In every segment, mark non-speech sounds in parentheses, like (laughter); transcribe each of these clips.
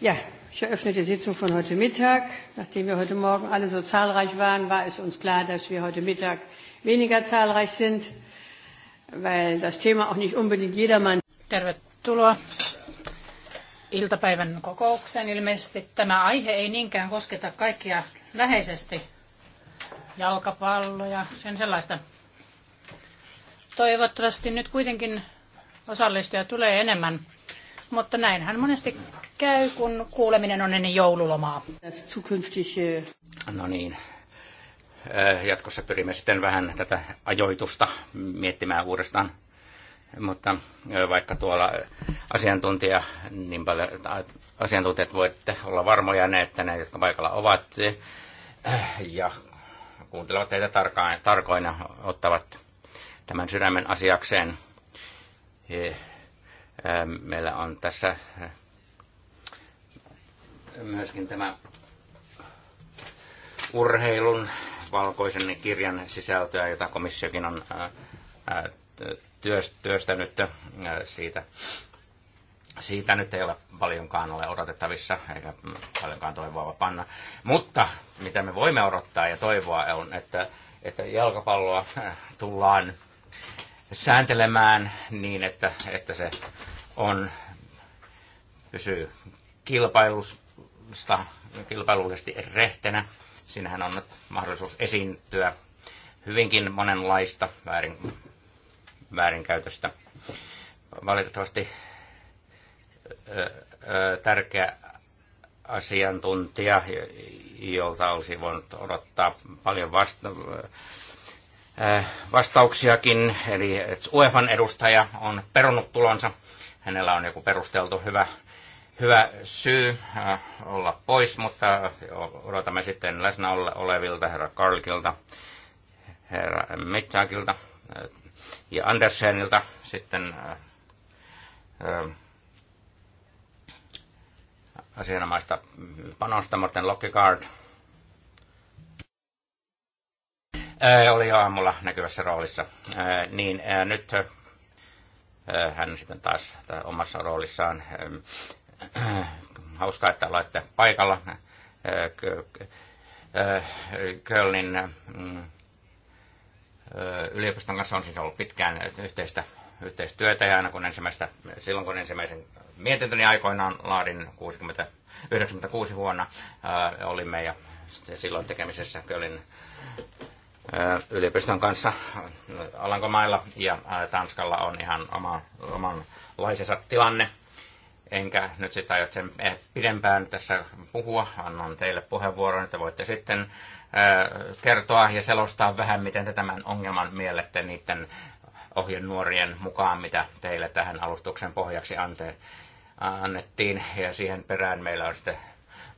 Ja, ich eröffne die Sitzung von heute Mittag. Nachdem wir heute Morgen alle so zahlreich waren, war es uns klar, dass wir heute Mittag weniger zahlreich sind, weil das Thema auch nicht unbedingt jedermann. Tervetuloa iltapäivän kokoukseen. Ilmeisesti tämä aihe ei niinkään kosketa kaikkia läheisesti. Jalkapallo ja sen sellaista. Toivottavasti nyt kuitenkin osallistuja tulee enemmän, mutta näinhän monesti käy, kun kuuleminen on ennen joululomaa. No niin. Äh, jatkossa pyrimme sitten vähän tätä ajoitusta miettimään uudestaan. Mutta äh, vaikka tuolla asiantuntija, niin paljon, äh, asiantuntijat voitte olla varmoja ne, että ne, jotka paikalla ovat ja kuuntelevat teitä tarkaan, tarkoina, ottavat tämän sydämen asiakseen. Meillä on tässä myöskin tämä urheilun valkoisen kirjan sisältöä, jota komissiokin on työstänyt siitä. Siitä nyt ei ole paljonkaan ole odotettavissa, eikä paljonkaan toivoa panna. Mutta mitä me voimme odottaa ja toivoa on, että, että jalkapalloa tullaan sääntelemään niin, että, että se on, pysyy kilpailus, kilpailusta kilpailullisesti rehtenä. Siinähän on mahdollisuus esiintyä hyvinkin monenlaista väärin, väärinkäytöstä. Valitettavasti tärkeä asiantuntija, jolta olisi voinut odottaa paljon vasta- vastauksiakin. Eli UEFan edustaja on perunut tulonsa. Hänellä on joku perusteltu hyvä hyvä syy äh, olla pois, mutta äh, odotamme sitten läsnä olevilta herra Karlkilta, herra Mitchakilta äh, ja Andersenilta sitten asianomaista panosta Morten Lockhart. Oli jo aamulla näkyvässä roolissa. Niin nyt hän sitten taas omassa roolissaan (clears throat) Hauskaa, että olette paikalla. Äh, äh, Kölnin äh, yliopiston kanssa on siis ollut pitkään yhteistä yhteistyötä ja aina kun ensimmäistä, silloin kun ensimmäisen mietintöni aikoinaan laadin 60, 96 vuonna olimme ja silloin tekemisessä Kölnin yliopiston kanssa Alankomailla ja Tanskalla on ihan oma, omanlaisensa tilanne enkä nyt sitä aio sen eh, pidempään tässä puhua. Annan teille puheenvuoron, että voitte sitten eh, kertoa ja selostaa vähän, miten te tämän ongelman miellette niiden ohjenuorien mukaan, mitä teille tähän alustuksen pohjaksi ante annettiin. Ja siihen perään meillä on sitten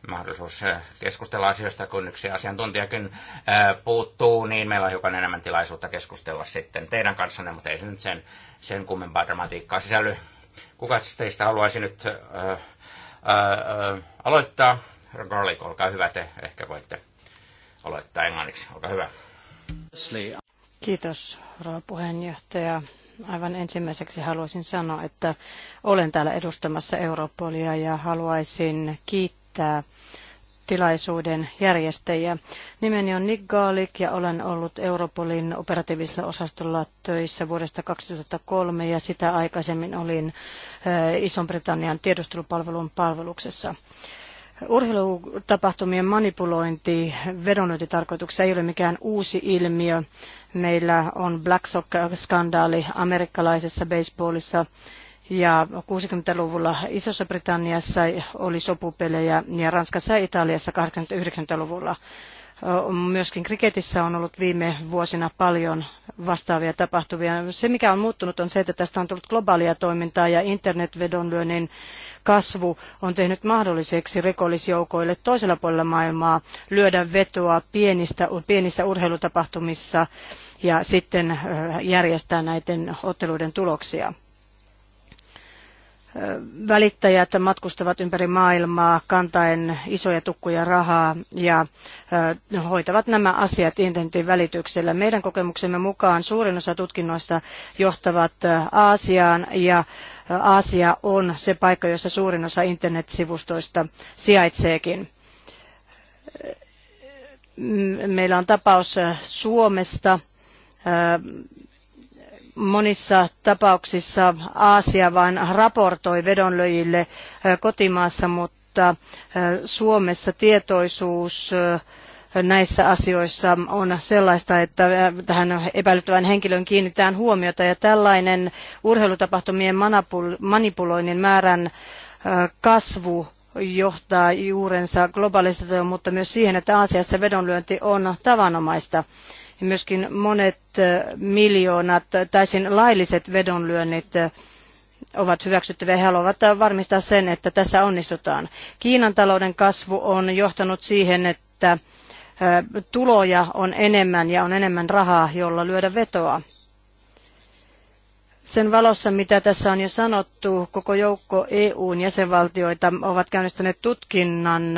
mahdollisuus eh, keskustella asioista, kun yksi asiantuntijakin puuttuu, niin meillä on hiukan enemmän tilaisuutta keskustella sitten teidän kanssanne, mutta ei se nyt sen, sen kummempaa dramatiikkaa sisälly Kuka siis teistä haluaisi nyt äh, äh, äh, aloittaa? Garlic, olkaa hyvä, te ehkä voitte aloittaa englanniksi. Olkaa hyvä. Kiitos, rouva puheenjohtaja. Aivan ensimmäiseksi haluaisin sanoa, että olen täällä edustamassa Europolia ja haluaisin kiittää tilaisuuden järjestäjä. Nimeni on Nick Gaalik ja olen ollut Europolin operatiivisella osastolla töissä vuodesta 2003 ja sitä aikaisemmin olin eh, iso britannian tiedustelupalvelun palveluksessa. Urheilutapahtumien manipulointi vedonlyöntitarkoituksessa ei ole mikään uusi ilmiö. Meillä on Black Sock-skandaali amerikkalaisessa baseballissa ja 60-luvulla Isossa Britanniassa oli sopupelejä ja Ranskassa ja Italiassa 80-90-luvulla. Myöskin kriketissä on ollut viime vuosina paljon vastaavia tapahtumia. Se, mikä on muuttunut, on se, että tästä on tullut globaalia toimintaa ja internetvedonlyönnin kasvu on tehnyt mahdolliseksi rikollisjoukoille toisella puolella maailmaa lyödä vetoa pienistä, pienissä urheilutapahtumissa ja sitten järjestää näiden otteluiden tuloksia välittäjät matkustavat ympäri maailmaa kantaen isoja tukkuja rahaa ja hoitavat nämä asiat internetin välityksellä. Meidän kokemuksemme mukaan suurin osa tutkinnoista johtavat Aasiaan ja Aasia on se paikka, jossa suurin osa internetsivustoista sijaitseekin. Meillä on tapaus Suomesta, monissa tapauksissa Aasia vain raportoi vedonlöjille kotimaassa, mutta Suomessa tietoisuus näissä asioissa on sellaista, että tähän epäilyttävän henkilön kiinnitetään huomiota ja tällainen urheilutapahtumien manipuloinnin määrän kasvu johtaa juurensa globalisaatioon, mutta myös siihen, että Aasiassa vedonlyönti on tavanomaista. Myöskin monet miljoonat täysin lailliset vedonlyönnit ovat hyväksyttäviä. He haluavat varmistaa sen, että tässä onnistutaan. Kiinan talouden kasvu on johtanut siihen, että tuloja on enemmän ja on enemmän rahaa, jolla lyödä vetoa. Sen valossa, mitä tässä on jo sanottu, koko joukko EUn jäsenvaltioita ovat käynnistäneet tutkinnan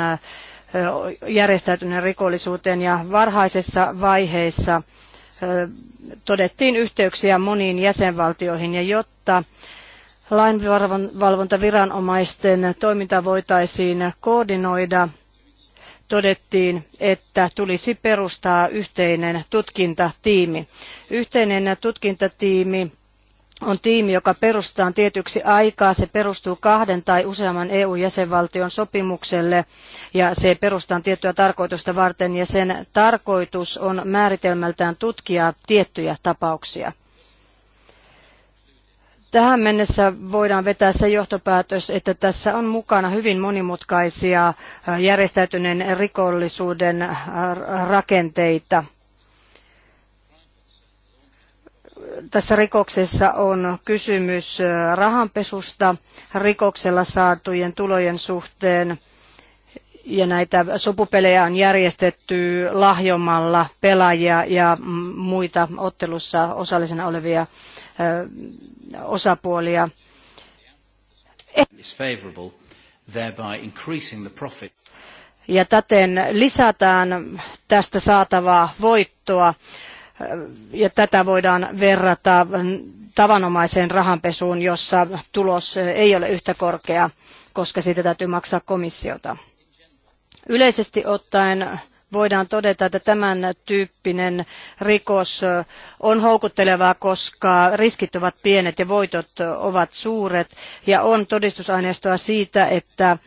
järjestäytyneen rikollisuuteen ja varhaisessa vaiheessa todettiin yhteyksiä moniin jäsenvaltioihin ja jotta lainvalvontaviranomaisten toiminta voitaisiin koordinoida, todettiin, että tulisi perustaa yhteinen tutkintatiimi. Yhteinen tutkintatiimi on tiimi, joka perustetaan tietyksi aikaa. Se perustuu kahden tai useamman EU-jäsenvaltion sopimukselle ja se perustetaan tiettyä tarkoitusta varten ja sen tarkoitus on määritelmältään tutkia tiettyjä tapauksia. Tähän mennessä voidaan vetää se johtopäätös, että tässä on mukana hyvin monimutkaisia järjestäytyneen rikollisuuden rakenteita – tässä rikoksessa on kysymys rahanpesusta rikoksella saatujen tulojen suhteen. Ja näitä sopupelejä on järjestetty lahjomalla pelaajia ja muita ottelussa osallisena olevia osapuolia. Ja täten lisätään tästä saatavaa voittoa ja tätä voidaan verrata tavanomaiseen rahanpesuun, jossa tulos ei ole yhtä korkea, koska siitä täytyy maksaa komissiota. Yleisesti ottaen voidaan todeta, että tämän tyyppinen rikos on houkuttelevaa, koska riskit ovat pienet ja voitot ovat suuret ja on todistusaineistoa siitä, että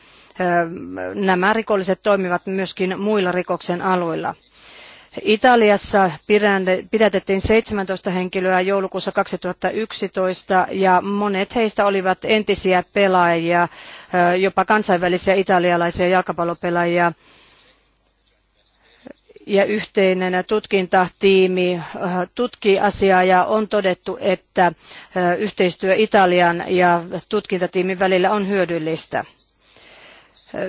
nämä rikolliset toimivat myöskin muilla rikoksen alueilla. Italiassa pidätettiin 17 henkilöä joulukuussa 2011 ja monet heistä olivat entisiä pelaajia, jopa kansainvälisiä italialaisia jalkapallopelaajia ja yhteinen tutkintatiimi tutki asiaa ja on todettu, että yhteistyö Italian ja tutkintatiimin välillä on hyödyllistä.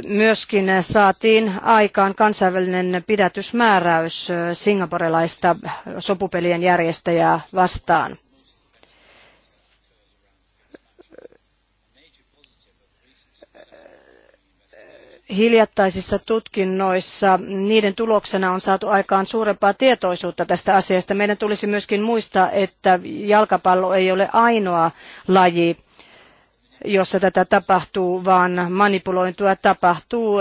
Myöskin saatiin aikaan kansainvälinen pidätysmääräys singaporelaista sopupelien järjestäjää vastaan. hiljattaisissa tutkinnoissa, niiden tuloksena on saatu aikaan suurempaa tietoisuutta tästä asiasta. Meidän tulisi myöskin muistaa, että jalkapallo ei ole ainoa laji, jossa tätä tapahtuu, vaan manipulointua tapahtuu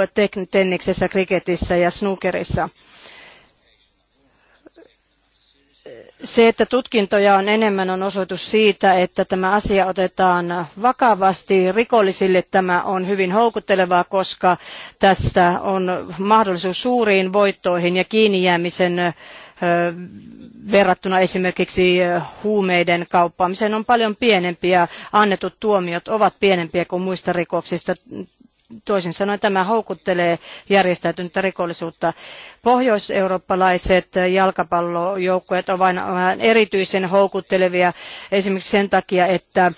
tenniksessä, kriketissä ja snookerissa. Se, että tutkintoja on enemmän, on osoitus siitä, että tämä asia otetaan vakavasti. Rikollisille tämä on hyvin houkuttelevaa, koska tässä on mahdollisuus suuriin voittoihin ja kiinnijäämisen verrattuna esimerkiksi eh, huumeiden kauppaamiseen on paljon pienempiä. Annetut tuomiot ovat pienempiä kuin muista rikoksista. Toisin sanoen tämä houkuttelee järjestäytynyttä rikollisuutta. Pohjoiseurooppalaiset jalkapallojoukkueet ovat vain erityisen houkuttelevia esimerkiksi sen takia, että eh,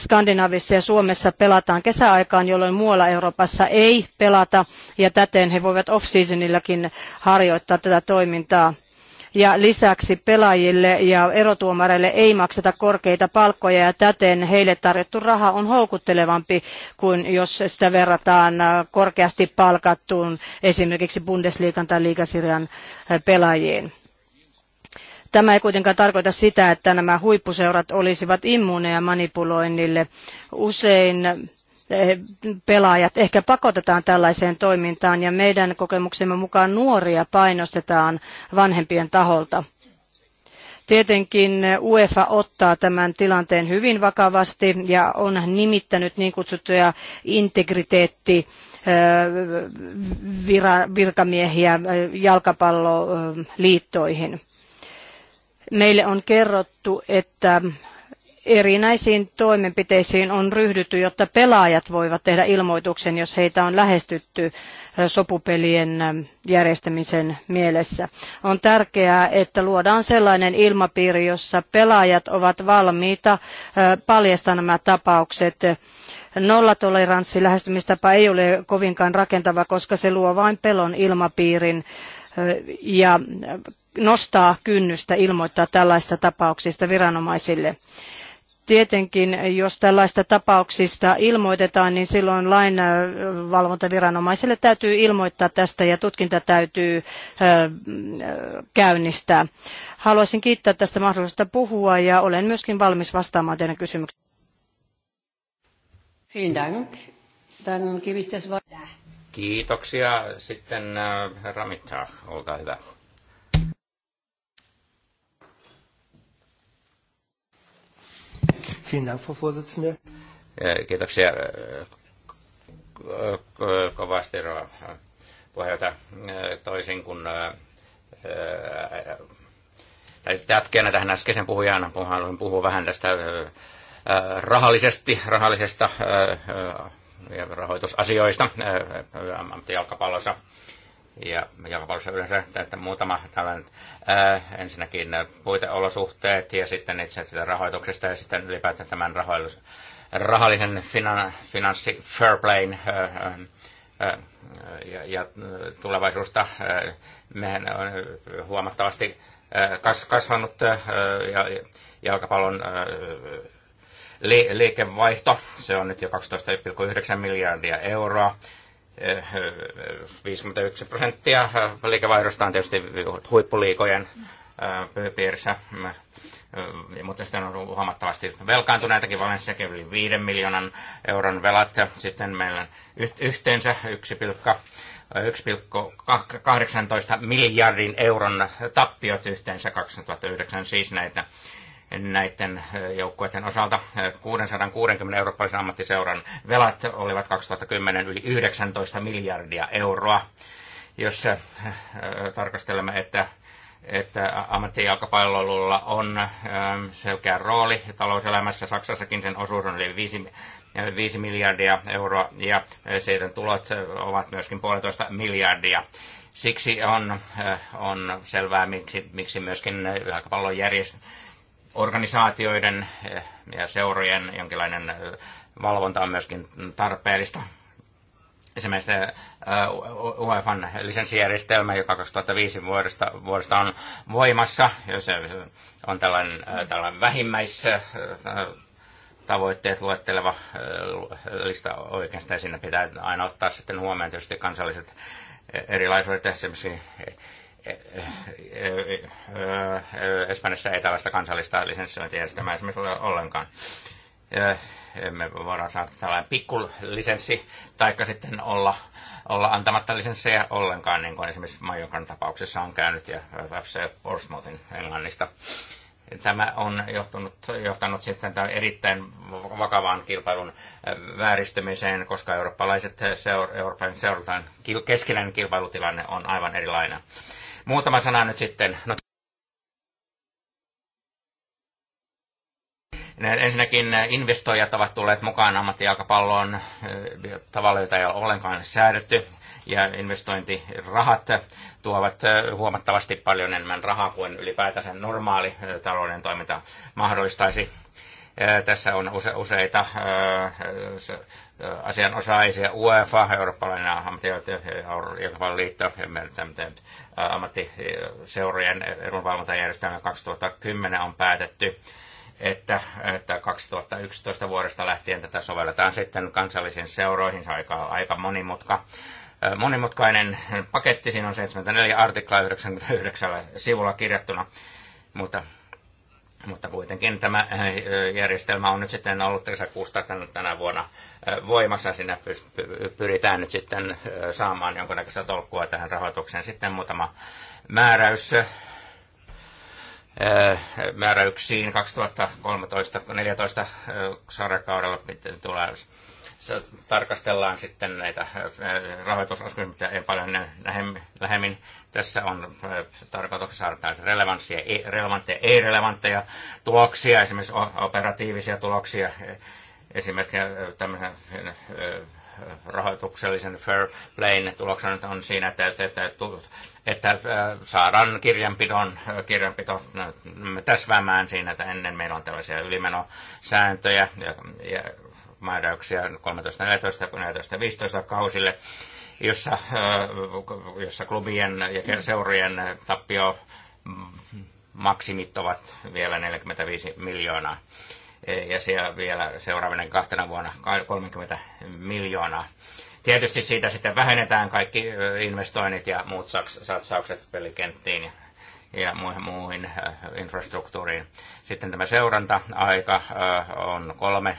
Skandinavissa ja Suomessa pelataan kesäaikaan, jolloin muualla Euroopassa ei pelata ja täten he voivat off-seasonillakin harjoittaa tätä toimintaa ja lisäksi pelaajille ja erotuomareille ei makseta korkeita palkkoja ja täten heille tarjottu raha on houkuttelevampi kuin jos sitä verrataan korkeasti palkattuun esimerkiksi Bundesliigan tai liigasirjan eh, pelaajiin. Tämä ei kuitenkaan tarkoita sitä, että nämä huippuseurat olisivat immuuneja manipuloinnille. Usein Eh, pelaajat ehkä pakotetaan tällaiseen toimintaan ja meidän kokemuksemme mukaan nuoria painostetaan vanhempien taholta. Tietenkin UEFA ottaa tämän tilanteen hyvin vakavasti ja on nimittänyt niin kutsuttuja integriteetti eh, virkamiehiä eh, jalkapalloliittoihin. Meille on kerrottu, että erinäisiin toimenpiteisiin on ryhdytty, jotta pelaajat voivat tehdä ilmoituksen, jos heitä on lähestytty sopupelien järjestämisen mielessä. On tärkeää, että luodaan sellainen ilmapiiri, jossa pelaajat ovat valmiita paljastamaan nämä tapaukset nollatoleranssi lähestymistapa ei ole kovinkaan rakentava, koska se luo vain pelon ilmapiirin ja nostaa kynnystä ilmoittaa tällaista tapauksista viranomaisille. Tietenkin, jos tällaista tapauksista ilmoitetaan, niin silloin lainvalvontaviranomaiselle täytyy ilmoittaa tästä ja tutkinta täytyy käynnistää. Haluaisin kiittää tästä mahdollisuudesta puhua ja olen myöskin valmis vastaamaan teidän kysymyksiin. Kiitoksia. Sitten herra olkaa hyvä. Vielen Dank, Frau Vorsitzende. Äh, kiitoksia äh, äh, kovasti, puheenjohtaja. Toisin kuin jatkeena tähän äskeisen puhujaan, haluan puhua vähän tästä rahallisesti, rahallisesta ja rahoitusasioista ammattijalkapallossa ja jalkapallossa yleensä että muutama tällainen ää, ensinnäkin puiteolosuhteet ja sitten itse asiassa rahoituksesta ja sitten ylipäätään tämän rahoitus, rahallisen finan, finanssi fair play, ja, ja tulevaisuudesta ää, mehän on huomattavasti ää, kas, kasvanut ää, ja, jalkapallon ää, li, liikevaihto, se on nyt jo 12,9 miljardia euroa 51 prosenttia liikevaihdosta on tietysti huippuliikojen piirissä, mutta sitten on huomattavasti velkaantuneitakin Valenssiakin yli 5 miljoonan euron velat ja sitten meillä on yhteensä 1,18 miljardin euron tappiot yhteensä 2009, siis näitä näiden joukkueiden osalta. 660 eurooppalaisen ammattiseuran velat olivat 2010 yli 19 miljardia euroa. Jos tarkastelemme, että että ammattijalkapalloilulla on selkeä rooli talouselämässä. Saksassakin sen osuus on yli 5, 5 miljardia euroa ja siitä tulot ovat myöskin puolitoista miljardia. Siksi on, on selvää, miksi, miksi myöskin jalkapallon järjestelmä organisaatioiden eh, ja seurojen jonkinlainen eh, valvonta on myöskin tarpeellista. Esimerkiksi eh, UEFan lisenssijärjestelmä, joka 2005 vuodesta, vuodesta on voimassa, se on tällainen, tällainen vähimmäis tavoitteet luetteleva lista oikeastaan. Siinä pitää aina ottaa sitten huomioon tietysti kansalliset erilaisuudet. Esimerkiksi Espanjassa ei tällaista kansallista lisenssointijärjestelmää esimerkiksi ole ollenkaan. Me voidaan saada tällainen pikkulisenssi, taikka sitten olla, olla antamatta lisenssejä ollenkaan, niin kuin esimerkiksi Majokan tapauksessa on käynyt ja FC Portsmouthin Englannista. Tämä on johtunut, johtanut sitten erittäin vakavaan kilpailun vääristymiseen, koska eurooppalaiset seur, Euroopan seurataan keskinäinen kilpailutilanne on aivan erilainen. Muutama sana nyt sitten. No, Ensinnäkin investoijat ovat tulleet mukaan ammattijalkapalloon eh, tavalla, jota ei ole ollenkaan säädetty, ja investointirahat tuovat eh, huomattavasti paljon enemmän rahaa kuin ylipäätään normaali eh, talouden toiminta mahdollistaisi. Tässä on useita asianosaisia, UEFA, Eurooppalainen liitto, ammattiseurojen edunvalvontajärjestelmä 2010 on päätetty että, että 2011 vuodesta lähtien tätä sovelletaan sitten kansallisiin seuroihin. Se on aika, aika monimutka, monimutkainen paketti. Siinä on 74 artiklaa 99 sivulla kirjattuna. Mutta mutta kuitenkin tämä äh, järjestelmä on nyt sitten ollut kesäkuusta tänä vuonna äh, voimassa. Sinne pyritään nyt sitten äh, saamaan jonkinnäköistä tolkkua tähän rahoitukseen. Sitten muutama määräys määräyksiin 2013-2014 sarjakaudella tulee tarkastellaan sitten näitä rahoitusasioita, mitä ei paljon lähemmin. Tässä on tarkoituksessa saada relevanssia, ei, relevantteja, ei relevantteja tuloksia, esimerkiksi operatiivisia tuloksia, e, esimerkiksi tämmöisen rahoituksellisen fair Playin tuloksena on siinä, että, että, että, että saadaan kirjanpidon, kirjanpito täsväämään siinä, että ennen meillä on tällaisia ylimenosääntöjä ja, ja määräyksiä 13, 14, 14, 15 kausille, jossa, äh, jossa klubien ja seurojen tappio mm, maksimit ovat vielä 45 miljoonaa äh, ja siellä vielä seuraavana kahtena vuonna 30 miljoonaa. Tietysti siitä sitten vähennetään kaikki äh, investoinnit ja muut satsaukset pelikenttiin ja muihin, muihin äh, infrastruktuuriin. Sitten tämä seuranta-aika äh, on kolme äh,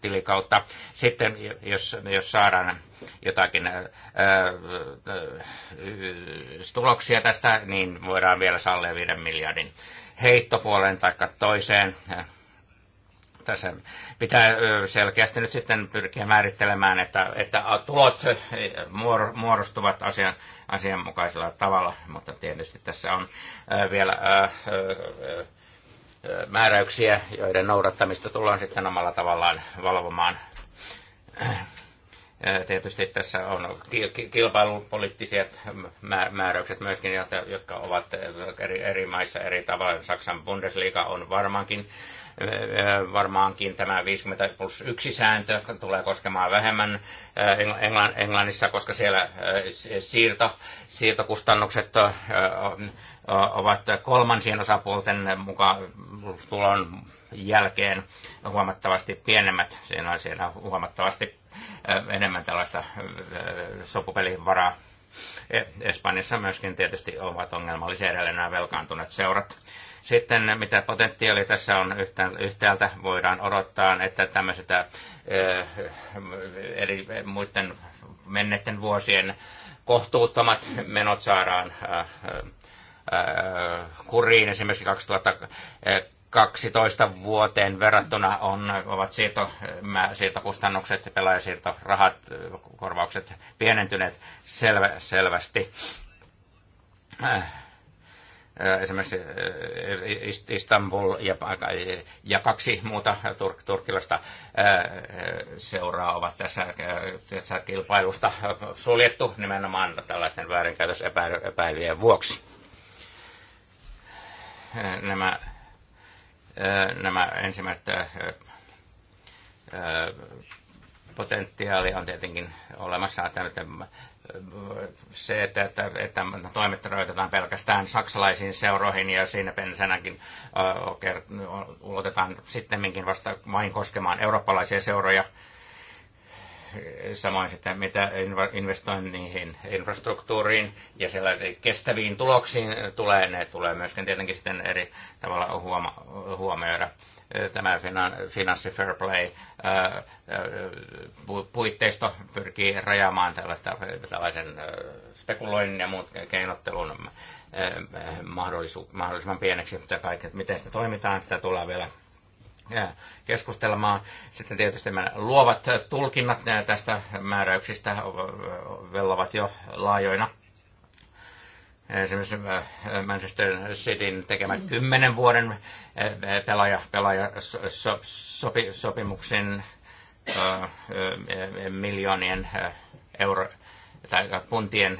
tilikautta. Sitten jos, jos saadaan jotakin tuloksia tästä, niin voidaan vielä sallia 5 miljardin heittopuoleen tai toiseen tässä pitää selkeästi nyt sitten pyrkiä määrittelemään, että, että tulot muodostuvat asian, asianmukaisella tavalla, mutta tietysti tässä on vielä määräyksiä, joiden noudattamista tullaan sitten omalla tavallaan valvomaan. Tietysti tässä on kilpailupoliittisia määräykset myöskin, jotka ovat eri, eri maissa eri tavalla. Saksan Bundesliga on varmaankin varmaankin tämä 50 plus 1 sääntö tulee koskemaan vähemmän Englannissa, koska siellä siirto, siirtokustannukset ovat kolmansien osapuolten mukaan tulon jälkeen huomattavasti pienemmät. Siinä on siellä huomattavasti enemmän tällaista sopupelivaraa. E-, Espanjassa myöskin tietysti ovat ongelmallisia edelleen nämä velkaantuneet seurat sitten mitä potentiaalia tässä on yhtäältä, voidaan odottaa, että tämmöisestä äh, eri muiden menneiden vuosien kohtuuttomat menot saadaan äh, äh, kuriin. Esimerkiksi 2012 vuoteen verrattuna on, ovat siirto, siirtokustannukset, pelaajasiirtorahat, korvaukset pienentyneet selvä, selvästi Äh, esimerkiksi äh, Istanbul ja, ja kaksi muuta turk, turkilasta äh, seuraa ovat tässä, tässä kilpailusta suljettu nimenomaan tällaisten väärinkäytösepäilyjen vuoksi. Nämä, nämä ensimmäiset potentiaali on tietenkin olemassa. Että äh, se, että, että, että toimet rajoitetaan pelkästään saksalaisiin seuroihin ja siinä pensenäkin äh, ulotetaan sittemminkin vasta vain koskemaan eurooppalaisia seuroja, samoin sitä, mitä niihin infrastruktuuriin ja kestäviin tuloksiin tulee, ne tulee myöskin tietenkin sitten eri tavalla huoma, huomioida tämä Finanssi Fair Play puitteisto pyrkii rajaamaan tällaista, tällaisen spekuloinnin ja muut keinottelun mahdollisimman pieneksi, mutta kaikki, miten sitä toimitaan, sitä tullaan vielä keskustelemaan. Sitten tietysti luovat tulkinnat tästä määräyksistä vellovat jo laajoina. Esimerkiksi Manchester Cityn tekemä kymmenen vuoden pelaaja, pelaaja so, sopi, sopimuksen miljoonien euro, tai puntien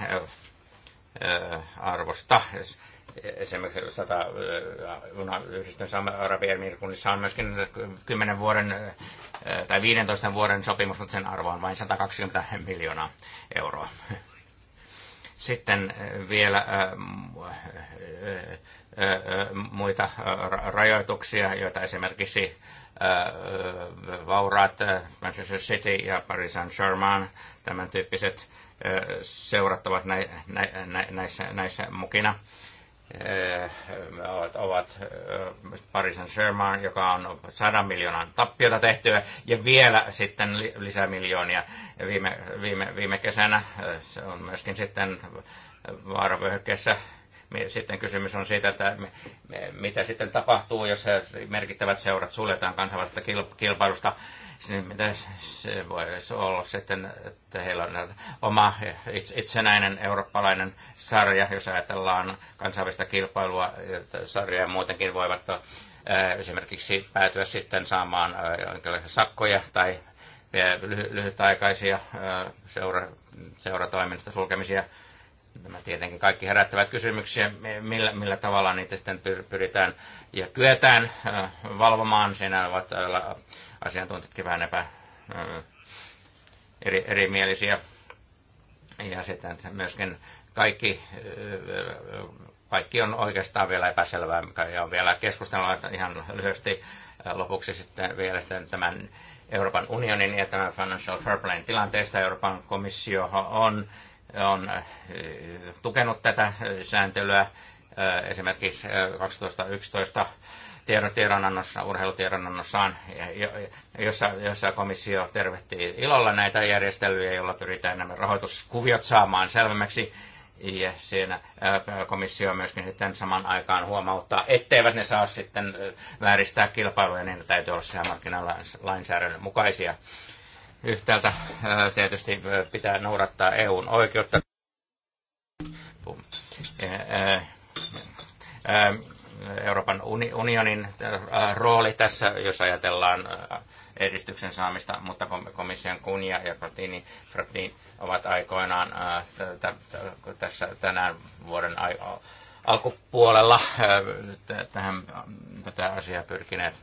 arvosta esimerkiksi sata äh, yhdistyneissä Arabiemiirikunnissa on myöskin 10 vuoden äh, tai 15 vuoden sopimus, mutta sen arvo on vain 120 miljoonaa euroa. Sitten äh, vielä muita rajoituksia, joita esimerkiksi vauraat Manchester City ja Paris Saint-Germain, tämän tyyppiset seurat ovat näissä, näissä mukina Eh, ovat, ovat eh, Parisen Sherman, joka on 100 miljoonan tappiota tehtyä, ja vielä sitten lisää miljoonia viime, viime, viime kesänä. Eh, se on myöskin sitten vaaravyöhykkeessä sitten kysymys on siitä, että mitä sitten tapahtuu, jos merkittävät seurat suljetaan kansainvälisestä kilpailusta se, mitä se voisi olla sitten, että heillä on oma itsenäinen eurooppalainen sarja, jos ajatellaan kansainvälistä kilpailua, sarja ja muutenkin voivat äh, esimerkiksi päätyä sitten saamaan äh, jonkinlaisia sakkoja tai äh, lyhytaikaisia seura, seuratoiminnasta sulkemisia Nämä tietenkin kaikki herättävät kysymyksiä, millä, millä tavalla niitä sitten pyritään ja kyetään valvomaan. Siinä ovat asiantuntijatkin vähän epä, eri, erimielisiä. Ja sitten myöskin kaikki, kaikki on oikeastaan vielä epäselvää, ja on vielä keskustelua ihan lyhyesti lopuksi sitten vielä sitten tämän Euroopan unionin ja tämän Financial Fair tilanteesta. Euroopan komissio on on äh, tukenut tätä äh, sääntelyä. Äh, esimerkiksi 2011 tiedonannossa, urheilutiedonannossaan, jossa, jossa komissio tervehti ilolla näitä järjestelyjä, joilla pyritään nämä rahoituskuviot saamaan selvemmäksi. Ja siinä komissio myöskin sitten saman aikaan huomauttaa, etteivät ne saa sitten vääristää kilpailuja, niin täytyy olla sisämarkkinalainsäädännön mukaisia. Yhtäältä tietysti pitää noudattaa EUn oikeutta. Euroopan unionin rooli tässä, jos ajatellaan edistyksen saamista, mutta komission kunnia ja Frattini, Frattini ovat aikoinaan tässä tänään vuoden alkupuolella tähän, tätä asiaa pyrkineet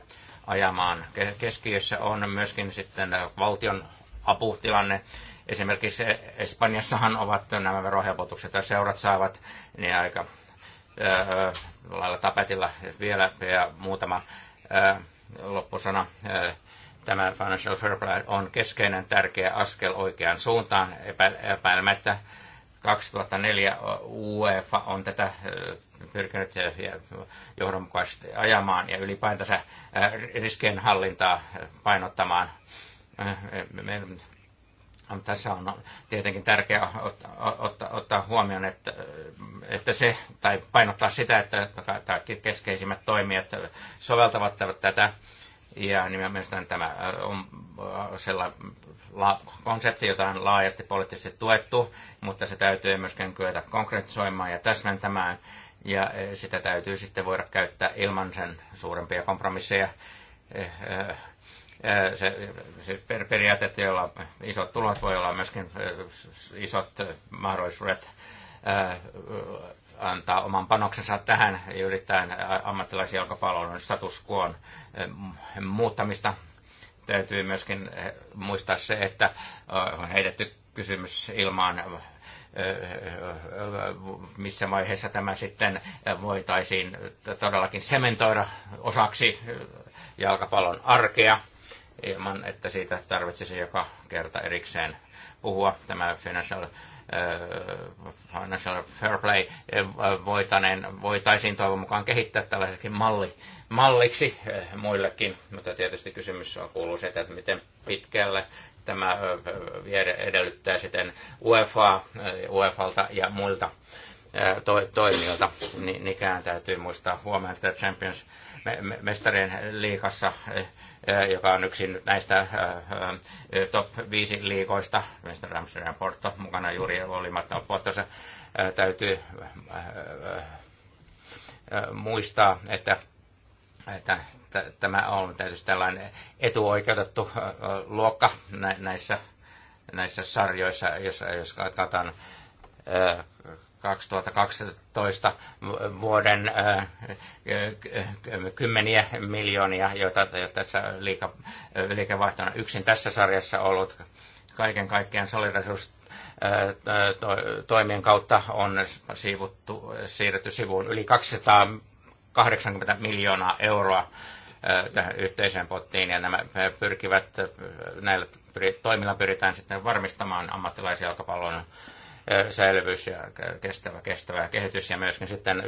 ajamaan. Keskiössä on myöskin sitten valtion aputilanne. Esimerkiksi Espanjassahan ovat nämä verohelpotukset ja seurat saavat niin aika ää, lailla tapetilla vielä ja muutama ää, loppusana. Ää, tämä Financial Fair Play on keskeinen tärkeä askel oikeaan suuntaan epä, epäilemättä. 2004 UEFA on tätä pyrkinyt eh, johdonmukaisesti ajamaan ja ylipäätänsä eh, riskienhallintaa eh, painottamaan. Tässä on tietenkin tärkeää ottaa, ottaa huomioon, että, että se, tai painottaa sitä, että kaikki keskeisimmät toimijat soveltavat tätä ja nimenomaan tämä on sellainen konsepti, jota on laajasti poliittisesti tuettu, mutta se täytyy myöskin kyetä konkretisoimaan ja täsmentämään ja e, sitä täytyy sitten voida käyttää ilman sen suurempia kompromisseja. E, e, se, se periaate, jolla isot tulot voi olla myöskin isot mahdollisuudet antaa oman panoksensa tähän ja yrittää ammattilaisjalkapallon niin statuskuon muuttamista. Täytyy myöskin muistaa se, että on heitetty kysymys ilmaan missä vaiheessa tämä sitten voitaisiin todellakin sementoida osaksi jalkapallon arkea ilman, että siitä tarvitsisi joka kerta erikseen puhua. Tämä financial, financial fair play voitaneen, voitaisiin toivon mukaan kehittää tällaisetkin malli, malliksi muillekin, mutta tietysti kysymys on kuuluu se, että miten pitkälle Tämä edellyttää sitten UEFA, UEFalta ja muilta to, toimijoilta. Niin ikään täytyy muistaa huomioon, että Champions mestarien liikassa, joka on yksi näistä top 5 liikoista, Mr. Ramsden Porto mukana juuri olimatta Portossa, täytyy muistaa, että että tämä on tietysti tällainen etuoikeutettu luokka näissä, näissä sarjoissa, jos, jos katsotaan 2012 vuoden kymmeniä miljoonia, joita tässä liika, liikevaihtona yksin tässä sarjassa ollut. Kaiken kaikkiaan solidarisuus toimien kautta on siivuttu, siirretty sivuun yli 280 miljoonaa euroa tähän yhteiseen pottiin ja nämä pyrkivät, näillä toimilla pyritään sitten varmistamaan ammattilaisjalkapallon säilyvyys ja kestävä, kestävä kehitys ja myöskin sitten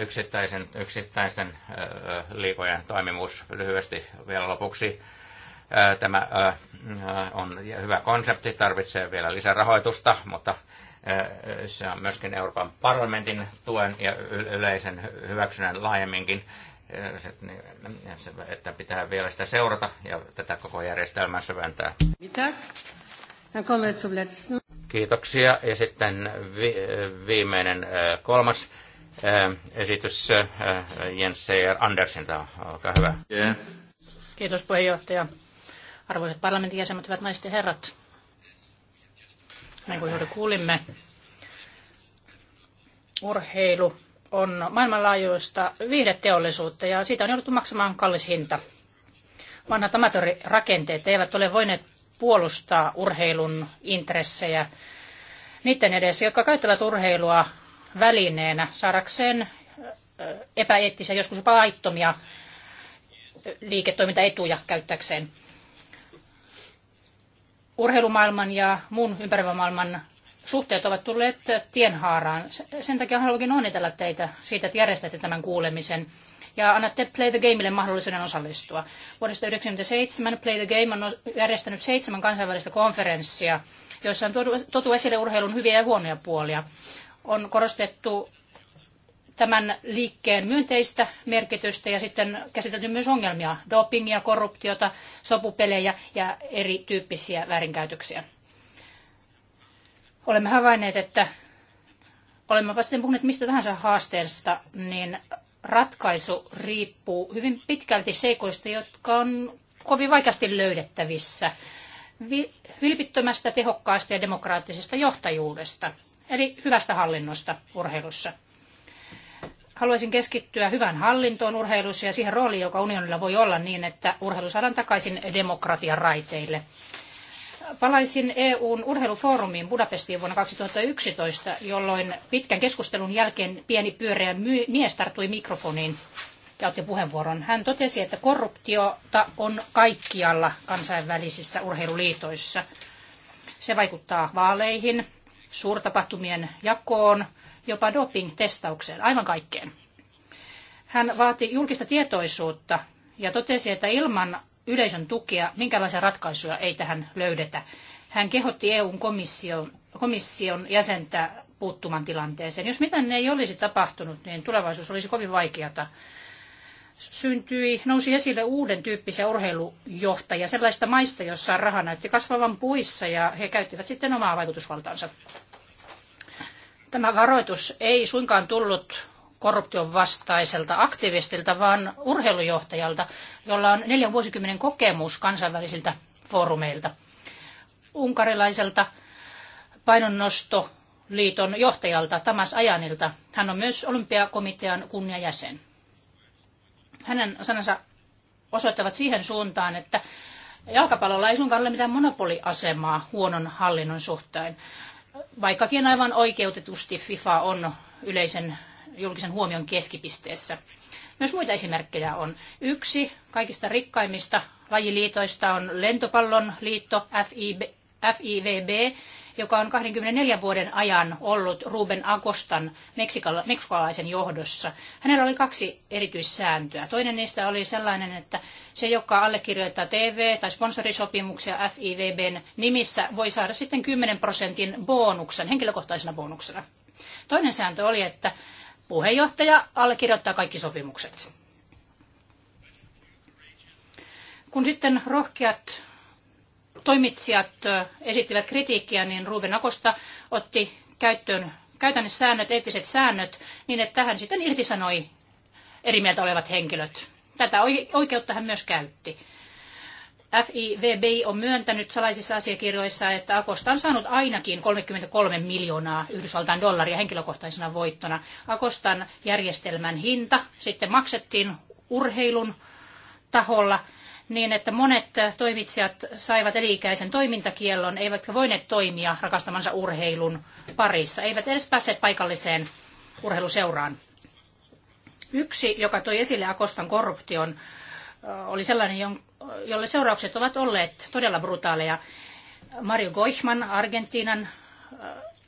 yksittäisen, yksittäisten liikojen toimimus lyhyesti vielä lopuksi. Tämä on hyvä konsepti, tarvitsee vielä lisärahoitusta, mutta se on myöskin Euroopan parlamentin tuen ja yleisen hyväksynnän laajemminkin, niin, että pitää vielä sitä seurata ja tätä koko järjestelmää syventää. Mitä? No, Kiitoksia. Ja sitten viimeinen kolmas esitys Jens Seijer Andersen. Olkaa hyvä. Yeah. Kiitos puheenjohtaja. Arvoisat parlamentin jäsenet, hyvät naiset ja herrat. Niin kuin juuri kuulimme, urheilu on maailmanlaajuista viihdeteollisuutta ja siitä on jouduttu maksamaan kallis hinta. Vanhat amatöörirakenteet eivät ole voineet puolustaa urheilun intressejä niiden edessä, jotka käyttävät urheilua välineenä saadakseen epäeettisiä, joskus jopa laittomia liiketoimintaetuja käyttäkseen urheilumaailman ja muun ympäröivän maailman suhteet ovat tulleet tienhaaraan. Sen takia haluankin onnitella teitä siitä, että järjestätte tämän kuulemisen ja annatte Play the Gameille mahdollisuuden osallistua. Vuodesta 1997 Play the Game on järjestänyt seitsemän kansainvälistä konferenssia, joissa on tuotu esille urheilun hyviä ja huonoja puolia. On korostettu tämän liikkeen myönteistä merkitystä ja sitten käsitelty myös ongelmia, dopingia, korruptiota, sopupelejä ja erityyppisiä väärinkäytöksiä. Olemme havainneet, että olemmepa sitten puhuneet mistä tahansa haasteesta, niin ratkaisu riippuu hyvin pitkälti seikoista, jotka on kovin vaikeasti löydettävissä. Vilpittömästä, tehokkaasta ja demokraattisesta johtajuudesta, eli hyvästä hallinnosta urheilussa – Haluaisin keskittyä hyvään hallintoon urheilussa ja siihen rooliin, joka unionilla voi olla niin, että urheilu saadaan takaisin demokratian raiteille. Palaisin EUn urheilufoorumiin Budapestiin vuonna 2011, jolloin pitkän keskustelun jälkeen pieni pyöreä mies tarttui mikrofoniin ja otti puheenvuoron. Hän totesi, että korruptiota on kaikkialla kansainvälisissä urheiluliitoissa. Se vaikuttaa vaaleihin, suurtapahtumien jakoon, jopa doping-testaukseen, aivan kaikkeen. Hän vaati julkista tietoisuutta ja totesi, että ilman yleisön tukea minkälaisia ratkaisuja ei tähän löydetä. Hän kehotti EUn komission, komission jäsentä puuttumaan tilanteeseen. Jos mitään ei olisi tapahtunut, niin tulevaisuus olisi kovin vaikeata. Syntyi, nousi esille uuden tyyppisiä urheilujohtajia sellaista maista, jossa raha näytti kasvavan puissa ja he käyttivät sitten omaa vaikutusvaltaansa. Tämä varoitus ei suinkaan tullut korruption vastaiselta aktivistilta, vaan urheilujohtajalta, jolla on neljän vuosikymmenen kokemus kansainvälisiltä foorumeilta. Unkarilaiselta painonnostoliiton johtajalta Tamas Ajanilta. Hän on myös olympiakomitean kunniajäsen. Hänen sanansa osoittavat siihen suuntaan, että jalkapallolla ei sunkaan ole mitään monopoliasemaa huonon hallinnon suhteen vaikkakin aivan oikeutetusti FIFA on yleisen julkisen huomion keskipisteessä. Myös muita esimerkkejä on. Yksi kaikista rikkaimmista lajiliitoista on lentopallon liitto FIVB, joka on 24 vuoden ajan ollut Ruben Agostan meksikolaisen johdossa. Hänellä oli kaksi erityissääntöä. Toinen niistä oli sellainen, että se, joka allekirjoittaa TV- tai sponsorisopimuksia FIVBn nimissä, voi saada sitten 10 prosentin bonuksen, henkilökohtaisena bonuksena. Toinen sääntö oli, että puheenjohtaja allekirjoittaa kaikki sopimukset. Kun sitten rohkeat toimitsijat esittivät kritiikkiä, niin Ruben Akosta otti käyttöön käytännön säännöt, eettiset säännöt, niin että hän sitten irtisanoi eri mieltä olevat henkilöt. Tätä oikeutta hän myös käytti. FIVB on myöntänyt salaisissa asiakirjoissa, että Akosta on saanut ainakin 33 miljoonaa Yhdysvaltain dollaria henkilökohtaisena voittona. Akostan järjestelmän hinta sitten maksettiin urheilun taholla – niin, että monet toimitsijat saivat eliikäisen toimintakiellon, eivätkä voineet toimia rakastamansa urheilun parissa, eivät edes päässeet paikalliseen urheiluseuraan. Yksi, joka toi esille Akostan korruption, oli sellainen, jolle seuraukset ovat olleet todella brutaaleja. Mario Goichman, Argentiinan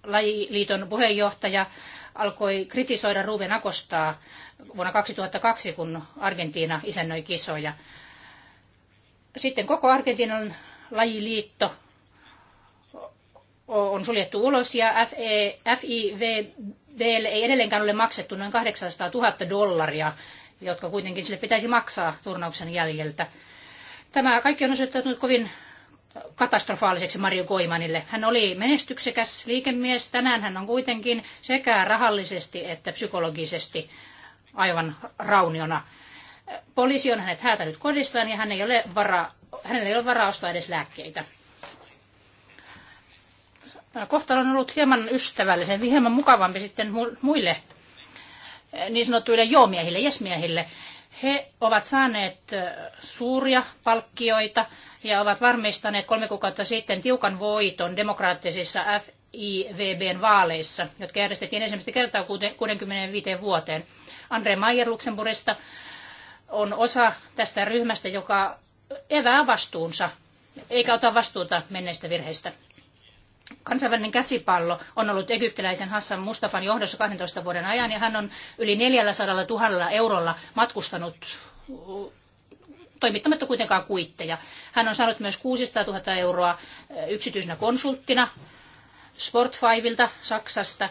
lajiliiton puheenjohtaja, alkoi kritisoida Ruben Akostaa vuonna 2002, kun Argentiina isännöi kisoja. Sitten koko Argentiinan lajiliitto on suljettu ulos ja FIVBlle e, ei edelleenkään ole maksettu noin 800 000 dollaria, jotka kuitenkin sille pitäisi maksaa turnauksen jäljeltä. Tämä kaikki on osoittautunut kovin katastrofaaliseksi Mario Koimanille. Hän oli menestyksekäs liikemies. Tänään hän on kuitenkin sekä rahallisesti että psykologisesti aivan rauniona. Poliisi on hänet häätänyt kodistaan ja hän ei ole varaa, hänellä ei ole varaa ostaa edes lääkkeitä. Kohtalo on ollut hieman ystävällisempi, hieman mukavampi sitten muille eh, niin sanottuille joomiehille, jesmiehille. He ovat saaneet eh, suuria palkkioita ja ovat varmistaneet kolme kuukautta sitten tiukan voiton demokraattisissa FIVBn vaaleissa, jotka järjestettiin ensimmäistä kertaa 65 vuoteen. Andre Mayer Luxemburgista on osa tästä ryhmästä, joka evää vastuunsa, eikä ota vastuuta menneistä virheistä. Kansainvälinen käsipallo on ollut egyptiläisen Hassan Mustafan johdossa 12 vuoden ajan ja hän on yli 400 000 eurolla matkustanut toimittamatta kuitenkaan kuitteja. Hän on saanut myös 600 000 euroa eh, yksityisenä konsulttina Sportfivelta Saksasta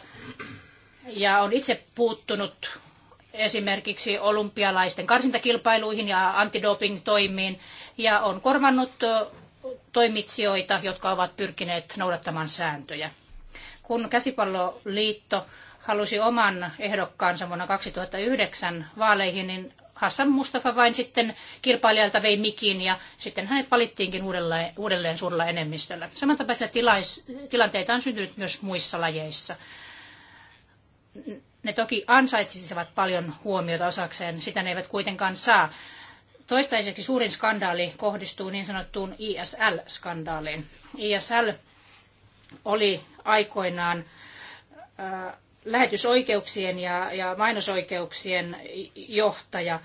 ja on itse puuttunut esimerkiksi olympialaisten karsintakilpailuihin ja antidoping-toimiin ja on korvannut toimitsijoita, jotka ovat pyrkineet noudattamaan sääntöjä. Kun Käsipalloliitto halusi oman ehdokkaansa vuonna 2009 vaaleihin, niin Hassan Mustafa vain sitten kilpailijalta vei mikin ja sitten hänet valittiinkin uudelleen, uudelleen suurella enemmistöllä. Samantapaisia tilais, tilanteita on syntynyt myös muissa lajeissa. Ne toki ansaitsisivat paljon huomiota osakseen, sitä ne eivät kuitenkaan saa. Toistaiseksi suurin skandaali kohdistuu niin sanottuun ISL-skandaaliin. ISL oli aikoinaan äh, lähetysoikeuksien ja, mainosoikeuksien johtaja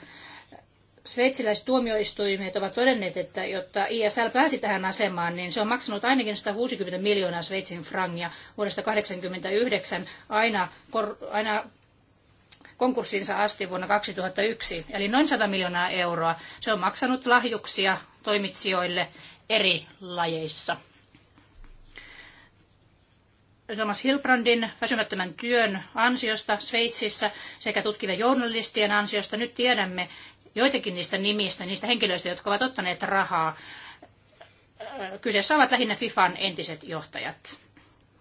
sveitsiläiset tuomioistuimet ovat todenneet, että jotta ISL pääsi tähän asemaan, niin se on maksanut ainakin 160 miljoonaa Sveitsin frangia vuodesta 1989 aina, kor, aina konkurssiinsa asti vuonna 2001, eli noin 100 miljoonaa euroa. Se on maksanut lahjuksia toimitsijoille eri lajeissa. Thomas Hilbrandin väsymättömän työn ansiosta Sveitsissä sekä tutkivien journalistien ansiosta nyt tiedämme, joitakin niistä nimistä, niistä henkilöistä, jotka ovat ottaneet rahaa. Äh, kyseessä ovat lähinnä FIFAn entiset johtajat.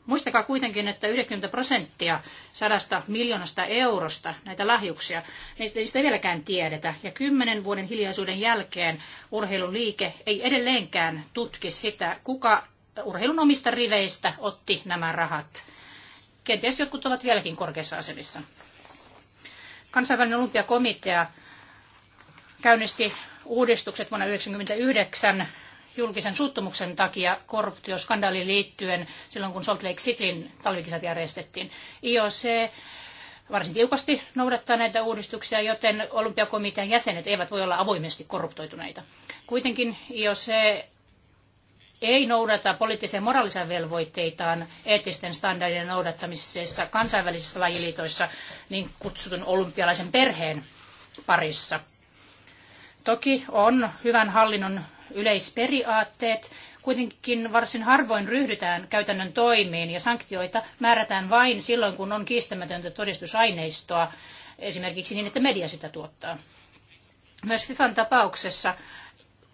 Muistakaa kuitenkin, että 90 prosenttia sadasta miljoonasta eurosta näitä lahjuksia, niistä ei vieläkään tiedetä. Ja kymmenen vuoden hiljaisuuden jälkeen urheiluliike ei edelleenkään tutki sitä, kuka urheilun omista riveistä otti nämä rahat. Kenties jotkut ovat vieläkin korkeassa asemissa. Kansainvälinen olympiakomitea käynnisti uudistukset vuonna 1999 julkisen suuttumuksen takia korruptioskandaaliin liittyen silloin, kun Salt Lake Cityn talvikisat järjestettiin. IOC varsin tiukasti noudattaa näitä uudistuksia, joten olympiakomitean jäsenet eivät voi olla avoimesti korruptoituneita. Kuitenkin IOC ei noudata poliittisia moraalisia velvoitteitaan eettisten standardien noudattamisessa kansainvälisissä lajiliitoissa niin kutsutun olympialaisen perheen parissa – Toki on hyvän hallinnon yleisperiaatteet, kuitenkin varsin harvoin ryhdytään käytännön toimiin ja sanktioita määrätään vain silloin, kun on kiistämätöntä todistusaineistoa, esimerkiksi niin, että media sitä tuottaa. Myös FIFAn tapauksessa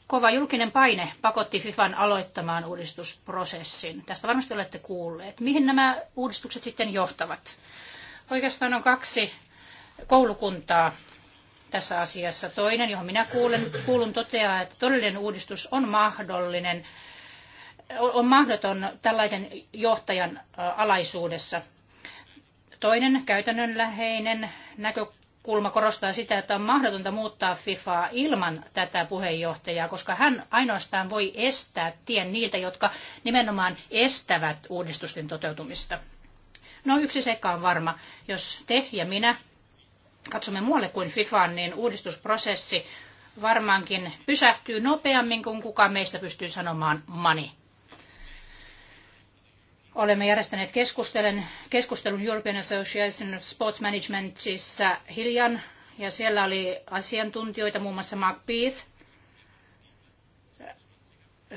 kova julkinen paine pakotti FIFAn aloittamaan uudistusprosessin. Tästä varmasti olette kuulleet. Mihin nämä uudistukset sitten johtavat? Oikeastaan on kaksi koulukuntaa, tässä asiassa. Toinen, johon minä kuulen, kuulun, toteaa, että todellinen uudistus on mahdollinen, on mahdoton tällaisen johtajan alaisuudessa. Toinen käytännönläheinen näkökulma korostaa sitä, että on mahdotonta muuttaa FIFAa ilman tätä puheenjohtajaa, koska hän ainoastaan voi estää tien niiltä, jotka nimenomaan estävät uudistusten toteutumista. No yksi seikka on varma. Jos te ja minä katsomme muualle kuin FIFAan, niin uudistusprosessi varmaankin pysähtyy nopeammin kuin kukaan meistä pystyy sanomaan mani. Olemme järjestäneet keskustelun, keskustelun European Association of Sports Managementissa hiljan, ja siellä oli asiantuntijoita, muun muassa Mark Beath,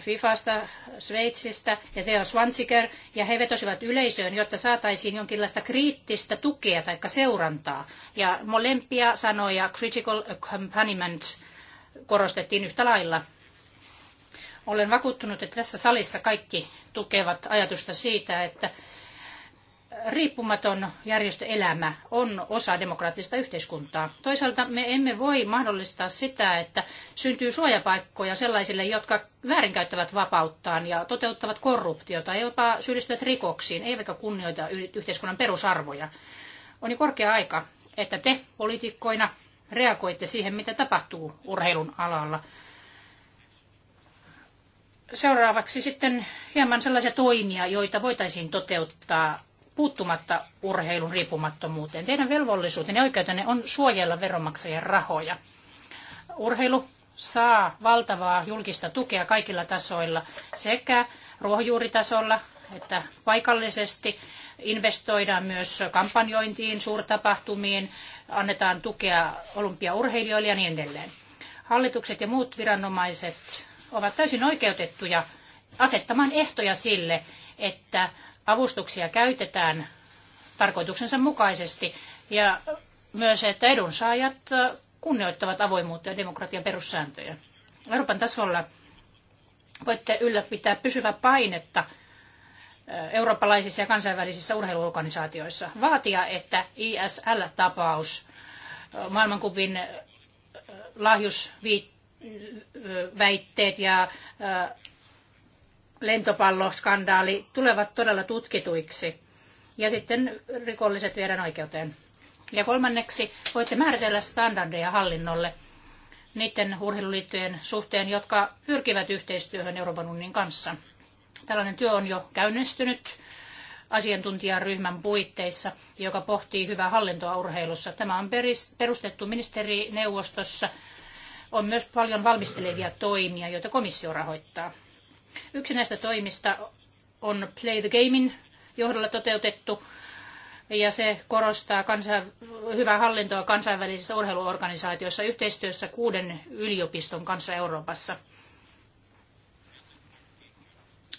FIFasta, Sveitsistä ja Theo Schwanziger, ja he vetosivat yleisöön, jotta saataisiin jonkinlaista kriittistä tukea tai seurantaa. Ja molempia sanoja critical accompaniment korostettiin yhtä lailla. Olen vakuuttunut, että tässä salissa kaikki tukevat ajatusta siitä, että riippumaton järjestöelämä on osa demokraattista yhteiskuntaa. Toisaalta me emme voi mahdollistaa sitä, että syntyy suojapaikkoja sellaisille, jotka väärinkäyttävät vapauttaan ja toteuttavat korruptiota, jopa syyllistyvät rikoksiin, eivätkä kunnioita yhteiskunnan perusarvoja. On jo korkea aika, että te poliitikkoina reagoitte siihen, mitä tapahtuu urheilun alalla seuraavaksi sitten hieman sellaisia toimia, joita voitaisiin toteuttaa puuttumatta urheilun riippumattomuuteen. Teidän velvollisuutenne ja oikeutenne on suojella veronmaksajien rahoja. Urheilu saa valtavaa julkista tukea kaikilla tasoilla sekä ruohonjuuritasolla että paikallisesti investoidaan myös kampanjointiin, suurtapahtumiin, annetaan tukea olympiaurheilijoille ja niin edelleen. Hallitukset ja muut viranomaiset ovat täysin oikeutettuja asettamaan ehtoja sille, että avustuksia käytetään tarkoituksensa mukaisesti ja myös, että edunsaajat kunnioittavat avoimuutta ja demokratian perussääntöjä. Euroopan tasolla voitte ylläpitää pysyvää painetta eh, eurooppalaisissa ja kansainvälisissä urheiluorganisaatioissa. Vaatia, että ISL-tapaus, eh, maailmankupin eh, lahjusväitteet ja lentopalloskandaali tulevat todella tutkituiksi. Ja sitten rikolliset viedään oikeuteen. Ja kolmanneksi voitte määritellä standardeja hallinnolle niiden urheiluliittojen suhteen, jotka pyrkivät yhteistyöhön Euroopan unionin kanssa. Tällainen työ on jo käynnistynyt asiantuntijaryhmän puitteissa, joka pohtii hyvää hallintoa urheilussa. Tämä on perustettu ministerineuvostossa. On myös paljon valmistelevia toimia, joita komissio rahoittaa. Yksi näistä toimista on Play the Gamein johdolla toteutettu ja se korostaa kansain, hyvää hallintoa kansainvälisissä urheiluorganisaatioissa yhteistyössä kuuden yliopiston kanssa Euroopassa.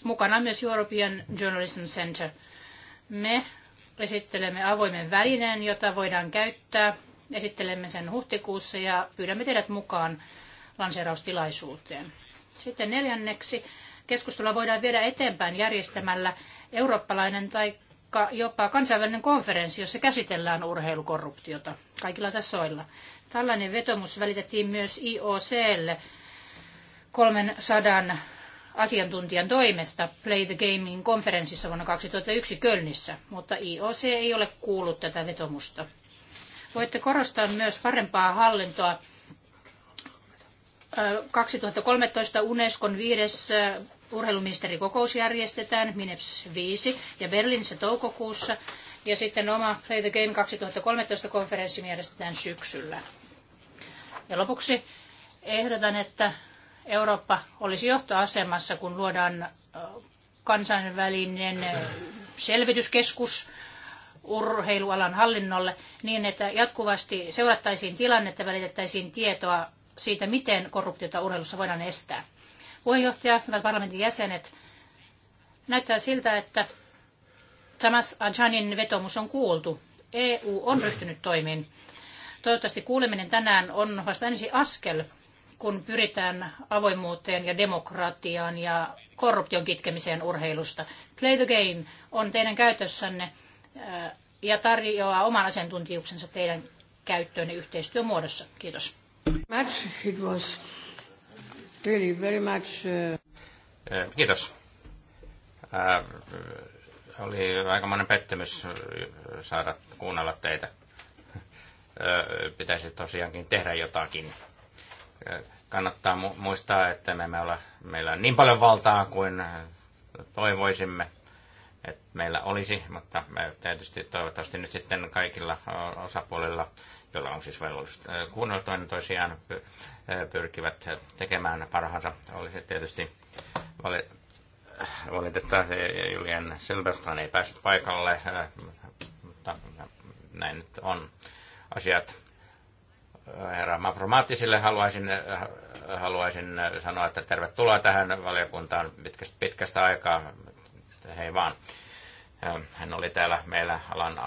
Mukana on myös European Journalism Center. Me esittelemme avoimen välineen, jota voidaan käyttää. Esittelemme sen huhtikuussa ja pyydämme teidät mukaan lanseeraustilaisuuteen. Sitten neljänneksi keskustelua voidaan viedä eteenpäin järjestämällä eurooppalainen tai jopa kansainvälinen konferenssi, jossa käsitellään urheilukorruptiota kaikilla tasoilla. Tällainen vetomus välitettiin myös IOClle 300 asiantuntijan toimesta Play the Gaming konferenssissa vuonna 2001 Kölnissä, mutta IOC ei ole kuullut tätä vetomusta. Voitte korostaa myös parempaa hallintoa 2013 Unescon viides urheiluministerikokous järjestetään, MINEPS 5, ja Berliinissä toukokuussa. Ja sitten oma Play the Game 2013 konferenssi järjestetään syksyllä. Ja lopuksi ehdotan, että Eurooppa olisi johtoasemassa, kun luodaan kansainvälinen selvityskeskus urheilualan hallinnolle niin, että jatkuvasti seurattaisiin tilannetta, välitettäisiin tietoa siitä, miten korruptiota urheilussa voidaan estää. Puheenjohtaja, hyvät parlamentin jäsenet, näyttää siltä, että Thomas Ajanin vetomus on kuultu. EU on ryhtynyt toimiin. Toivottavasti kuuleminen tänään on vasta ensi askel, kun pyritään avoimuuteen ja demokratiaan ja korruption kitkemiseen urheilusta. Play the Game on teidän käytössänne äh, ja tarjoaa oman asiantuntijuksensa teidän käyttöönne yhteistyömuodossa. Kiitos. Match, it was Really very much, uh... Eh, kiitos. Äh, oli aikamoinen pettymys äh, saada kuunnella teitä. Äh, pitäisi tosiaankin tehdä jotakin. Äh, kannattaa muistaa, että me, me olla, meillä on niin paljon valtaa kuin toivoisimme että meillä olisi, mutta tietysti toivottavasti nyt sitten kaikilla osapuolilla, joilla on siis velvollisuus kuunnella toinen tosiaan, pyrkivät tekemään parhaansa. Olisi tietysti vali- valitettavasti Julian Silverstone ei päässyt paikalle, mutta näin nyt on asiat. Herra Mafromaattisille haluaisin, haluaisin sanoa, että tervetuloa tähän valiokuntaan pitkästä, pitkästä aikaa hei vaan. Hän oli täällä meillä alan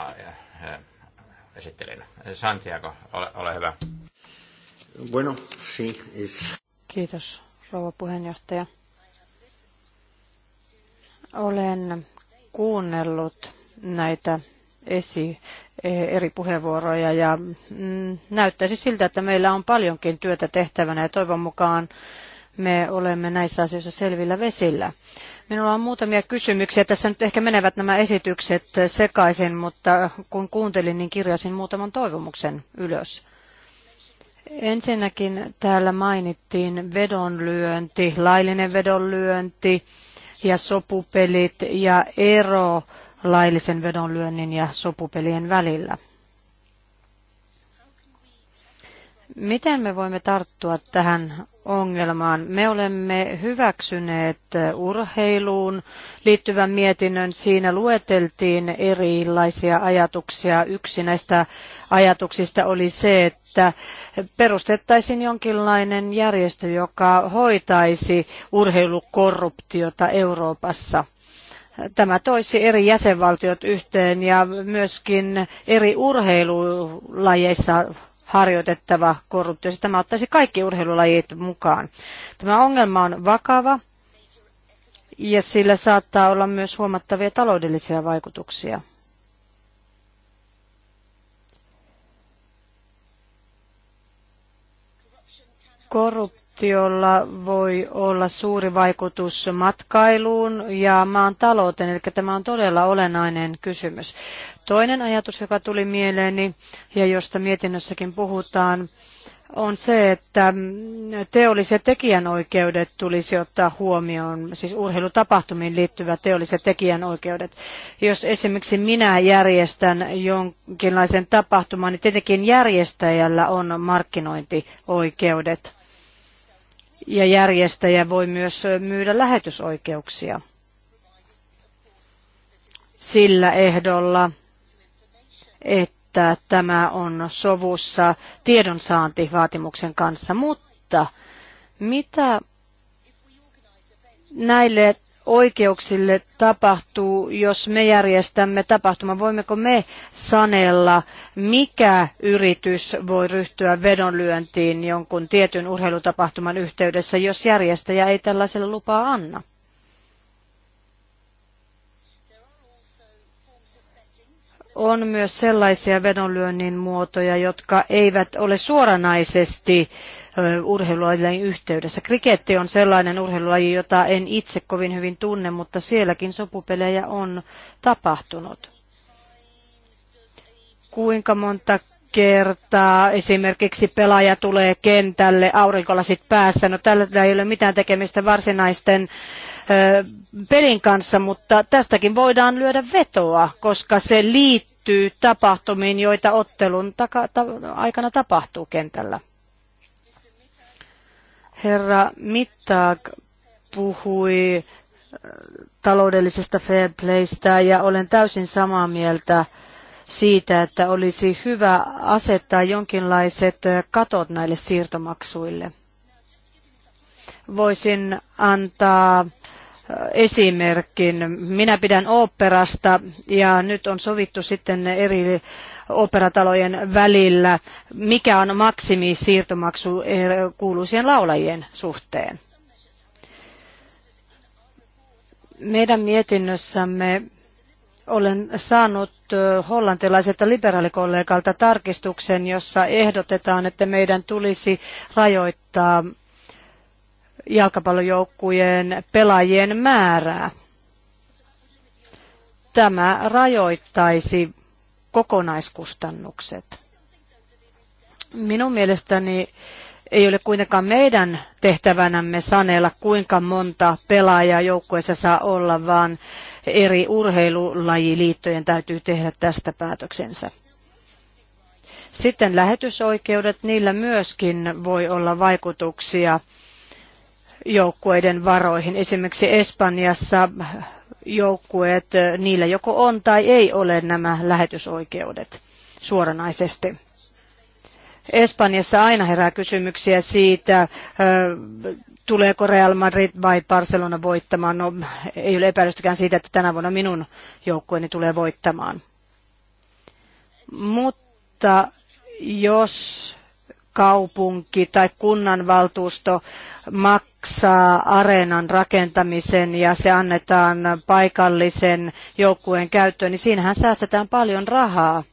esittelijänä. Santiago, ole, ole hyvä. Bueno, sí, es... Kiitos, rouva puheenjohtaja. Olen kuunnellut näitä esi e, eri puheenvuoroja ja mm, näyttäisi siltä, että meillä on paljonkin työtä tehtävänä ja toivon mukaan me olemme näissä asioissa selvillä vesillä. Minulla on muutamia kysymyksiä. Tässä nyt ehkä menevät nämä esitykset sekaisin, mutta kun kuuntelin, niin kirjasin muutaman toivomuksen ylös. Ensinnäkin täällä mainittiin vedonlyönti, laillinen vedonlyönti ja sopupelit ja ero laillisen vedonlyönnin ja sopupelien välillä. Miten me voimme tarttua tähän ongelmaan. Me olemme hyväksyneet urheiluun liittyvän mietinnön. Siinä lueteltiin erilaisia ajatuksia. Yksi näistä ajatuksista oli se, että perustettaisiin jonkinlainen järjestö, joka hoitaisi urheilukorruptiota Euroopassa tämä toisi eri jäsenvaltiot yhteen ja myöskin eri urheilulajeissa harjoitettava korruptio. Siis tämä ottaisi kaikki urheilulajit mukaan. Tämä ongelma on vakava ja sillä saattaa olla myös huomattavia taloudellisia vaikutuksia. Korruptio jolla voi olla suuri vaikutus matkailuun ja maan talouteen, eli tämä on todella olennainen kysymys. Toinen ajatus, joka tuli mieleeni ja josta mietinnössäkin puhutaan, on se, että teolliset tekijänoikeudet tulisi ottaa huomioon, siis urheilutapahtumiin liittyvät teolliset tekijänoikeudet. Jos esimerkiksi minä järjestän jonkinlaisen tapahtuman, niin tietenkin järjestäjällä on markkinointioikeudet ja järjestäjä voi myös myydä lähetysoikeuksia sillä ehdolla, että tämä on sovussa tiedonsaantivaatimuksen kanssa. Mutta mitä näille oikeuksille tapahtuu, jos me järjestämme tapahtuman? Voimmeko me sanella, mikä yritys voi ryhtyä vedonlyöntiin jonkun tietyn urheilutapahtuman yhteydessä, jos järjestäjä ei tällaiselle lupaa anna? on myös sellaisia vedonlyönnin muotoja, jotka eivät ole suoranaisesti urheilulajien yhteydessä. Kriketti on sellainen urheilulaji, jota en itse kovin hyvin tunne, mutta sielläkin sopupelejä on tapahtunut. Kuinka monta kertaa esimerkiksi pelaaja tulee kentälle aurinkolasit päässä. No tällä ei ole mitään tekemistä varsinaisten pelin kanssa, mutta tästäkin voidaan lyödä vetoa, koska se liittyy tapahtumiin, joita ottelun taka- ta- aikana tapahtuu kentällä. Herra Mittag puhui äh, taloudellisesta fair playstä ja olen täysin samaa mieltä siitä, että olisi hyvä asettaa jonkinlaiset äh, katot näille siirtomaksuille. Voisin antaa äh, esimerkin. Minä pidän oopperasta ja nyt on sovittu sitten eri operatalojen välillä, mikä on maksimi siirtomaksu eh, kuuluisien laulajien suhteen. Meidän mietinnössämme olen saanut eh, hollantilaiselta liberaalikollegalta tarkistuksen, jossa ehdotetaan, että meidän tulisi rajoittaa jalkapallojoukkueen pelaajien määrää. Tämä rajoittaisi kokonaiskustannukset. Minun mielestäni ei ole kuitenkaan meidän tehtävänämme sanella, kuinka monta pelaajaa joukkueessa saa olla, vaan eri urheilulajiliittojen täytyy tehdä tästä päätöksensä. Sitten lähetysoikeudet, niillä myöskin voi olla vaikutuksia joukkueiden varoihin. Esimerkiksi Espanjassa joukkueet, niillä joko on tai ei ole nämä lähetysoikeudet suoranaisesti. Espanjassa aina herää kysymyksiä siitä, tuleeko Real Madrid vai Barcelona voittamaan. No, ei ole epäilystäkään siitä, että tänä vuonna minun joukkueeni tulee voittamaan. Mutta jos kaupunki tai kunnanvaltuusto mak- maksaa areenan rakentamisen ja se annetaan paikallisen joukkueen käyttöön, niin siinähän säästetään paljon rahaa.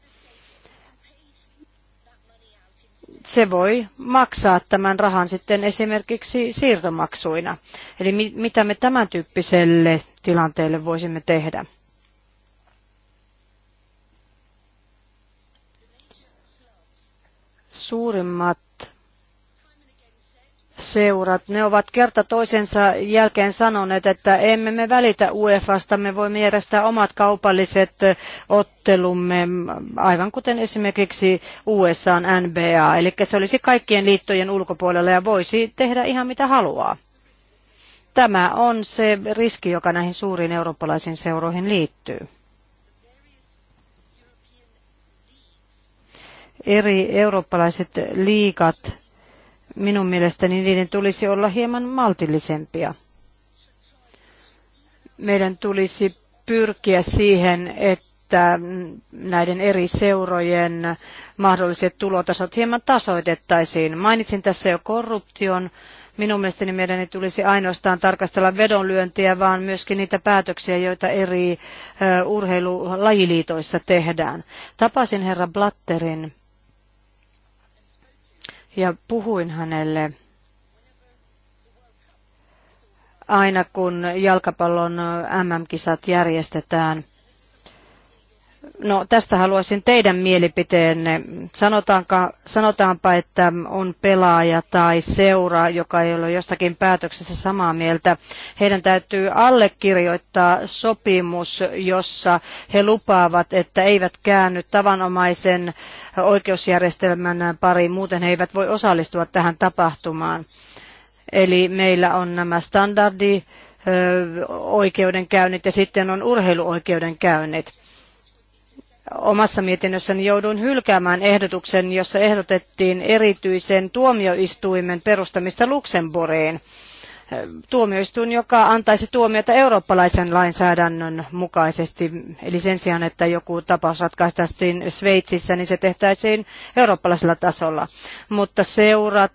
se voi maksaa tämän rahan sitten esimerkiksi siirtomaksuina. Eli mi- mitä me tämän tyyppiselle tilanteelle voisimme tehdä? Suurimmat seurat, ne ovat kerta toisensa jälkeen sanoneet, että emme me välitä UEFasta, me voimme järjestää omat kaupalliset ottelumme, aivan kuten esimerkiksi USA NBA, eli se olisi kaikkien liittojen ulkopuolella ja voisi tehdä ihan mitä haluaa. Tämä on se riski, joka näihin suuriin eurooppalaisiin seuroihin liittyy. Eri eurooppalaiset liikat minun mielestäni niiden tulisi olla hieman maltillisempia. Meidän tulisi pyrkiä siihen, että näiden eri seurojen mahdolliset tulotasot hieman tasoitettaisiin. Mainitsin tässä jo korruption. Minun mielestäni meidän ei tulisi ainoastaan tarkastella vedonlyöntiä, vaan myöskin niitä päätöksiä, joita eri urheilulajiliitoissa tehdään. Tapasin herra Blatterin ja puhuin hänelle aina kun jalkapallon MM-kisat järjestetään – No tästä haluaisin teidän mielipiteenne. Sanotaanka, sanotaanpa, että on pelaaja tai seura, joka ei ole jostakin päätöksessä samaa mieltä. Heidän täytyy allekirjoittaa sopimus, jossa he lupaavat, että eivät käänny tavanomaisen oikeusjärjestelmän pariin, muuten he eivät voi osallistua tähän tapahtumaan. Eli meillä on nämä standardi oikeudenkäynnit ja sitten on urheiluoikeudenkäynnit omassa mietinnössäni jouduin hylkäämään ehdotuksen, jossa ehdotettiin erityisen tuomioistuimen perustamista Luxemburgiin. Tuomioistuin, joka antaisi tuomiota eurooppalaisen lainsäädännön mukaisesti. Eli sen sijaan, että joku tapaus ratkaistaisiin Sveitsissä, niin se tehtäisiin eurooppalaisella tasolla. Mutta seurat,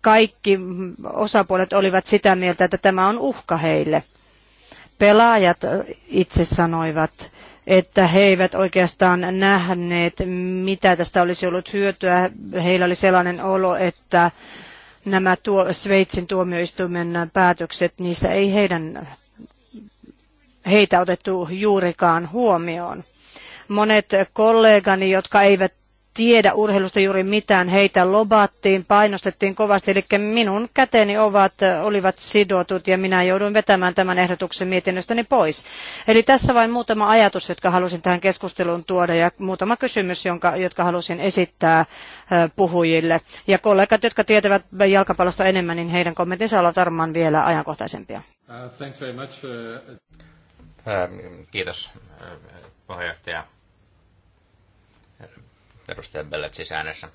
kaikki osapuolet olivat sitä mieltä, että tämä on uhka heille. Pelaajat itse sanoivat, että he eivät oikeastaan nähneet, mitä tästä olisi ollut hyötyä. Heillä oli sellainen olo, että nämä tuo, Sveitsin tuomioistuimen päätökset, niissä ei heidän, heitä otettu juurikaan huomioon monet kollegani, jotka eivät tiedä urheilusta juuri mitään. Heitä lobattiin, painostettiin kovasti, eli minun käteeni ovat, olivat sidotut ja minä joudun vetämään tämän ehdotuksen mietinnöstäni pois. Eli tässä vain muutama ajatus, jotka halusin tähän keskusteluun tuoda ja muutama kysymys, jonka, jotka halusin esittää puhujille. Ja kollegat, jotka tietävät jalkapallosta enemmän, niin heidän kommenttinsa ovat varmaan vielä ajankohtaisempia. Uh, thanks very much. Uh... Uh, kiitos, puheenjohtaja edustaja Bellet sisäänessä.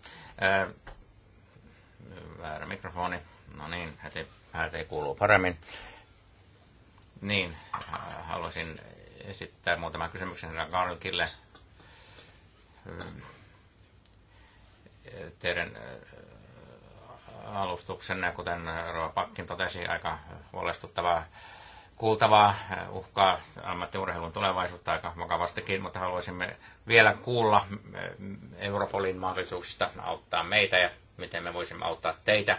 Väärä mikrofoni. No niin, heti ääntä kuuluu paremmin. Niin, äh, haluaisin esittää muutaman kysymyksen herra Garlikille. Teidän alustuksenne, kuten Rova Pakkin totesi, aika huolestuttavaa kuultavaa, eh, uhkaa ammattiurheilun tulevaisuutta aika vakavastikin, mutta haluaisimme vielä kuulla eh, Europolin mahdollisuuksista auttaa meitä ja miten me voisimme auttaa teitä.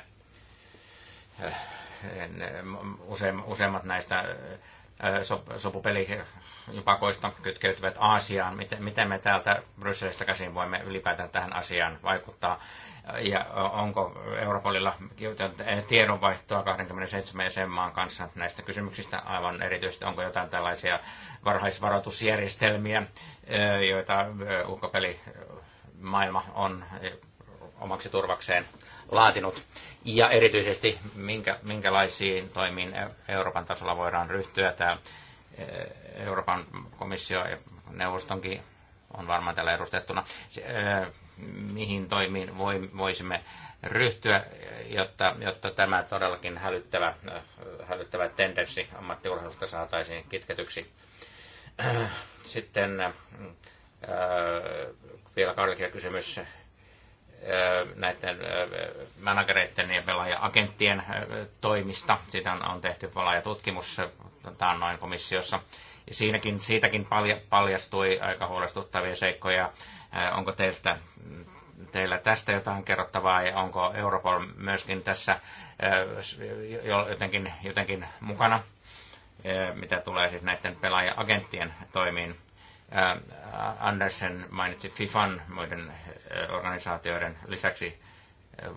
Eh, useimmat näistä sopupeli pakoista kytkeytyvät Aasiaan. Miten, miten me täältä Brysselistä käsin voimme ylipäätään tähän asiaan vaikuttaa? Ja onko Europolilla tiedonvaihtoa 27 jäsenmaan kanssa näistä kysymyksistä? Aivan erityisesti onko jotain tällaisia varhaisvaroitusjärjestelmiä, joita uhkapeli maailma on omaksi turvakseen laatinut. Ja erityisesti minkä, minkälaisiin toimiin Euroopan tasolla voidaan ryhtyä. Tämä Eh, Euroopan komissio ja neuvostonkin on varmaan täällä edustettuna, eh, mihin toimiin voisimme ryhtyä, jotta, jotta tämä todellakin hälyttävä, eh, hälyttävä tendenssi ammattiurheilusta saataisiin kitketyksi. (clears throat) Sitten vielä Karlikia kysymys näiden managereiden ja pelaaja-agenttien toimista. Siitä on tehty pelaajatutkimus taannoin komissiossa. Ja siinäkin, siitäkin paljastui aika huolestuttavia seikkoja. Onko teiltä, teillä tästä jotain kerrottavaa ja onko Europol myöskin tässä jotenkin, jotenkin mukana, mitä tulee siis näiden pelaaja-agenttien toimiin? Andersen mainitsi FIFAn muiden organisaatioiden lisäksi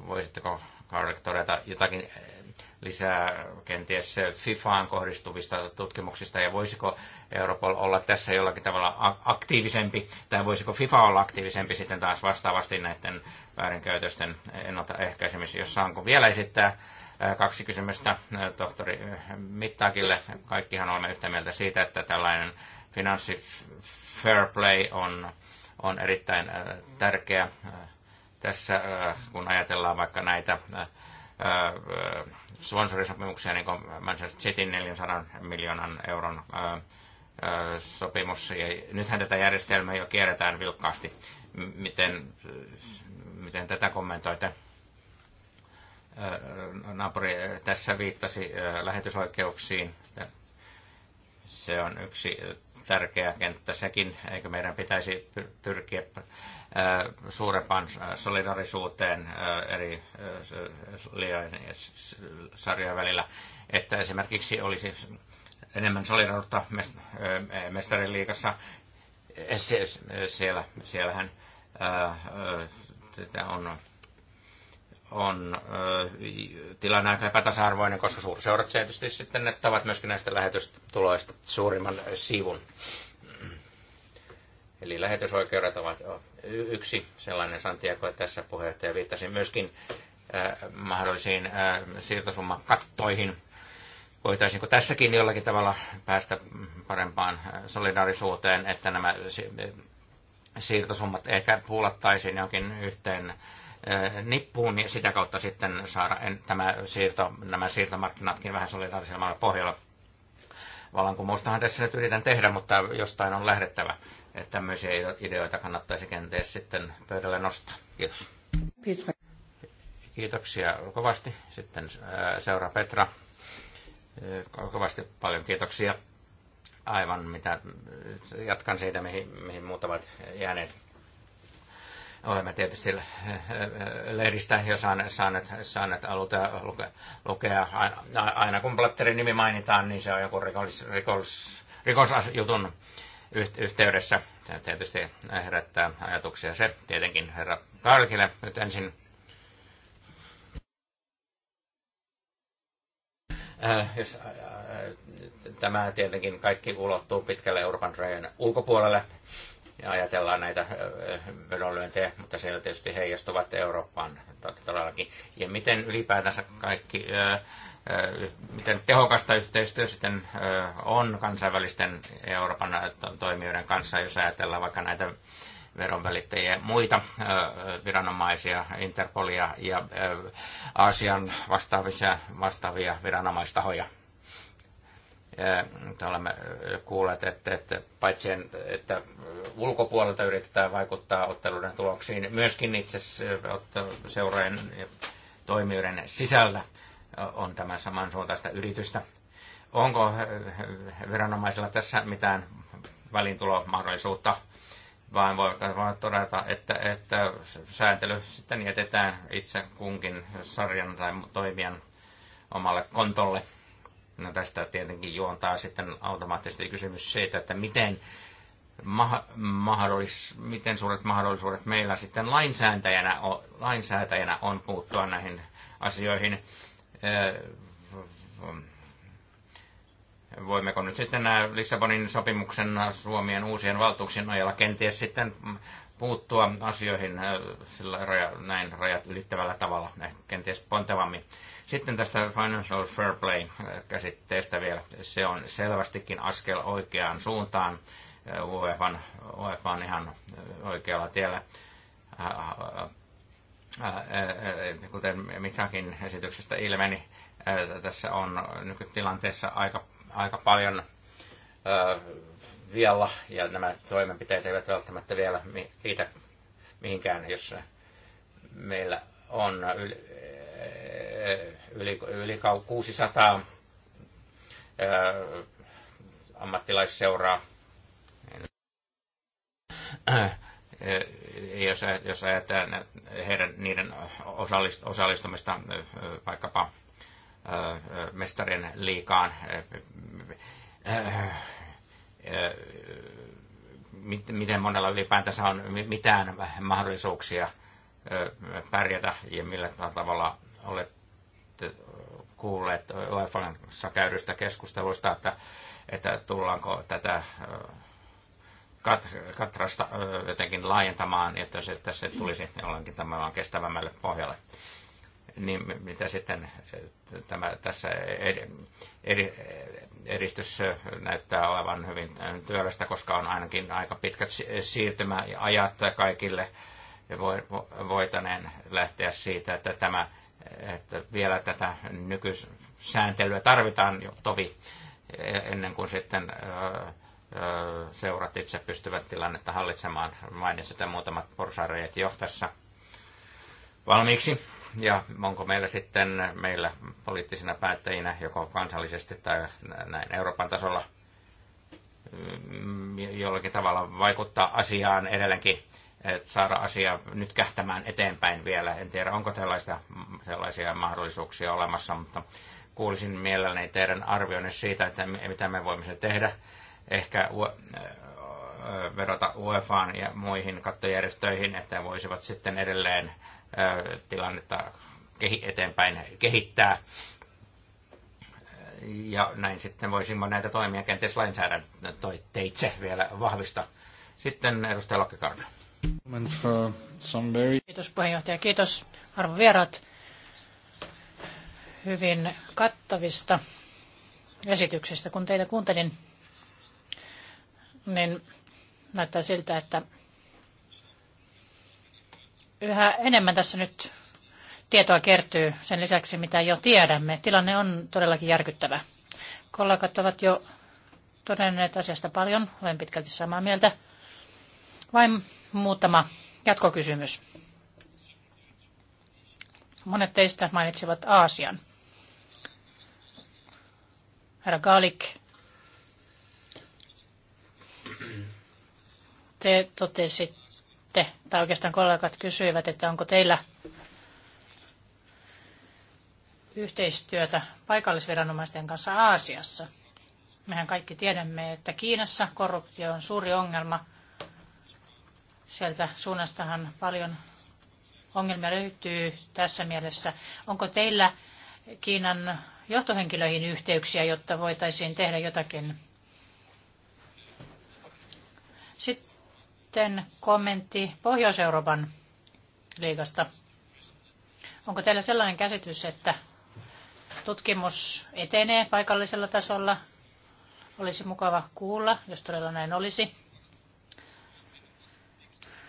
Voisitteko Karek todeta jotakin eh, lisää kenties FIFAan kohdistuvista tutkimuksista ja voisiko Europol olla tässä jollakin tavalla aktiivisempi tai voisiko FIFA olla aktiivisempi sitten taas vastaavasti näiden väärinkäytösten ennaltaehkäisemisessä, jos saanko vielä esittää eh, kaksi kysymystä eh, tohtori Mittaakille. Kaikkihan olemme yhtä mieltä siitä, että tällainen finanssi fair play on, on erittäin tärkeä tässä äh, kun ajatellaan vaikka näitä äh, äh, sponsorisopimuksia, niin kuin Manchester Cityn 400 miljoonan euron sopimus. Ja nythän tätä järjestelmää jo kierretään vilkkaasti. Miten, miten tätä kommentoitte? Naapuri tässä viittasi lähetysoikeuksiin. Se on yksi tärkeä kenttä sekin, eikö meidän pitäisi pyrkiä Äh, suurempaan äh, solidarisuuteen äh, eri liian sarjojen välillä, että esimerkiksi olisi enemmän solidaruutta liikassa. Siellä, siellähän ää, on, on ää, tilanne aika epätasa-arvoinen, koska suurseurat tietysti sitten nettavat myöskin näistä lähetystuloista suurimman sivun Eli lähetysoikeudet ovat yksi sellainen Santiago, tässä puheenjohtaja viittasi myöskin äh, mahdollisiin äh, siirtosummakattoihin. Voitaisiinko tässäkin jollakin tavalla päästä parempaan äh, solidaarisuuteen, että nämä siirtosummat ehkä puulattaisiin johonkin yhteen nippuun ja sitä kautta sitten saada tämä siirto, nämä siirtomarkkinatkin vähän solidaarisemmalla pohjalla. Vallankumoustahan tässä nyt yritän tehdä, mutta jostain on lähdettävä että tämmöisiä ideoita kannattaisi kenties sitten pöydälle nostaa. Kiitos. Petra. Kiitoksia kovasti. Sitten seuraa Petra. Kovasti paljon kiitoksia. Aivan mitä, jatkan siitä, mihin, mihin muut ovat jääneet. Olemme tietysti lehdistä jo saaneet, saaneet, saaneet aluta, lukea. Aina, aina kun platterin nimi mainitaan, niin se on joku rikos, rikos, rikosjutun yhteydessä. Tämä tietysti herättää ajatuksia se tietenkin herra Karkille. Nyt ensin äh, äh, äh, tämä tietenkin kaikki ulottuu pitkälle Euroopan rajojen ulkopuolelle ja ajatellaan näitä vedonlyöntejä, mutta siellä tietysti heijastuvat Eurooppaan todellakin. Ja miten ylipäätänsä kaikki miten tehokasta yhteistyö sitten on kansainvälisten Euroopan toimijoiden kanssa, jos ajatellaan vaikka näitä veronvälittäjiä ja muita viranomaisia, Interpolia ja Aasian vastaavia, vastaavia viranomaistahoja. Ja olemme kuulleet, että, että paitsi että ulkopuolelta yritetään vaikuttaa otteluiden tuloksiin, myöskin itse seuraajan ja toimijoiden sisällä on tämä samansuuntaista yritystä. Onko eh, viranomaisilla tässä mitään välintulomahdollisuutta? vaan voi, voi todeta, että, että sääntely sitten jätetään itse kunkin sarjan tai toimijan omalle kontolle. No tästä tietenkin juontaa sitten automaattisesti kysymys siitä, että miten, ma- mahdollis- miten suuret mahdollisuudet meillä sitten lainsäätäjänä on, lainsäätäjänä on puuttua näihin asioihin. Eh, voimmeko nyt sitten nämä eh, Lissabonin sopimuksen Suomien eh, uusien valtuuksien nojalla kenties sitten puuttua asioihin sillä raja, näin rajat ylittävällä tavalla, kenties pontevammin. Sitten tästä financial fair play-käsitteestä vielä. Se on selvästikin askel oikeaan suuntaan. UEFA on, UEFA on ihan oikealla tiellä Äh, äh, äh, kuten Mikakin esityksestä ilmeni, tässä on nykytilanteessa aika, aika paljon vielä, ja nämä toimenpiteet eivät välttämättä vielä riitä mihinkään, jos meillä on yli, yli, yli 600 ammattilaisseuraa jos, jos ajatellaan heidän, niiden osallistumista vaikkapa mestarien liikaan, miten monella ylipäätänsä on mitään mahdollisuuksia pärjätä ja millä tavalla olette kuulleet UEFA-sakäydystä keskusteluista, että, että tullaanko tätä kat, katrasta jotenkin laajentamaan, että se, että se tulisi jollakin niin tavallaan kestävämmälle pohjalle. Niin mitä sitten tämä, tässä ed, ed, edistys näyttää olevan hyvin työlästä, koska on ainakin aika pitkät siirtymäajat kaikille voitaneen lähteä siitä, että, tämä, että vielä tätä nykysääntelyä tarvitaan jo tovi e-, ennen kuin sitten seurat itse pystyvät tilannetta hallitsemaan. sitä muutamat porsareet johtassa valmiiksi. Ja onko meillä sitten meillä poliittisina päättäjinä joko kansallisesti tai näin Euroopan tasolla mm, jollakin tavalla vaikuttaa asiaan edelleenkin, että saada asia nyt kähtämään eteenpäin vielä. En tiedä, onko tällaista, sellaisia mahdollisuuksia olemassa, mutta kuulisin mielelläni teidän arvioinnin siitä, että mitä me voimme tehdä ehkä äh, verota UEFAan ja muihin kattojärjestöihin, että voisivat sitten edelleen äh, tilannetta eteenpäin kehittää. Äh, ja näin sitten voisimme näitä toimia kenties lainsäädäntöteitse vielä vahvistaa. Sitten edustaja Lokkikarka. Kiitos puheenjohtaja, kiitos arvon vieraat hyvin kattavista esityksistä. Kun teitä kuuntelin, niin näyttää siltä, että yhä enemmän tässä nyt tietoa kertyy sen lisäksi, mitä jo tiedämme. Tilanne on todellakin järkyttävä. Kollegat ovat jo todenneet asiasta paljon, olen pitkälti samaa mieltä. Vain muutama jatkokysymys. Monet teistä mainitsivat Aasian. Herra Galik Te totesitte, tai oikeastaan kollegat kysyivät, että onko teillä yhteistyötä paikallisviranomaisten kanssa Aasiassa. Mehän kaikki tiedämme, että Kiinassa korruptio on suuri ongelma. Sieltä suunnastahan paljon ongelmia löytyy tässä mielessä. Onko teillä Kiinan johtohenkilöihin yhteyksiä, jotta voitaisiin tehdä jotakin Sitten kommentti Pohjois-Euroopan liigasta. Onko teillä sellainen käsitys, että tutkimus etenee paikallisella tasolla? Olisi mukava kuulla, jos todella näin olisi.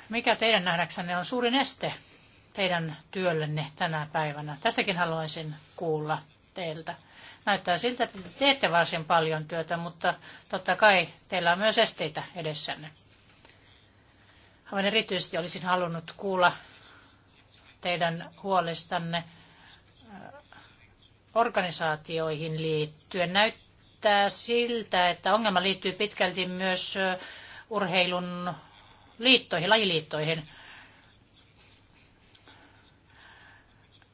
Mikä teidän nähdäksenne on suurin este teidän työllenne tänä päivänä? Tästäkin haluaisin kuulla teiltä. Näyttää siltä, että te teette varsin paljon työtä, mutta totta kai teillä on myös esteitä edessänne. Aivan erityisesti olisin halunnut kuulla teidän huolestanne äh, organisaatioihin liittyen. Näyttää siltä, että ongelma liittyy pitkälti myös äh, urheilun liittoihin, lajiliittoihin.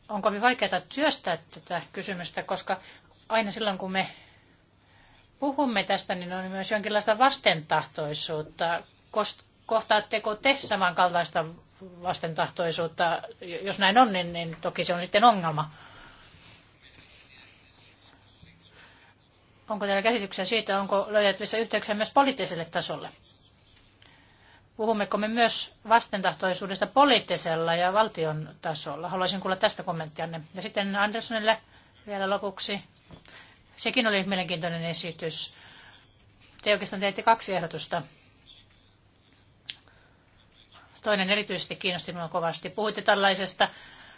On kovin vaikeaa työstää tätä kysymystä, koska aina silloin kun me puhumme tästä, niin on myös jonkinlaista vastentahtoisuutta, kohtaatteko te samankaltaista vastentahtoisuutta? Jos näin on, niin, niin toki se on sitten ongelma. Onko teillä käsityksiä siitä, onko löydettävissä yhteyksiä myös poliittiselle tasolle? Puhummeko me myös vastentahtoisuudesta poliittisella ja valtion tasolla? Haluaisin kuulla tästä kommenttianne. Ja sitten Anderssonille vielä lopuksi. Sekin oli mielenkiintoinen esitys. Te oikeastaan teitte kaksi ehdotusta Toinen erityisesti kiinnosti minua kovasti. Puhuitte tällaisesta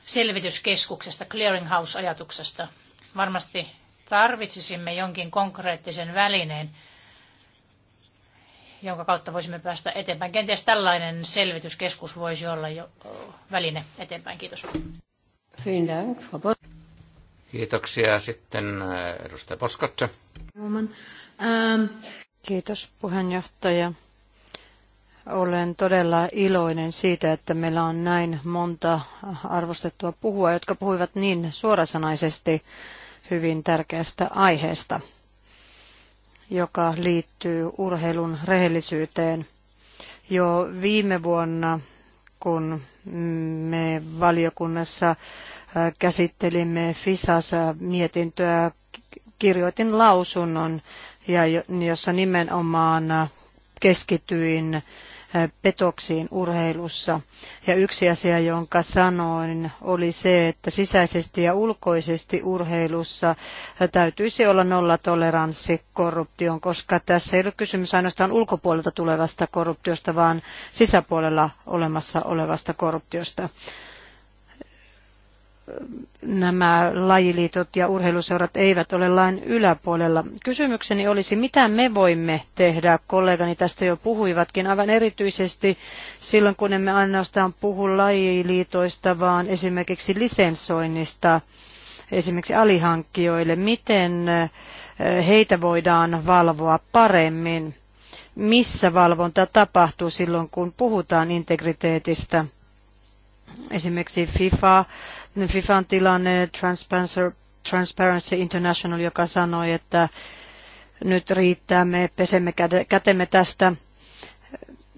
selvityskeskuksesta, clearinghouse-ajatuksesta. Varmasti tarvitsisimme jonkin konkreettisen välineen, jonka kautta voisimme päästä eteenpäin. Kenties tällainen selvityskeskus voisi olla jo väline eteenpäin. Kiitos. Kiitoksia. Sitten äh, edustaja Poskotse. Ähm, Kiitos puheenjohtaja. Olen todella iloinen siitä, että meillä on näin monta arvostettua puhua, jotka puhuivat niin suorasanaisesti hyvin tärkeästä aiheesta, joka liittyy urheilun rehellisyyteen. Jo viime vuonna, kun me valiokunnassa äh, käsittelimme FISAS-mietintöä, kirjoitin lausunnon, jossa nimenomaan äh, keskityin petoksiin urheilussa. Ja yksi asia, jonka sanoin, oli se, että sisäisesti ja ulkoisesti urheilussa täytyisi olla nollatoleranssi korruptioon, koska tässä ei ole kysymys ainoastaan ulkopuolelta tulevasta korruptiosta, vaan sisäpuolella olemassa olevasta korruptiosta nämä lajiliitot ja urheiluseurat eivät ole lain yläpuolella. Kysymykseni olisi, mitä me voimme tehdä, kollegani tästä jo puhuivatkin, aivan erityisesti silloin, kun emme ainoastaan puhu lajiliitoista, vaan esimerkiksi lisensoinnista, esimerkiksi alihankkijoille, miten eh, heitä voidaan valvoa paremmin, missä valvonta tapahtuu silloin, kun puhutaan integriteetistä. Esimerkiksi FIFA FIFAn tilanne Transparency International, joka sanoi, että nyt riittää, me pesemme kätemme tästä.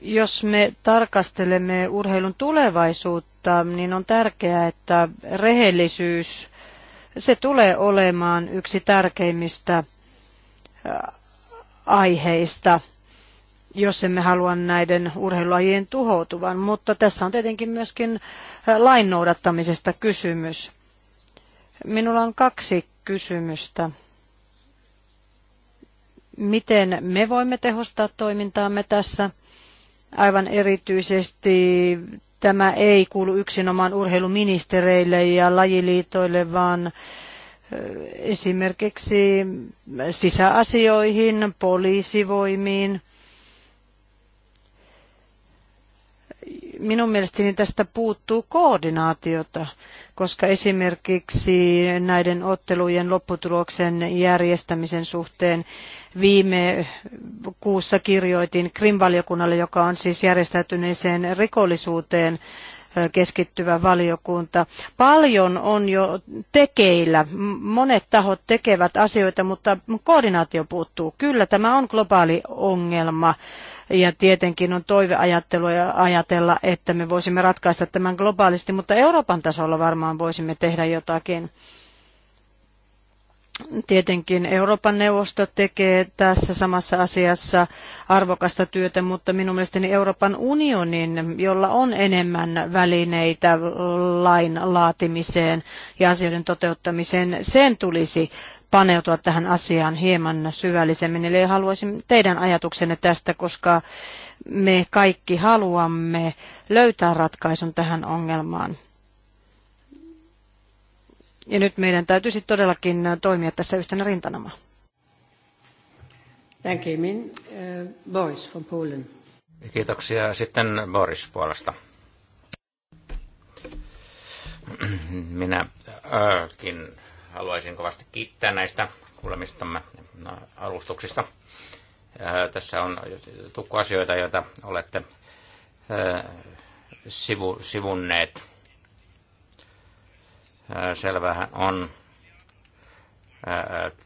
Jos me tarkastelemme urheilun tulevaisuutta, niin on tärkeää, että rehellisyys, se tulee olemaan yksi tärkeimmistä aiheista, jos emme halua näiden urheilulajien tuhoutuvan. Mutta tässä on tietenkin myöskin lain noudattamisesta kysymys. Minulla on kaksi kysymystä. Miten me voimme tehostaa toimintaamme tässä? Aivan erityisesti tämä ei kuulu yksinomaan urheiluministereille ja lajiliitoille, vaan esimerkiksi sisäasioihin, poliisivoimiin, minun mielestäni tästä puuttuu koordinaatiota, koska esimerkiksi näiden ottelujen lopputuloksen järjestämisen suhteen viime kuussa kirjoitin Krim-valiokunnalle, joka on siis järjestäytyneeseen rikollisuuteen keskittyvä valiokunta. Paljon on jo tekeillä. Monet tahot tekevät asioita, mutta koordinaatio puuttuu. Kyllä tämä on globaali ongelma. Ja tietenkin on toiveajattelua ja ajatella, että me voisimme ratkaista tämän globaalisti, mutta Euroopan tasolla varmaan voisimme tehdä jotakin. Tietenkin Euroopan neuvosto tekee tässä samassa asiassa arvokasta työtä, mutta minun mielestäni Euroopan unionin, jolla on enemmän välineitä lain laatimiseen ja asioiden toteuttamiseen, sen tulisi paneutua tähän asiaan hieman syvällisemmin. Eli haluaisin teidän ajatuksenne tästä, koska me kaikki haluamme löytää ratkaisun tähän ongelmaan. Ja nyt meidän täytyisi todellakin toimia tässä yhtenä rintanama. Thank you, Min. Uh, Boris from Poland. Kiitoksia. Sitten Boris puolesta. Minäkin haluaisin kovasti kiittää näistä kuulemistamme no, alustuksista. Tässä on tukkuasioita, joita olette sivu, sivunneet. Selvähän on.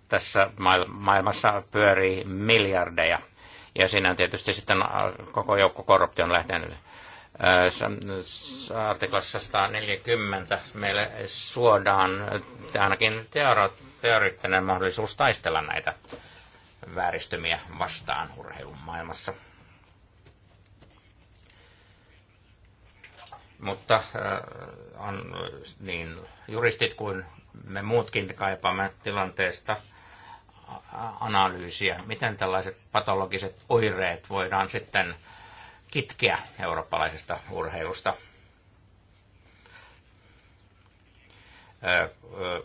Tässä maailmassa pyörii miljardeja. Ja siinä on tietysti sitten koko joukko korruption lähtenyt Äh, artiklassa 140 meille suodaan ainakin teoreettinen mahdollisuus taistella näitä vääristymiä vastaan urheilun maailmassa. Mutta äh, on niin juristit kuin me muutkin kaipaamme tilanteesta analyysiä, miten tällaiset patologiset oireet voidaan sitten kitkeä eurooppalaisesta urheilusta.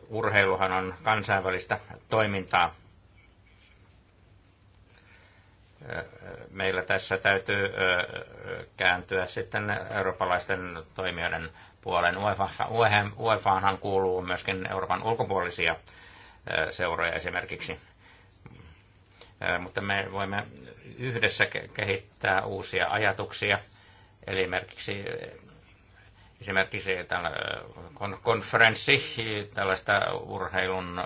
Urheiluhan on kansainvälistä toimintaa. Meillä tässä täytyy kääntyä sitten eurooppalaisten toimijoiden puoleen. UEFAhan e e kuuluu myöskin Euroopan ulkopuolisia seuroja esimerkiksi mutta me voimme yhdessä kehittää uusia ajatuksia. Eli esimerkiksi esimerkiksi konferenssi tällaista urheilun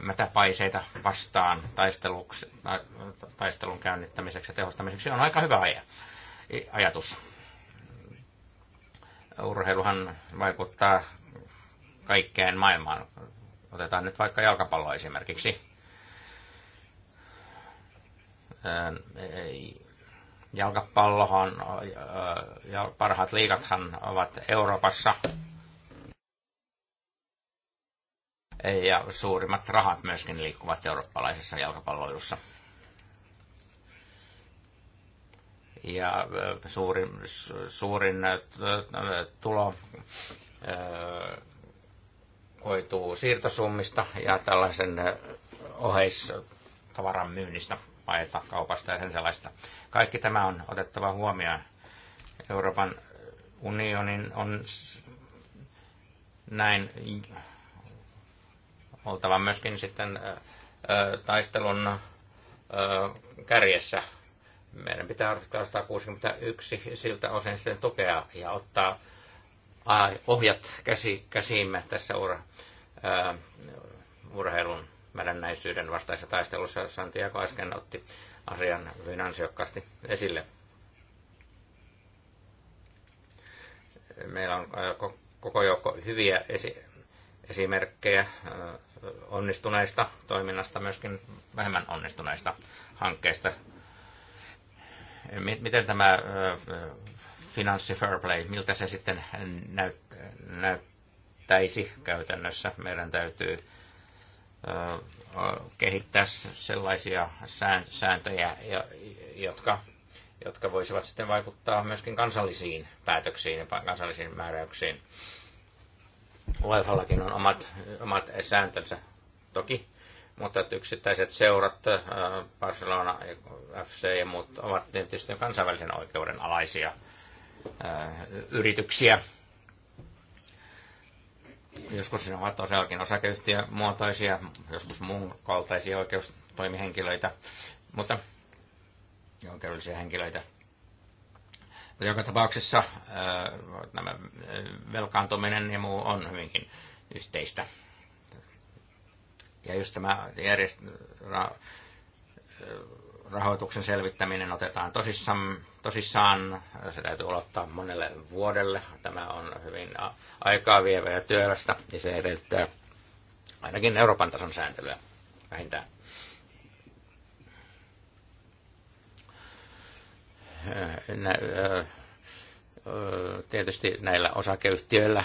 mätäpaiseita vastaan taistelun käynnittämiseksi ja tehostamiseksi on aika hyvä ajatus. Urheiluhan vaikuttaa kaikkeen maailmaan. Otetaan nyt vaikka jalkapallo esimerkiksi jalkapallohan, ja parhaat liigathan ovat Euroopassa. Ja suurimmat rahat myöskin liikkuvat eurooppalaisessa jalkapalloilussa. Ja suurin, suurin tulo koituu siirtosummista ja tällaisen oheistavaran myynnistä vapaita kaupasta ja sen sellaista. Kaikki tämä on otettava huomioon. Euroopan unionin on näin oltava myöskin sitten taistelun kärjessä. Meidän pitää artikla 161 siltä osin sitten tukea ja ottaa ohjat käsi, käsiimme tässä ura, urheilun mädännäisyyden vastaisessa taistelussa Santiago äsken otti asian hyvin ansiokkaasti esille. Meillä on äh, koko joukko hyviä esi- esimerkkejä äh, onnistuneista toiminnasta, myöskin vähemmän onnistuneista hankkeista. Miten tämä äh, finanssi fair play, miltä se sitten näyttäisi käytännössä? Meidän täytyy kehittää sellaisia sääntöjä, jotka, jotka voisivat sitten vaikuttaa myöskin kansallisiin päätöksiin ja kansallisiin määräyksiin. UEFallakin on omat, omat sääntönsä toki, mutta että yksittäiset seurat, Barcelona, FC ja muut, ovat tietysti kansainvälisen oikeuden alaisia yrityksiä, Joskus ne ovat tosiaankin osakeyhtiömuotoisia, joskus muun kaltaisia oikeustoimihenkilöitä, mutta oikeudellisia henkilöitä. Mutta joka tapauksessa ää, äh, nämä äh, velkaantuminen ja muu on hyvinkin yhteistä. Ja just tämä järjestelmä, rahoituksen selvittäminen otetaan tosissaan, tosissaan. Se täytyy aloittaa monelle vuodelle. Tämä on hyvin aikaa vievä ja työlästä ja se edellyttää ainakin Euroopan tason sääntelyä vähintään. Tietysti näillä osakeyhtiöillä,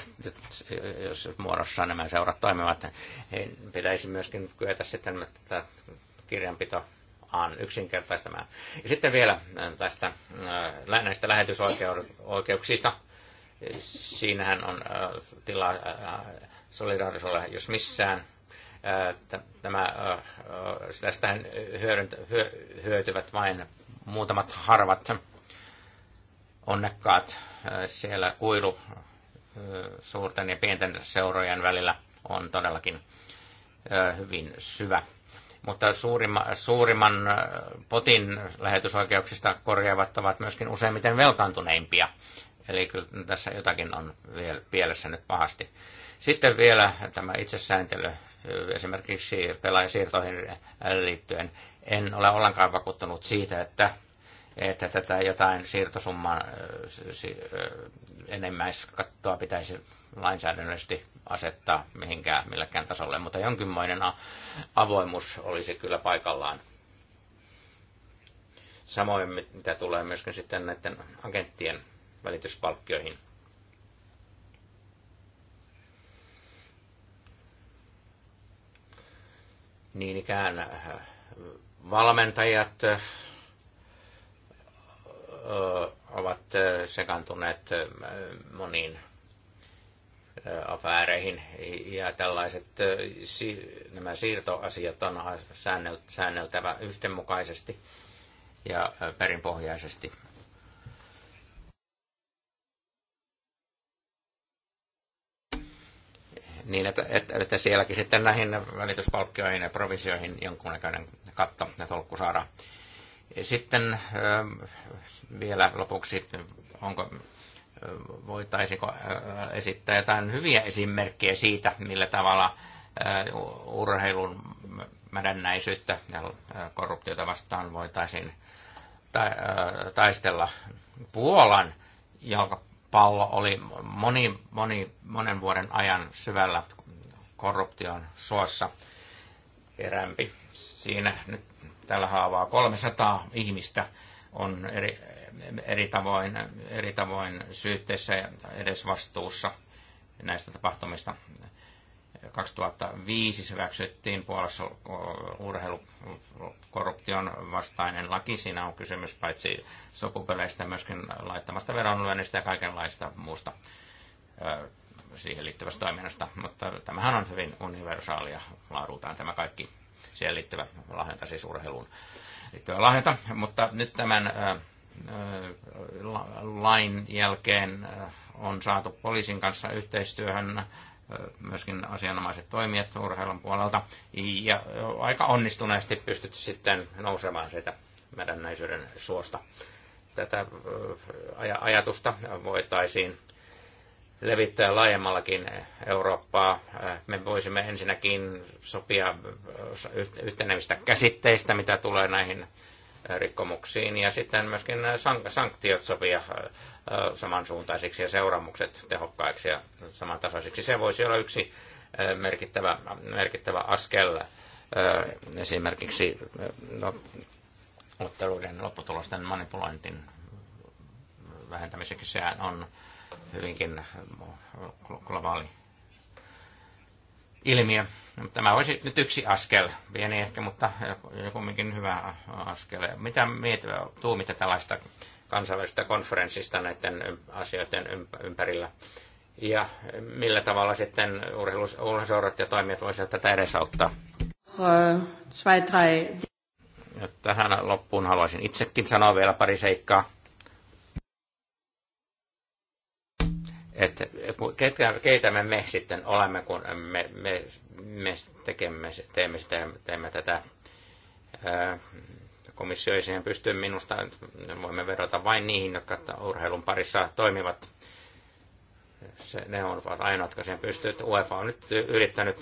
jos muodossa nämä seurat toimivat, niin pitäisi myöskin kyetä sitten tätä kirjanpito yksinkertaistamaan. Ja sitten vielä äh, tästä, äh, näistä lähetysoikeuksista. Siinähän on äh, tilaa solidaarisuudelle, jos missään. Tämä, tästä hyötyvät vain muutamat harvat onnekkaat siellä kuilu suurten ja pienten seurojen välillä on todellakin hyvin syvä mutta suurimman, suurimman äh, potin lähetysoikeuksista korjaavat ovat myöskin useimmiten velkaantuneimpia. Eli kyllä tässä jotakin on vielä pielessä nyt pahasti. Sitten vielä tämä itsesääntely äh, esimerkiksi pelaajasiirtoihin äh, liittyen. En ole ollenkaan vakuuttunut siitä, että, että tätä jotain siirtosumman enemmäiskattoa pitäisi lainsäädännöllisesti asettaa mihinkään millekään tasolle, mutta jonkinmoinen avoimuus olisi kyllä paikallaan. Samoin mitä tulee myöskin sitten näiden agenttien välityspalkkioihin. Niin ikään äh, valmentajat äh, ovat äh, sekantuneet moniin Äh, afääreihin ja tällaiset äh, nämä siirtoasiat on säänneltävä yhdenmukaisesti ja äh, perinpohjaisesti. Niin, että, että, että sielläkin sitten näihin välityspalkkioihin ja provisioihin jonkunnäköinen katto ja tolkku saadaan. Sitten ähm, vielä lopuksi, onko voitaisiko äh, esittää jotain hyviä esimerkkejä siitä, millä tavalla äh, urheilun mädännäisyyttä ja äh, korruptiota vastaan voitaisiin taistella. Puolan jalkapallo oli moni, moni, monen vuoden ajan syvällä korruption suossa erämpi. Siinä nyt tällä haavaa 300 ihmistä on eri, eri tavoin, eri tavoin syytteessä ja edes vastuussa näistä tapahtumista. 2005 se hyväksyttiin Puolassa urheilukorruption vastainen laki. Siinä on kysymys paitsi sopupeleistä myöskin laittamasta veronlyönnistä ja kaikenlaista muusta siihen liittyvästä toiminnasta. Mutta tämähän on hyvin universaalia laadultaan tämä kaikki siihen liittyvä lahjonta, siis urheiluun liittyvä lahjonta. Mutta nyt tämän lain jälkeen on saatu poliisin kanssa yhteistyöhön myöskin asianomaiset toimijat urheilun puolelta ja aika onnistuneesti pystytty sitten nousemaan siitä mädännäisyyden suosta. Tätä ajatusta voitaisiin levittää laajemmallakin Eurooppaa. Me voisimme ensinnäkin sopia yhtenevistä käsitteistä, mitä tulee näihin rikkomuksiin ja sitten myöskin sanktiot sopia äh, äh, samansuuntaisiksi ja seuraamukset tehokkaiksi ja samantasoisiksi. Se voisi olla yksi äh, merkittävä, merkittävä askel esimerkiksi no, otteluiden lopputulosten manipulointin vähentämiseksi. Sehän on hyvinkin globaali ilmiö. Tämä olisi nyt yksi askel, pieni ehkä, mutta kumminkin hyvä askel. Mitä mietitään, tuumita tällaista kansainvälisestä konferenssista näiden asioiden ympärillä? Ja millä tavalla sitten urheiluseurat ja toimijat voisivat tätä edesauttaa? Äh, tähän loppuun haluaisin itsekin sanoa vielä pari seikkaa. että ketä, keitä me, me sitten olemme, kun me, me, me tekemme, teemme, sitä, teemme tätä. Komissio ei siihen pysty minusta, voimme verrata vain niihin, jotka urheilun parissa toimivat. Se, ne ovat ainoat, jotka siihen pystyvät. UEFA on nyt yrittänyt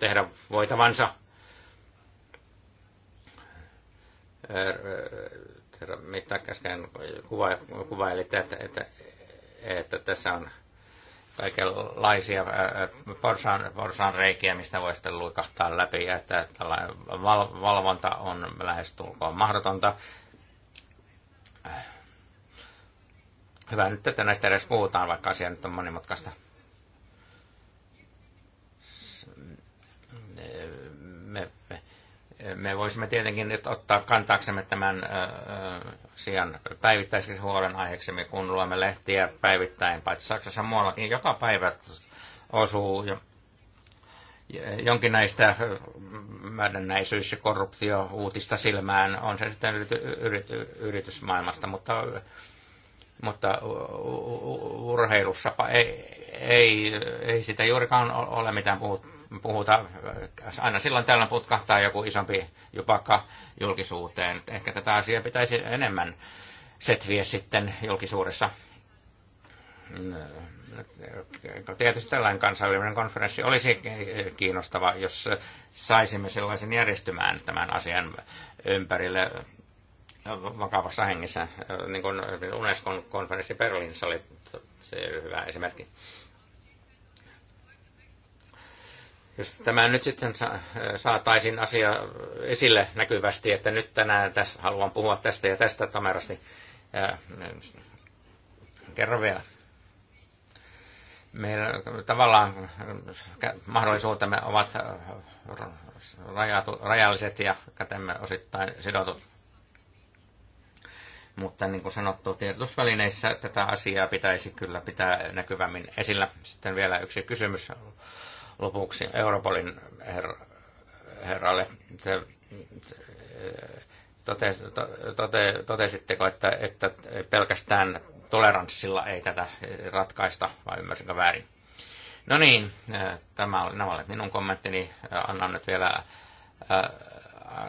tehdä voitavansa. Mitä käsken kuva, kuvailitte, että, että että tässä on kaikenlaisia porsan, porsan reikiä, mistä voi sitten luikahtaa läpi, että tällainen val, valvonta on lähestulkoon mahdotonta. Hyvä nyt, että näistä edes puhutaan, vaikka asia nyt on monimutkaista. me voisimme tietenkin nyt ottaa kantaaksemme tämän asian päivittäisen huolen aiheeksi, kun luemme lehtiä päivittäin, paitsi Saksassa muuallakin joka päivä osuu jo, jonkin näistä määränäisyys- ja korruptio-uutista silmään, on se sitten yrity, yrity, yritysmaailmasta, mutta, mutta urheilussapa ei, ei, ei sitä juurikaan ole mitään puhuttu Puhutaan aina silloin täällä putkahtaa joku isompi jupakka julkisuuteen. Ehkä tätä asiaa pitäisi enemmän setviä sitten julkisuudessa. Tietysti tällainen kansainvälinen konferenssi olisi kiinnostava, jos saisimme sellaisen järjestymään tämän asian ympärille vakavassa hengessä. Niin kuin Unescon konferenssi Berliinissä oli se hyvä esimerkki. Jos tämä nyt sitten saataisiin asia esille näkyvästi, että nyt tänään tässä haluan puhua tästä ja tästä niin äh, Kerro vielä. Meillä tavallaan äh, mahdollisuutemme ovat äh, rajalliset ja kätemme osittain sidotut. Mutta niin kuin sanottu, tiedotusvälineissä tätä asiaa pitäisi kyllä pitää näkyvämmin esillä. Sitten vielä yksi kysymys lopuksi Europolin her, herralle. Te, totes, tote, totesitteko, että, että pelkästään toleranssilla ei tätä ratkaista, vai ymmärsinkö väärin? No niin, tämä oli, nämä olivat minun kommenttini. Annan nyt vielä äh,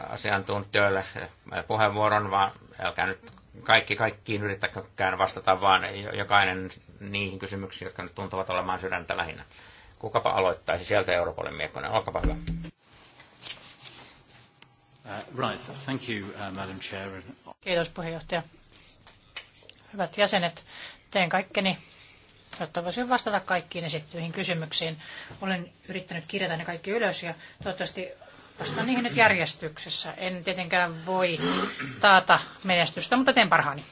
asiantuntijoille puheenvuoron, vaan älkää nyt kaikki kaikkiin yrittäkään vastata, vaan jokainen niihin kysymyksiin, jotka nyt tuntuvat olemaan sydäntä lähinnä. Kukapa aloittaisi sieltä Europolin miekkonen? Olkapa hyvä. Uh, right. Thank you, uh, Madam Chair. Kiitos puheenjohtaja. Hyvät jäsenet, teen kaikkeni, jotta voisin vastata kaikkiin esittyihin kysymyksiin. Olen yrittänyt kirjata ne kaikki ylös ja toivottavasti vastaan niihin nyt järjestyksessä. En tietenkään voi taata menestystä, mutta teen parhaani.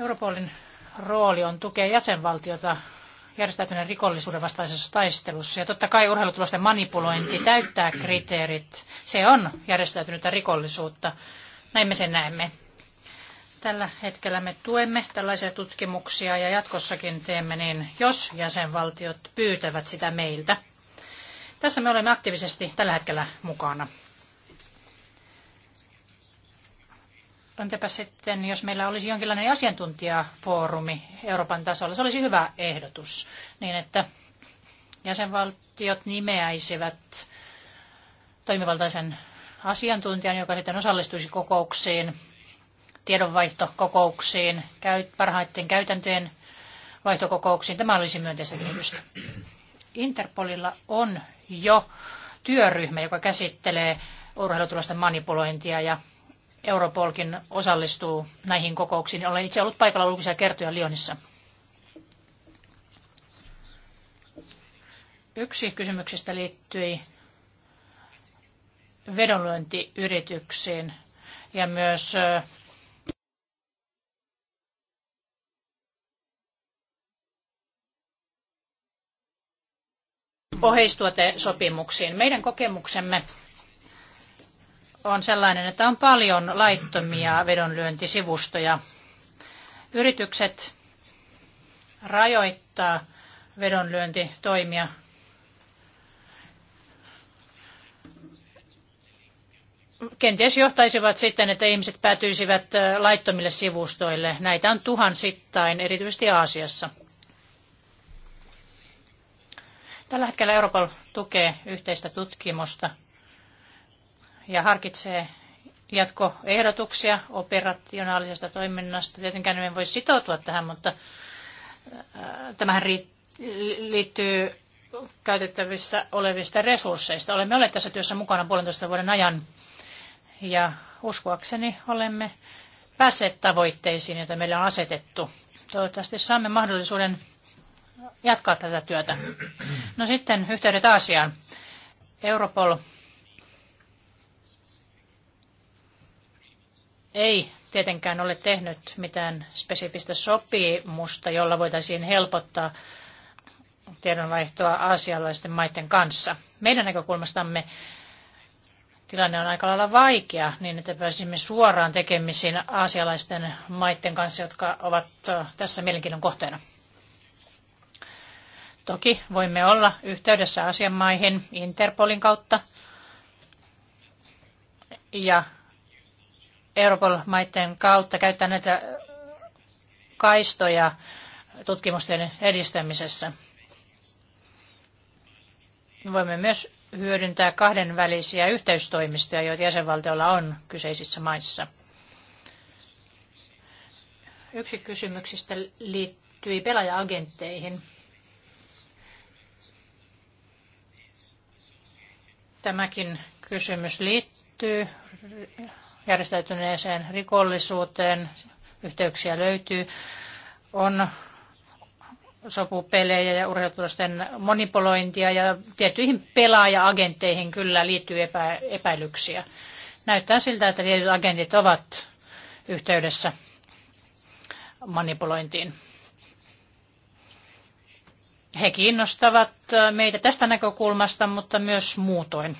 Europolin rooli on tukea jäsenvaltiota järjestäytyneen rikollisuuden vastaisessa taistelussa. Ja totta kai urheilutulosten manipulointi täyttää kriteerit. Se on järjestäytynyttä rikollisuutta. Näin me sen näemme. Tällä hetkellä me tuemme tällaisia tutkimuksia ja jatkossakin teemme niin, jos jäsenvaltiot pyytävät sitä meiltä. Tässä me olemme aktiivisesti tällä hetkellä mukana. entäpä sitten, jos meillä olisi jonkinlainen asiantuntijafoorumi Euroopan tasolla, se olisi hyvä ehdotus, niin että jäsenvaltiot nimeäisivät toimivaltaisen asiantuntijan, joka sitten osallistuisi kokouksiin, tiedonvaihtokokouksiin, parhaiten käytäntöjen vaihtokokouksiin. Tämä olisi myönteistä kehitystä. Interpolilla on jo työryhmä, joka käsittelee urheilutulosten manipulointia ja Europolkin osallistuu näihin kokouksiin. Olen itse ollut paikalla lukuisia kertoja Lyonissa. Yksi kysymyksistä liittyi vedonlyöntiyrityksiin ja myös oheistuotesopimuksiin. Meidän kokemuksemme on sellainen, että on paljon laittomia vedonlyöntisivustoja. Yritykset rajoittaa vedonlyöntitoimia. Kenties johtaisivat sitten, että ihmiset päätyisivät laittomille sivustoille. Näitä on tuhansittain, erityisesti Aasiassa. Tällä hetkellä Europol tukee yhteistä tutkimusta ja harkitsee jatkoehdotuksia operationaalisesta toiminnasta. Tietenkään emme voi sitoutua tähän, mutta äh, tämähän liittyy käytettävissä olevista resursseista. Olemme olleet tässä työssä mukana puolentoista vuoden ajan ja uskoakseni olemme päässeet tavoitteisiin, joita meillä on asetettu. Toivottavasti saamme mahdollisuuden jatkaa tätä työtä. No sitten yhteydet Aasiaan. Europol ei tietenkään ole tehnyt mitään spesifistä sopimusta, jolla voitaisiin helpottaa tiedonvaihtoa aasialaisten maiden kanssa. Meidän näkökulmastamme tilanne on aika lailla vaikea, niin että pääsimme suoraan tekemisiin aasialaisten maiden kanssa, jotka ovat tässä mielenkiinnon kohteena. Toki voimme olla yhteydessä asianmaihin Interpolin kautta ja Europol-maiden kautta käyttää näitä kaistoja tutkimusten edistämisessä. Voimme myös hyödyntää kahdenvälisiä yhteystoimistoja, joita jäsenvaltioilla on kyseisissä maissa. Yksi kysymyksistä liittyi pelaaja-agentteihin. Tämäkin kysymys liittyy järjestäytyneeseen rikollisuuteen, yhteyksiä löytyy, on sopupelejä ja urheilutulasten monipolointia ja tiettyihin pelaaja agentteihin kyllä liittyy epä, epäilyksiä. Näyttää siltä, että tietyt agentit ovat yhteydessä manipulointiin. He kiinnostavat meitä tästä näkökulmasta, mutta myös muutoin.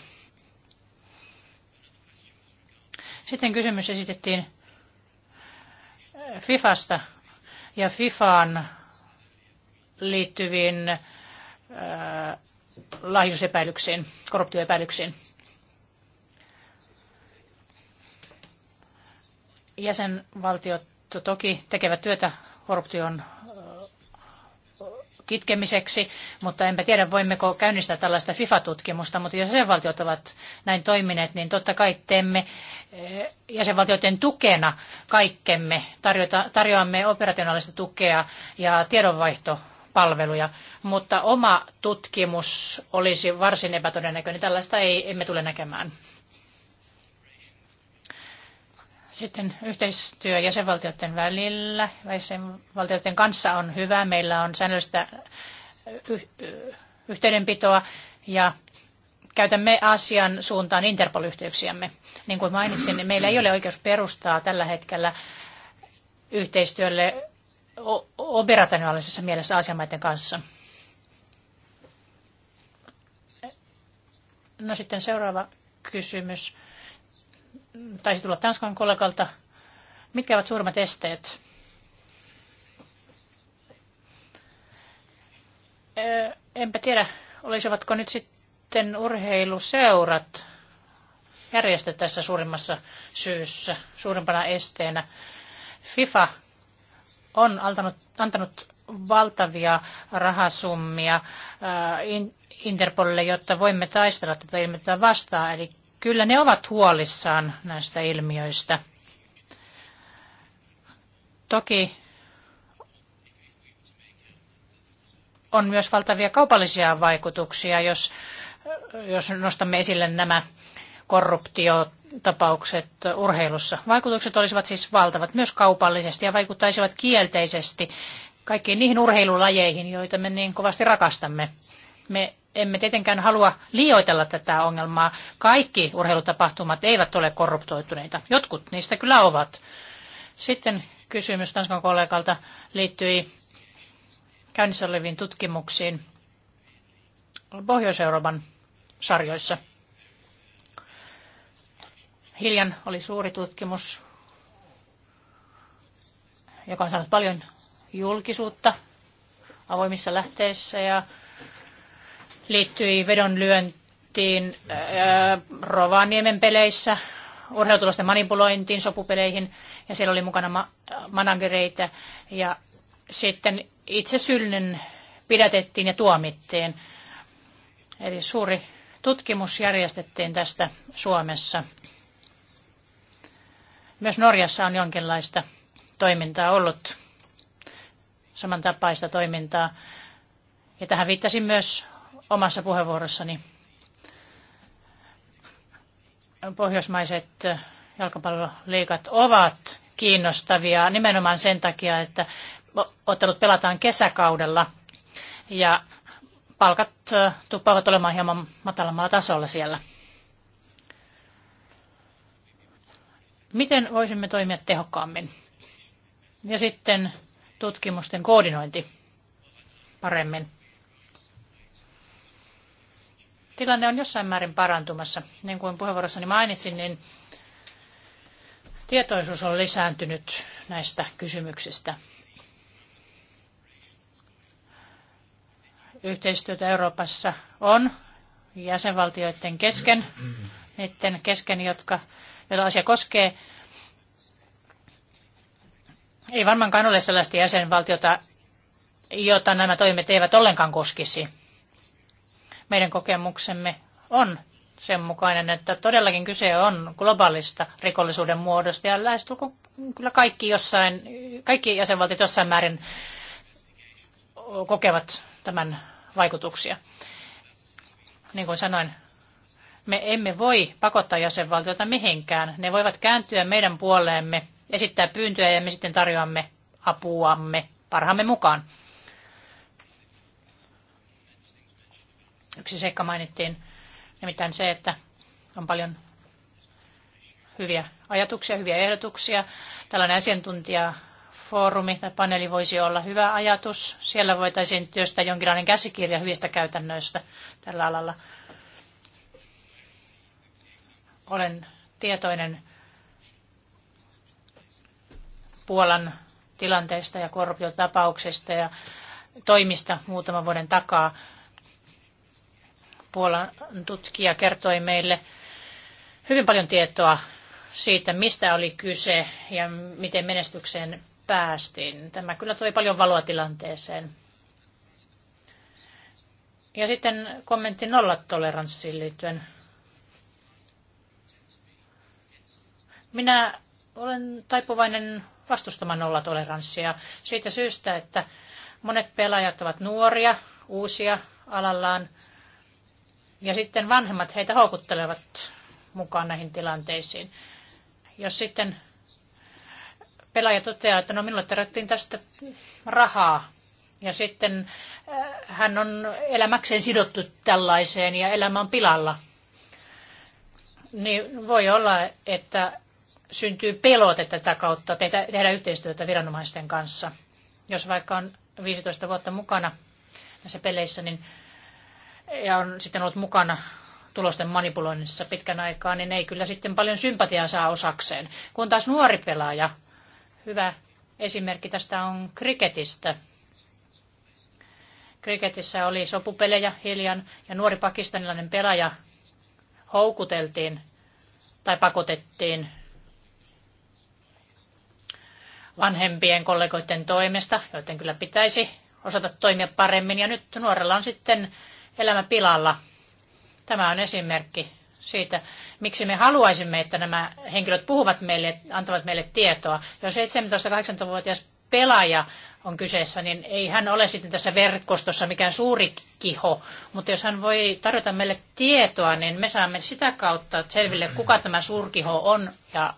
Sitten kysymys esitettiin FIFasta ja FIFAan liittyviin lahjusepäilyksiin, korruptioepäilyksiin. Jäsenvaltiot toki tekevät työtä korruption kitkemiseksi, mutta enpä tiedä voimmeko käynnistää tällaista FIFA-tutkimusta, mutta jos jäsenvaltiot ovat näin toimineet, niin totta kai teemme eh, jäsenvaltioiden tukena kaikkemme, tarjota, tarjoamme operationaalista tukea ja tiedonvaihtopalveluja, mutta oma tutkimus olisi varsin epätodennäköinen. Tällaista ei, emme tule näkemään. Sitten yhteistyö jäsenvaltioiden välillä, jäsenvaltioiden kanssa on hyvä. Meillä on säännöllistä yhteydenpitoa ja käytämme Aasian suuntaan Interpol-yhteyksiämme. Niin kuin mainitsin, niin meillä ei ole oikeus perustaa tällä hetkellä yhteistyölle operationaalisessa mielessä Aasiamaiden kanssa. No sitten seuraava kysymys taisi tulla Tanskan kollegalta. Mitkä ovat suurimmat esteet? Enpä tiedä, olisivatko nyt sitten urheiluseurat järjestö tässä suurimmassa syyssä, suurimpana esteenä. FIFA on antanut, antanut valtavia rahasummia Interpolille, jotta voimme taistella tätä ilmiötä vastaan. Eli kyllä ne ovat huolissaan näistä ilmiöistä. Toki on myös valtavia kaupallisia vaikutuksia, jos, jos nostamme esille nämä korruptiotapaukset urheilussa. Vaikutukset olisivat siis valtavat myös kaupallisesti ja vaikuttaisivat kielteisesti kaikkiin niihin urheilulajeihin, joita me niin kovasti rakastamme. Me emme tietenkään halua liioitella tätä ongelmaa. Kaikki urheilutapahtumat eivät ole korruptoituneita. Jotkut niistä kyllä ovat. Sitten kysymys Tanskan kollegalta liittyi käynnissä oleviin tutkimuksiin Pohjois-Euroopan sarjoissa. Hiljan oli suuri tutkimus, joka on saanut paljon julkisuutta avoimissa lähteissä ja liittyi vedonlyöntiin äh, Rovaniemen peleissä, urheilutulosten manipulointiin, sopupeleihin ja siellä oli mukana ma- managereita ja sitten itse syllinen pidätettiin ja tuomittiin. Eli suuri tutkimus järjestettiin tästä Suomessa. Myös Norjassa on jonkinlaista toimintaa ollut, samantapaista toimintaa. Ja tähän viittasin myös omassa puheenvuorossani. Pohjoismaiset jalkapalloliikat ovat kiinnostavia nimenomaan sen takia, että ottelut pelataan kesäkaudella ja palkat tuppaavat olemaan hieman matalammalla tasolla siellä. Miten voisimme toimia tehokkaammin? Ja sitten tutkimusten koordinointi paremmin tilanne on jossain määrin parantumassa. Niin kuin puheenvuorossani mainitsin, niin tietoisuus on lisääntynyt näistä kysymyksistä. Yhteistyötä Euroopassa on jäsenvaltioiden kesken, niiden kesken, jotka, joita asia koskee. Ei varmaankaan ole sellaista jäsenvaltiota, jota nämä toimet eivät ollenkaan koskisi. Meidän kokemuksemme on sen mukainen, että todellakin kyse on globaalista rikollisuuden muodosta ja lähestulkoon kyllä kaikki, jossain, kaikki jäsenvaltiot jossain määrin kokevat tämän vaikutuksia. Niin kuin sanoin, me emme voi pakottaa jäsenvaltioita mihinkään. Ne voivat kääntyä meidän puoleemme, esittää pyyntöjä ja me sitten tarjoamme apuamme parhaamme mukaan. Yksi seikka mainittiin, nimittäin se, että on paljon hyviä ajatuksia, hyviä ehdotuksia. Tällainen asiantuntijafoorumi tai paneeli voisi olla hyvä ajatus. Siellä voitaisiin työstää jonkinlainen käsikirja hyvistä käytännöistä tällä alalla. Olen tietoinen Puolan tilanteista ja korruptiotapauksista ja toimista muutaman vuoden takaa. Puolan tutkija kertoi meille hyvin paljon tietoa siitä, mistä oli kyse ja miten menestykseen päästiin. Tämä kyllä toi paljon valoa tilanteeseen. Ja sitten kommentti nollatoleranssiin liittyen. Minä olen taipuvainen vastustamaan nollatoleranssia siitä syystä, että monet pelaajat ovat nuoria, uusia alallaan – ja sitten vanhemmat heitä houkuttelevat mukaan näihin tilanteisiin. Jos sitten pelaaja toteaa, että no minulle tarjottiin tästä rahaa, ja sitten äh, hän on elämäkseen sidottu tällaiseen ja elämä on pilalla. Niin voi olla, että syntyy pelote tätä kautta tehdä, tehdä yhteistyötä viranomaisten kanssa. Jos vaikka on 15 vuotta mukana näissä peleissä, niin ja on sitten ollut mukana tulosten manipuloinnissa pitkän aikaa, niin ei kyllä sitten paljon sympatiaa saa osakseen. Kun taas nuori pelaaja, hyvä esimerkki tästä on kriketistä. Kriketissä oli sopupelejä hiljan ja nuori pakistanilainen pelaaja houkuteltiin tai pakotettiin vanhempien kollegoiden toimesta, joiden kyllä pitäisi osata toimia paremmin. Ja nyt nuorella on sitten elämä pilalla. Tämä on esimerkki siitä, miksi me haluaisimme, että nämä henkilöt puhuvat meille, antavat meille tietoa. Jos 17-18-vuotias pelaaja on kyseessä, niin ei hän ole sitten tässä verkostossa mikään suuri kiho, mutta jos hän voi tarjota meille tietoa, niin me saamme sitä kautta selville, kuka tämä suurkiho on ja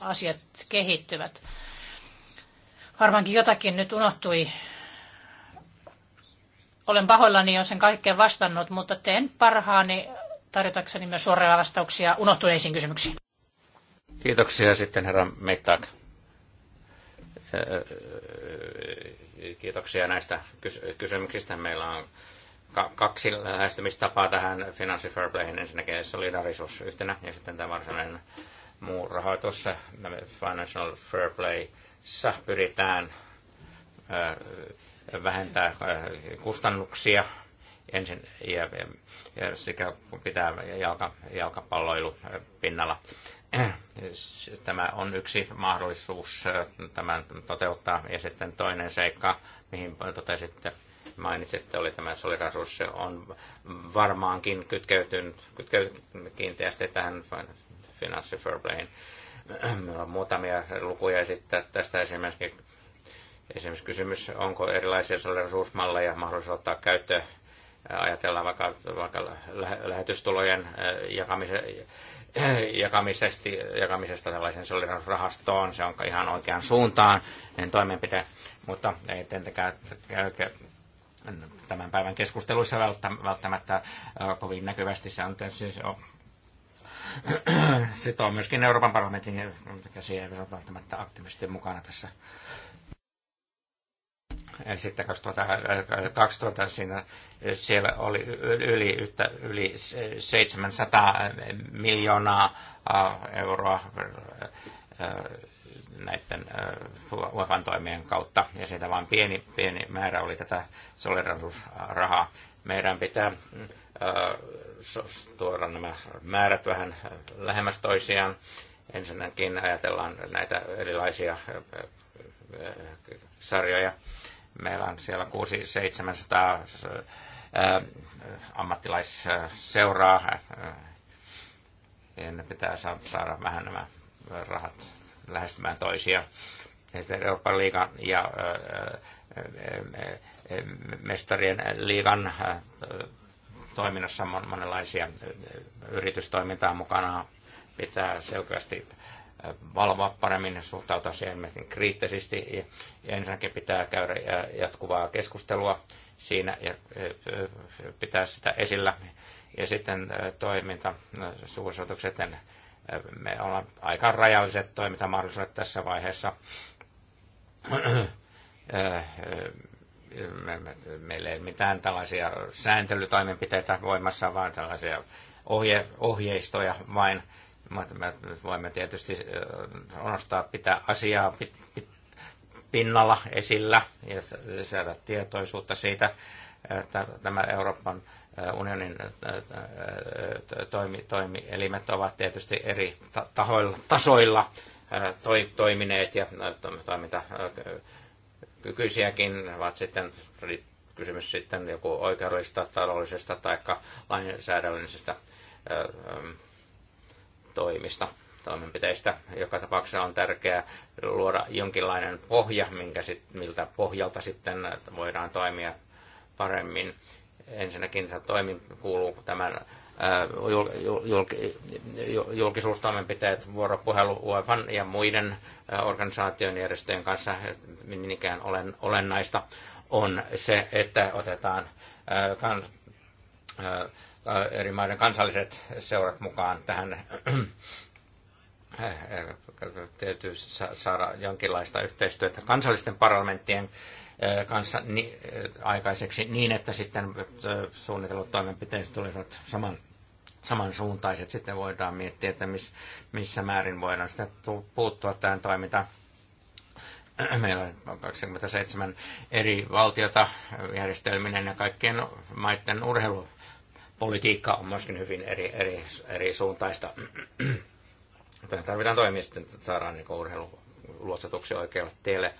asiat kehittyvät. Varmaankin jotakin nyt unohtui olen pahoillani, jos en kaikkeen vastannut, mutta teen parhaani tarjotakseni myös suoria vastauksia unohtuneisiin kysymyksiin. Kiitoksia sitten herra Mittak. Kiitoksia näistä kysymyksistä. Meillä on kaksi lähestymistapaa tähän Finanssi Fairplayhin. Ensinnäkin solidarisuus yhtenä ja sitten tämä varsinainen muu rahoitus. Financial Fairplayssa pyritään vähentää äh, kustannuksia ensin ja, ja, ja sekä pitää jalka, jalkapalloilu äh, pinnalla. (clears throat) Tämä on yksi mahdollisuus äh, tämän toteuttaa. Ja sitten toinen seikka, mihin totesitte, mainitsitte, oli tämä solidarisuus. Se on varmaankin kytkeytynyt, kytkeytynyt kiinteästi tähän Financial (clears throat) Muutamia lukuja esittää tästä esimerkiksi Esimerkiksi kysymys, onko erilaisia solidarisuusmalleja mahdollisuus ottaa käyttöön. Ajatellaan vaikka, vaikka lähetystulojen eh, jakamisen, eh, jakamisesta, jakamisesta tällaisen solidarisuusrahastoon. Se on ihan oikeaan suuntaan niin toimenpide, mutta ei tietenkään tämän päivän keskusteluissa välttämättä eh, kovin näkyvästi. Se on tietysti sitoo myöskin Euroopan parlamentin käsiä ei välttämättä aktiivisesti mukana tässä sitten 2012 äh, siinä, siellä oli yli, yli 700 äh, miljoonaa äh, euroa näiden UEFan toimien kautta, ja siitä vain pieni, pieni määrä oli tätä solidarisuusrahaa. Meidän pitää tuoda nämä määrät vähän lähemmäs toisiaan. Ensinnäkin ajatellaan näitä erilaisia sarjoja Meillä on siellä 600-700 äh, ammattilaisseuraa. Äh, äh, ja ne pitää saada vähän nämä rahat lähestymään toisia. Ja sitten Euroopan liigan ja mestarien liigan toiminnassa monenlaisia yritystoimintaa mukana. Pitää selkeästi valvoa paremmin, suhtautua siihen kriittisesti. Ja ensinnäkin pitää käydä jatkuvaa keskustelua siinä ja pitää sitä esillä. Ja sitten toiminta, suursotukset, me ollaan aika rajalliset toimintamahdollisuudet tässä vaiheessa. (clears throat) Meillä ei mitään tällaisia sääntelytoimenpiteitä voimassa, vaan tällaisia ohje, ohjeistoja vain me voimme tietysti nostaa pitää asiaa pinnalla esillä ja lisätä tietoisuutta siitä, että tämä Euroopan unionin toimi, toimielimet ovat tietysti eri tahoilla, tasoilla toimineet ja no, toiminta kykyisiäkin ovat sitten kysymys sitten joku oikeudellisesta, taloudellisesta tai lainsäädännöllisestä toimista toimenpiteistä. Joka tapauksessa on tärkeää luoda jonkinlainen pohja, minkä sit, miltä pohjalta sitten voidaan toimia paremmin. Ensinnäkin se toimi kuuluu tämän äh, jul, jul, jul, julkisuustoimenpiteet, vuoropuhelu UEFan ja muiden äh, organisaation järjestöjen kanssa, minikään niin ikään olen, olennaista on se, että otetaan äh, kan, Äh, eri maiden kansalliset seurat mukaan tähän äh, täytyy saada jonkinlaista yhteistyötä kansallisten parlamenttien äh, kanssa ni, aikaiseksi niin, että sitten suunnitellut toimenpiteet tulisivat saman, samansuuntaiset. Sitten voidaan miettiä, että miss, missä määrin voidaan sitten puuttua tähän toimintaan. Meillä on 27 eri valtiota järjestelminen ja kaikkien maiden urheilu politiikka on myöskin hyvin eri, eri, eri suuntaista. Tarvitaan toimia sitten, että saadaan niin urheilu oikealle tielle.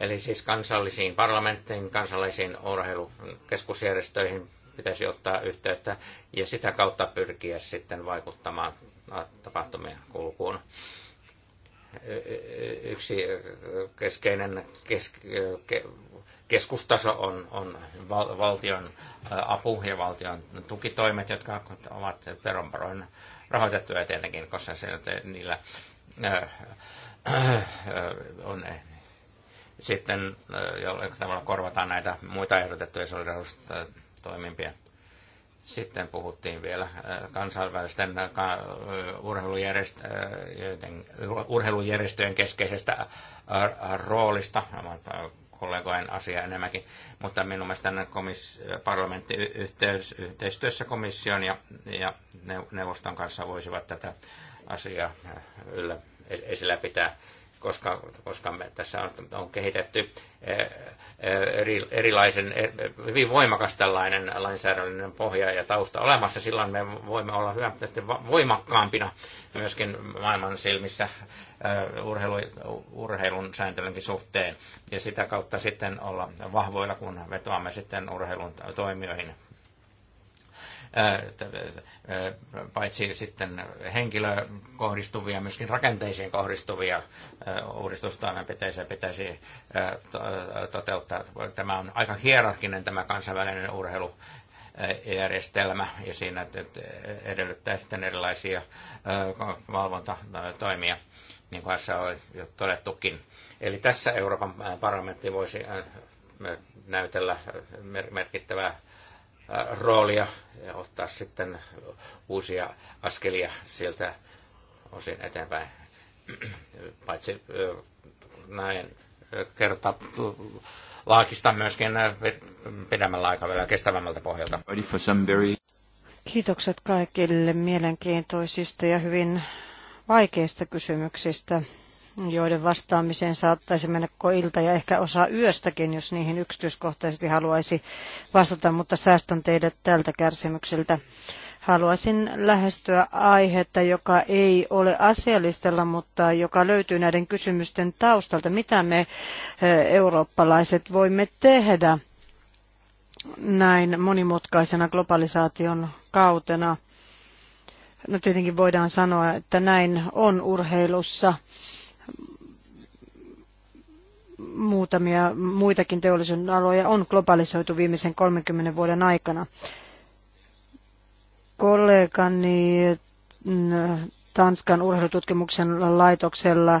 Eli siis kansallisiin parlamentteihin, kansallisiin urheilukeskusjärjestöihin pitäisi ottaa yhteyttä ja sitä kautta pyrkiä sitten vaikuttamaan tapahtumien kulkuun. Yksi keskeinen kes, ke, keskustaso on, on val, valtion apu ja valtion tukitoimet, jotka ovat veronvaroin rahoitettuja tietenkin, koska se, niillä on sitten jollain tavalla korvataan näitä muita ehdotettuja solidarisuustoimimpia. Sitten puhuttiin vielä kansainvälisten urheilujärjestöjen, urheilujärjestöjen keskeisestä roolista kollegojen asia enemmänkin, mutta minun mielestäni komis- parlamenttiyhteys, yhteistyössä komission ja, ja neuvoston kanssa voisivat tätä asiaa äh, yllä, esillä pitää koska, koska me tässä on, on kehitetty eh, eh, eri, erilaisen, eh, hyvin voimakas tällainen lainsäädännöllinen pohja ja tausta olemassa, silloin me voimme olla hyvä, voimakkaampina myöskin maailman silmissä urheilu, urheilun sääntelynkin suhteen. Ja sitä kautta sitten olla vahvoilla, kun vetoamme sitten urheilun toimijoihin paitsi sitten henkilöön kohdistuvia, myöskin rakenteisiin kohdistuvia uudistustoimenpiteitä pitäisi toteuttaa. Tämä on aika hierarkinen tämä kansainvälinen urheilu järjestelmä ja siinä edellyttää sitten erilaisia valvontatoimia, niin kuin tässä on jo todettukin. Eli tässä Euroopan parlamentti voisi näytellä merkittävää Äh, roolia ja ottaa sitten uusia askelia sieltä osin eteenpäin. (clears throat) Paitsi äh, näin äh, kerta laakista myöskin pidemmällä aikavälillä kestävämmältä pohjalta. Kiitokset kaikille mielenkiintoisista ja hyvin vaikeista kysymyksistä joiden vastaamiseen saattaisi mennä ilta ja ehkä osa yöstäkin, jos niihin yksityiskohtaisesti haluaisi vastata, mutta säästän teidät tältä kärsimykseltä. Haluaisin lähestyä aihetta, joka ei ole asiallistella, mutta joka löytyy näiden kysymysten taustalta. Mitä me eh, eurooppalaiset voimme tehdä näin monimutkaisena globalisaation kautena? No tietenkin voidaan sanoa, että näin on urheilussa – muutamia muitakin teollisuuden aloja on globalisoitu viimeisen 30 vuoden aikana. Kollegani mm, Tanskan urheilututkimuksen laitoksella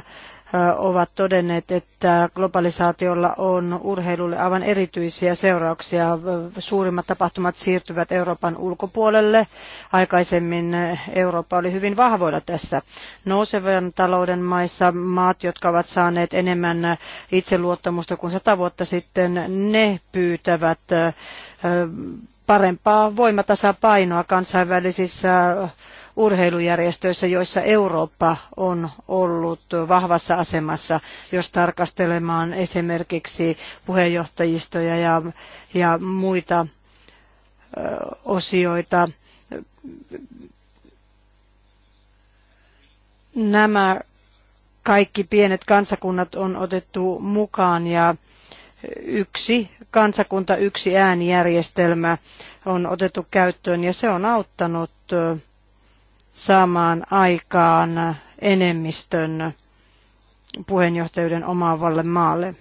ovat todenneet, että globalisaatiolla on urheilulle aivan erityisiä seurauksia. Suurimmat tapahtumat siirtyvät Euroopan ulkopuolelle. Aikaisemmin Eurooppa oli hyvin vahvoilla tässä. Nousevan talouden maissa maat, jotka ovat saaneet enemmän itseluottamusta kuin sata vuotta sitten, ne pyytävät parempaa voimatasapainoa kansainvälisissä urheilujärjestöissä, joissa Eurooppa on ollut vahvassa asemassa, jos tarkastelemaan esimerkiksi puheenjohtajistoja ja, ja muita ö, osioita. Nämä kaikki pienet kansakunnat on otettu mukaan ja yksi kansakunta, yksi äänijärjestelmä on otettu käyttöön ja se on auttanut saamaan aikaan enemmistön puheenjohtajuuden omaavalle maalle.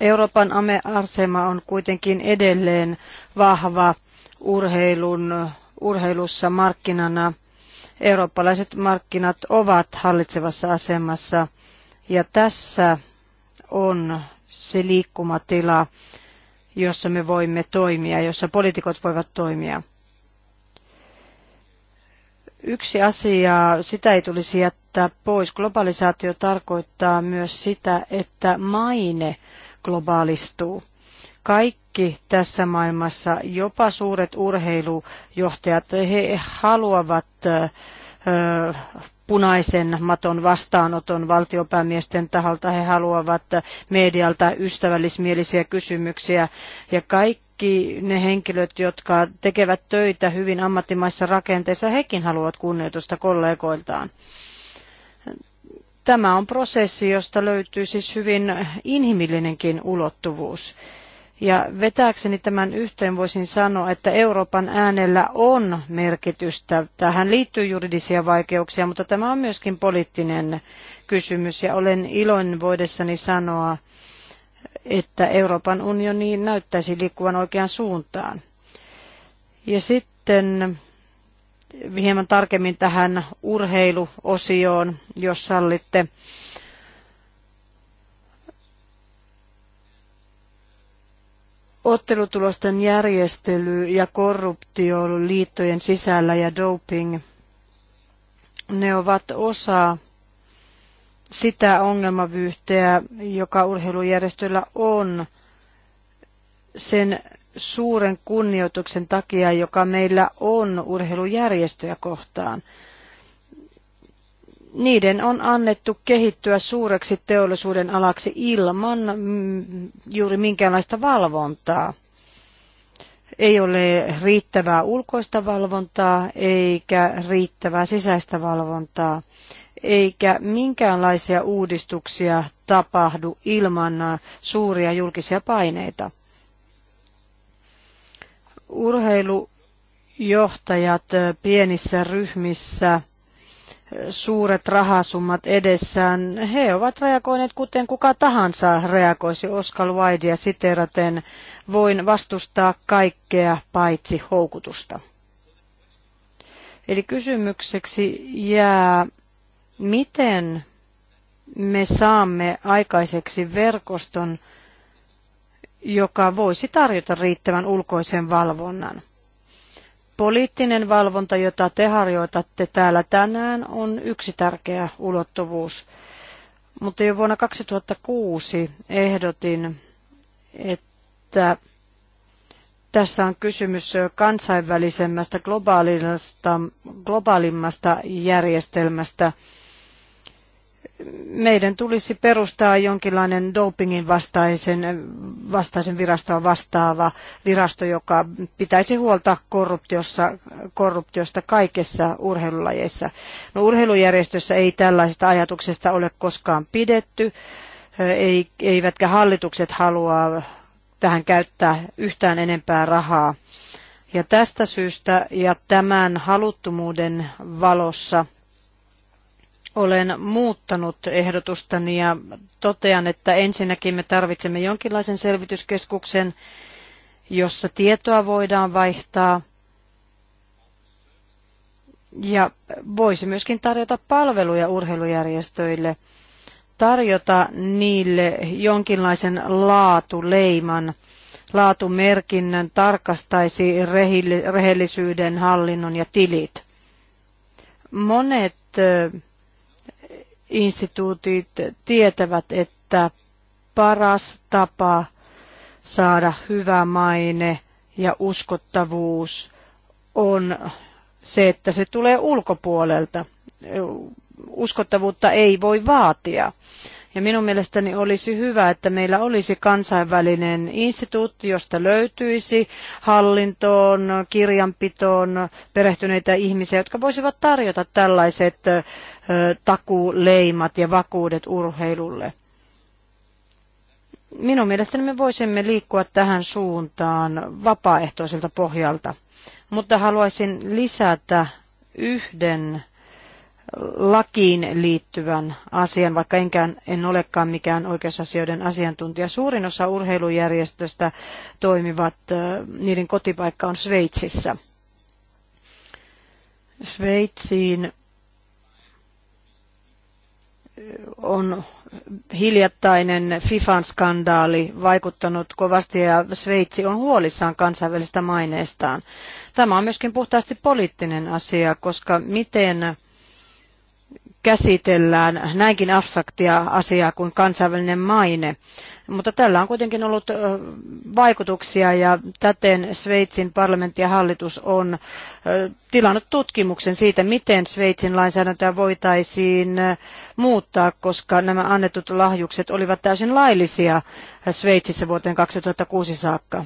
Euroopan asema on kuitenkin edelleen vahva urheilun, urheilussa markkinana. Eurooppalaiset markkinat ovat hallitsevassa asemassa ja tässä on se liikkumatila, jossa me voimme toimia, jossa poliitikot voivat toimia. Yksi asia, sitä ei tulisi jättää pois. Globalisaatio tarkoittaa myös sitä, että maine globaalistuu. Kaikki tässä maailmassa, jopa suuret urheilujohtajat, he haluavat punaisen maton vastaanoton valtiopäämiesten taholta. He haluavat medialta ystävällismielisiä kysymyksiä ja kaikki kaikki ne henkilöt, jotka tekevät töitä hyvin ammattimaissa rakenteissa, hekin haluavat kunnioitusta kollegoiltaan. Tämä on prosessi, josta löytyy siis hyvin inhimillinenkin ulottuvuus. Ja vetääkseni tämän yhteen voisin sanoa, että Euroopan äänellä on merkitystä. Tähän liittyy juridisia vaikeuksia, mutta tämä on myöskin poliittinen kysymys ja olen iloinen voidessani sanoa, että Euroopan unioni näyttäisi liikkuvan oikeaan suuntaan. Ja sitten hieman tarkemmin tähän urheiluosioon, jos sallitte. Ottelutulosten järjestely ja korruptio liittojen sisällä ja doping, ne ovat osa sitä ongelmavyyhteä, joka urheilujärjestöllä on sen suuren kunnioituksen takia, joka meillä on urheilujärjestöjä kohtaan. Niiden on annettu kehittyä suureksi teollisuuden alaksi ilman juuri minkäänlaista valvontaa ei ole riittävää ulkoista valvontaa eikä riittävää sisäistä valvontaa eikä minkäänlaisia uudistuksia tapahdu ilman äh, suuria julkisia paineita. Urheilujohtajat äh, pienissä ryhmissä äh, suuret rahasummat edessään. He ovat reagoineet kuten kuka tahansa reagoisi Oscar Wildea siteraten. Voin vastustaa kaikkea paitsi houkutusta. Eli kysymykseksi jää, miten me saamme aikaiseksi verkoston, joka voisi tarjota riittävän ulkoisen valvonnan. Poliittinen valvonta, jota te harjoitatte täällä tänään, on yksi tärkeä ulottuvuus. Mutta jo vuonna 2006 ehdotin, että tässä on kysymys kansainvälisemmästä globaalimmasta järjestelmästä – meidän tulisi perustaa jonkinlainen dopingin vastaisen, vastaisen virastoa vastaava virasto, joka pitäisi huolta korruptiossa, korruptiosta kaikessa urheilulajeissa. No, urheilujärjestössä ei tällaisesta ajatuksesta ole koskaan pidetty, ei, eivätkä hallitukset halua tähän käyttää yhtään enempää rahaa. Ja tästä syystä ja tämän haluttomuuden valossa – olen muuttanut ehdotustani ja totean, että ensinnäkin me tarvitsemme jonkinlaisen selvityskeskuksen, jossa tietoa voidaan vaihtaa ja voisi myöskin tarjota palveluja urheilujärjestöille, tarjota niille jonkinlaisen laatuleiman, laatumerkinnän, tarkastaisi rehellisyyden, hallinnon ja tilit. Monet instituutit tietävät, että paras tapa saada hyvä maine ja uskottavuus on se, että se tulee ulkopuolelta. Uskottavuutta ei voi vaatia. Ja minun mielestäni olisi hyvä, että meillä olisi kansainvälinen instituutti, josta löytyisi hallintoon, kirjanpitoon perehtyneitä ihmisiä, jotka voisivat tarjota tällaiset takuuleimat ja vakuudet urheilulle. Minun mielestäni me voisimme liikkua tähän suuntaan vapaaehtoiselta pohjalta, mutta haluaisin lisätä yhden lakiin liittyvän asian, vaikka enkään, en olekaan mikään oikeusasioiden asiantuntija. Suurin osa urheilujärjestöstä toimivat, niiden kotipaikka on Sveitsissä. Sveitsiin on hiljattainen FIFAn skandaali vaikuttanut kovasti ja Sveitsi on huolissaan kansainvälistä maineestaan. Tämä on myöskin puhtaasti poliittinen asia, koska miten käsitellään näinkin abstraktia asiaa kuin kansainvälinen maine. Mutta tällä on kuitenkin ollut vaikutuksia ja täten Sveitsin parlamentti ja hallitus on tilannut tutkimuksen siitä, miten Sveitsin lainsäädäntöä voitaisiin muuttaa, koska nämä annetut lahjukset olivat täysin laillisia Sveitsissä vuoteen 2006 saakka.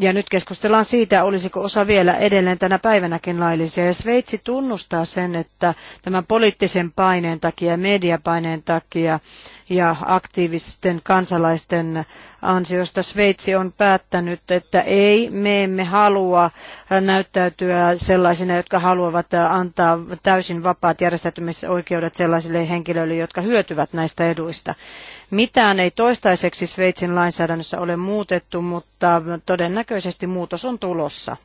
Ja nyt keskustellaan siitä, olisiko osa vielä edelleen tänä päivänäkin laillisia. Ja Sveitsi tunnustaa sen, että tämän poliittisen paineen takia ja mediapaineen takia ja aktiivisten kansalaisten ansiosta Sveitsi on päättänyt, että ei, me emme halua näyttäytyä sellaisina, jotka haluavat antaa täysin vapaat järjestäytymisoikeudet sellaisille henkilöille, jotka hyötyvät näistä eduista. Mitään ei toistaiseksi Sveitsin lainsäädännössä ole muutettu, mutta todennäköisesti muutos on tulossa.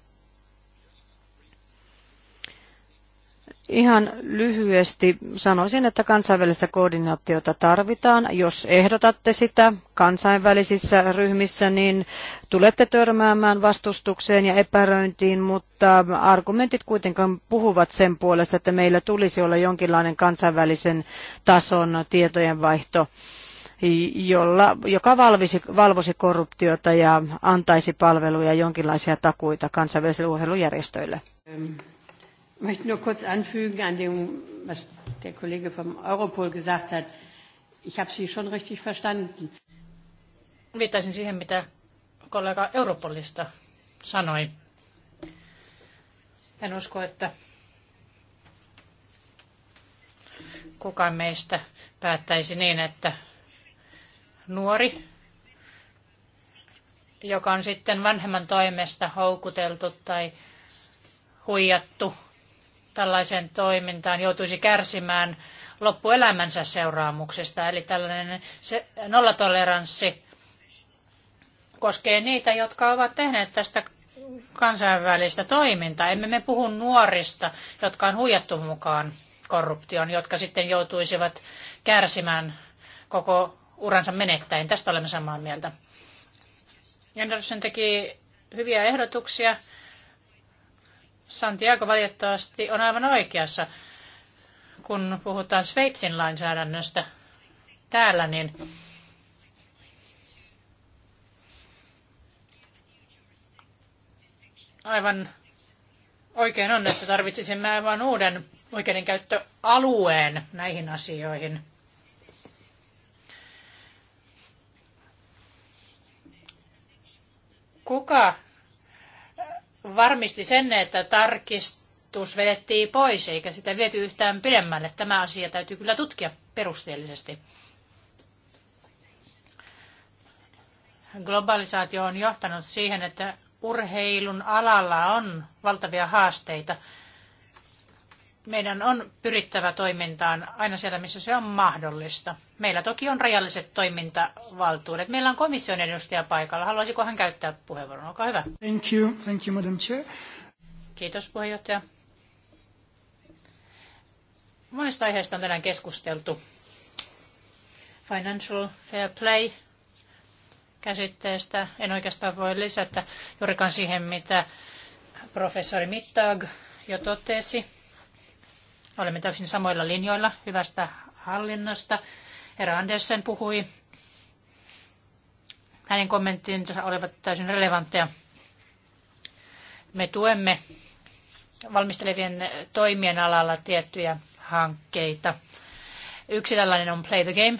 Ihan lyhyesti sanoisin, että kansainvälistä koordinaatiota tarvitaan. Jos ehdotatte sitä kansainvälisissä ryhmissä, niin tulette törmäämään vastustukseen ja epäröintiin, mutta argumentit kuitenkin puhuvat sen puolesta, että meillä tulisi olla jonkinlainen kansainvälisen tason tietojenvaihto jolla, joka valvisi, valvosi korruptiota ja antaisi palveluja jonkinlaisia takuita kansainvälisille urheilujärjestöille. Mm. Ich möchte nur kurz anfügen an dem, was der Kollege vom Europol gesagt hat. Ich habe Sie schon richtig verstanden. Viittaisin siihen, mitä kollega Europolista sanoi. En usko, että kukaan meistä päättäisi niin, että nuori, joka on sitten vanhemman toimesta houkuteltu tai huijattu tällaisen toimintaan joutuisi kärsimään loppuelämänsä seuraamuksista. Eli tällainen se, nollatoleranssi koskee niitä, jotka ovat tehneet tästä kansainvälistä toimintaa. Emme me puhu nuorista, jotka on huijattu mukaan korruptioon, jotka sitten joutuisivat kärsimään koko uransa menettäen. Tästä olemme samaa mieltä. Anderson teki hyviä ehdotuksia. Santiago valitettavasti on aivan oikeassa, kun puhutaan Sveitsin lainsäädännöstä täällä, niin aivan oikein on, että tarvitsisimme aivan uuden oikeudenkäyttöalueen näihin asioihin. Kuka varmisti sen, että tarkistus vedettiin pois, eikä sitä viety yhtään pidemmälle. Tämä asia täytyy kyllä tutkia perusteellisesti. Globalisaatio on johtanut siihen, että urheilun alalla on valtavia haasteita. Meidän on pyrittävä toimintaan aina siellä, missä se on mahdollista. Meillä toki on rajalliset toimintavaltuudet. Meillä on komission edustaja paikalla. Haluaisiko hän käyttää puheenvuoron? Olkaa hyvä. Thank you. Thank you, Madam Chair. Kiitos puheenjohtaja. Monista aiheista on tänään keskusteltu. Financial Fair Play käsitteestä en oikeastaan voi lisätä juurikaan siihen, mitä professori Mittag jo totesi. Olemme täysin samoilla linjoilla hyvästä hallinnosta Herra Andersen puhui. Hänen kommenttinsa olivat täysin relevantteja. Me tuemme valmistelevien toimien alalla tiettyjä hankkeita. Yksi tällainen on Play the Game.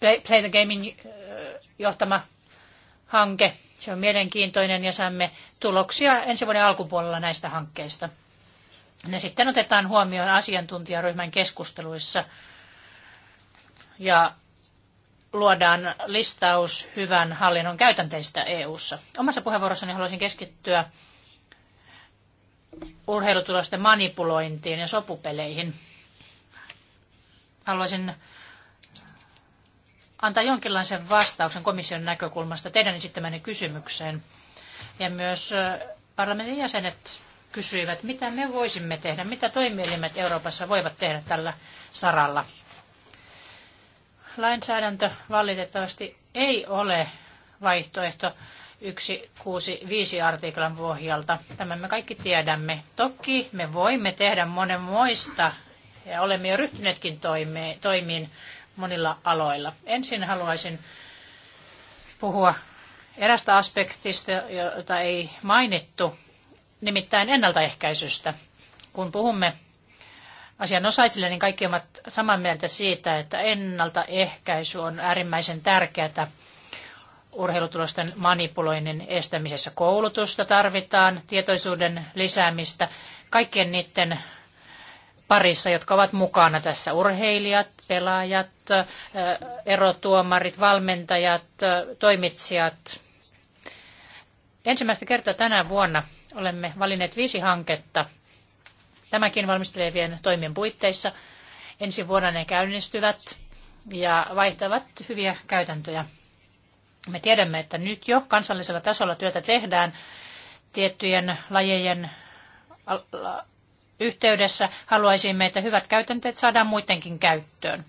Play, Play the Gamein johtama hanke. Se on mielenkiintoinen ja saamme tuloksia ensi vuoden alkupuolella näistä hankkeista. Ne sitten otetaan huomioon asiantuntijaryhmän keskusteluissa – ja luodaan listaus hyvän hallinnon käytänteistä EU:ssa. Omassa puheenvuorossani haluaisin keskittyä urheilutulosten manipulointiin ja sopupeleihin. Haluaisin antaa jonkinlaisen vastauksen komission näkökulmasta teidän esittämänne kysymykseen. Ja myös parlamentin jäsenet kysyivät, mitä me voisimme tehdä, mitä toimielimet Euroopassa voivat tehdä tällä saralla lainsäädäntö valitettavasti ei ole vaihtoehto 165 artiklan pohjalta. Tämän me kaikki tiedämme. Toki me voimme tehdä monenmoista ja olemme jo ryhtyneetkin toimiin monilla aloilla. Ensin haluaisin puhua erästä aspektista, jota ei mainittu, nimittäin ennaltaehkäisystä. Kun puhumme asianosaisille, niin kaikki ovat samaa mieltä siitä, että ennaltaehkäisy on äärimmäisen tärkeää urheilutulosten manipuloinnin estämisessä. Koulutusta tarvitaan, tietoisuuden lisäämistä, kaikkien niiden parissa, jotka ovat mukana tässä. Urheilijat, pelaajat, erotuomarit, valmentajat, toimitsijat. Ensimmäistä kertaa tänä vuonna olemme valinneet viisi hanketta – Tämäkin valmistelevien toimien puitteissa. Ensi vuonna ne käynnistyvät ja vaihtavat hyviä käytäntöjä. Me tiedämme, että nyt jo kansallisella tasolla työtä tehdään tiettyjen lajejen yhteydessä. Haluaisimme, että hyvät käytänteet saadaan muidenkin käyttöön.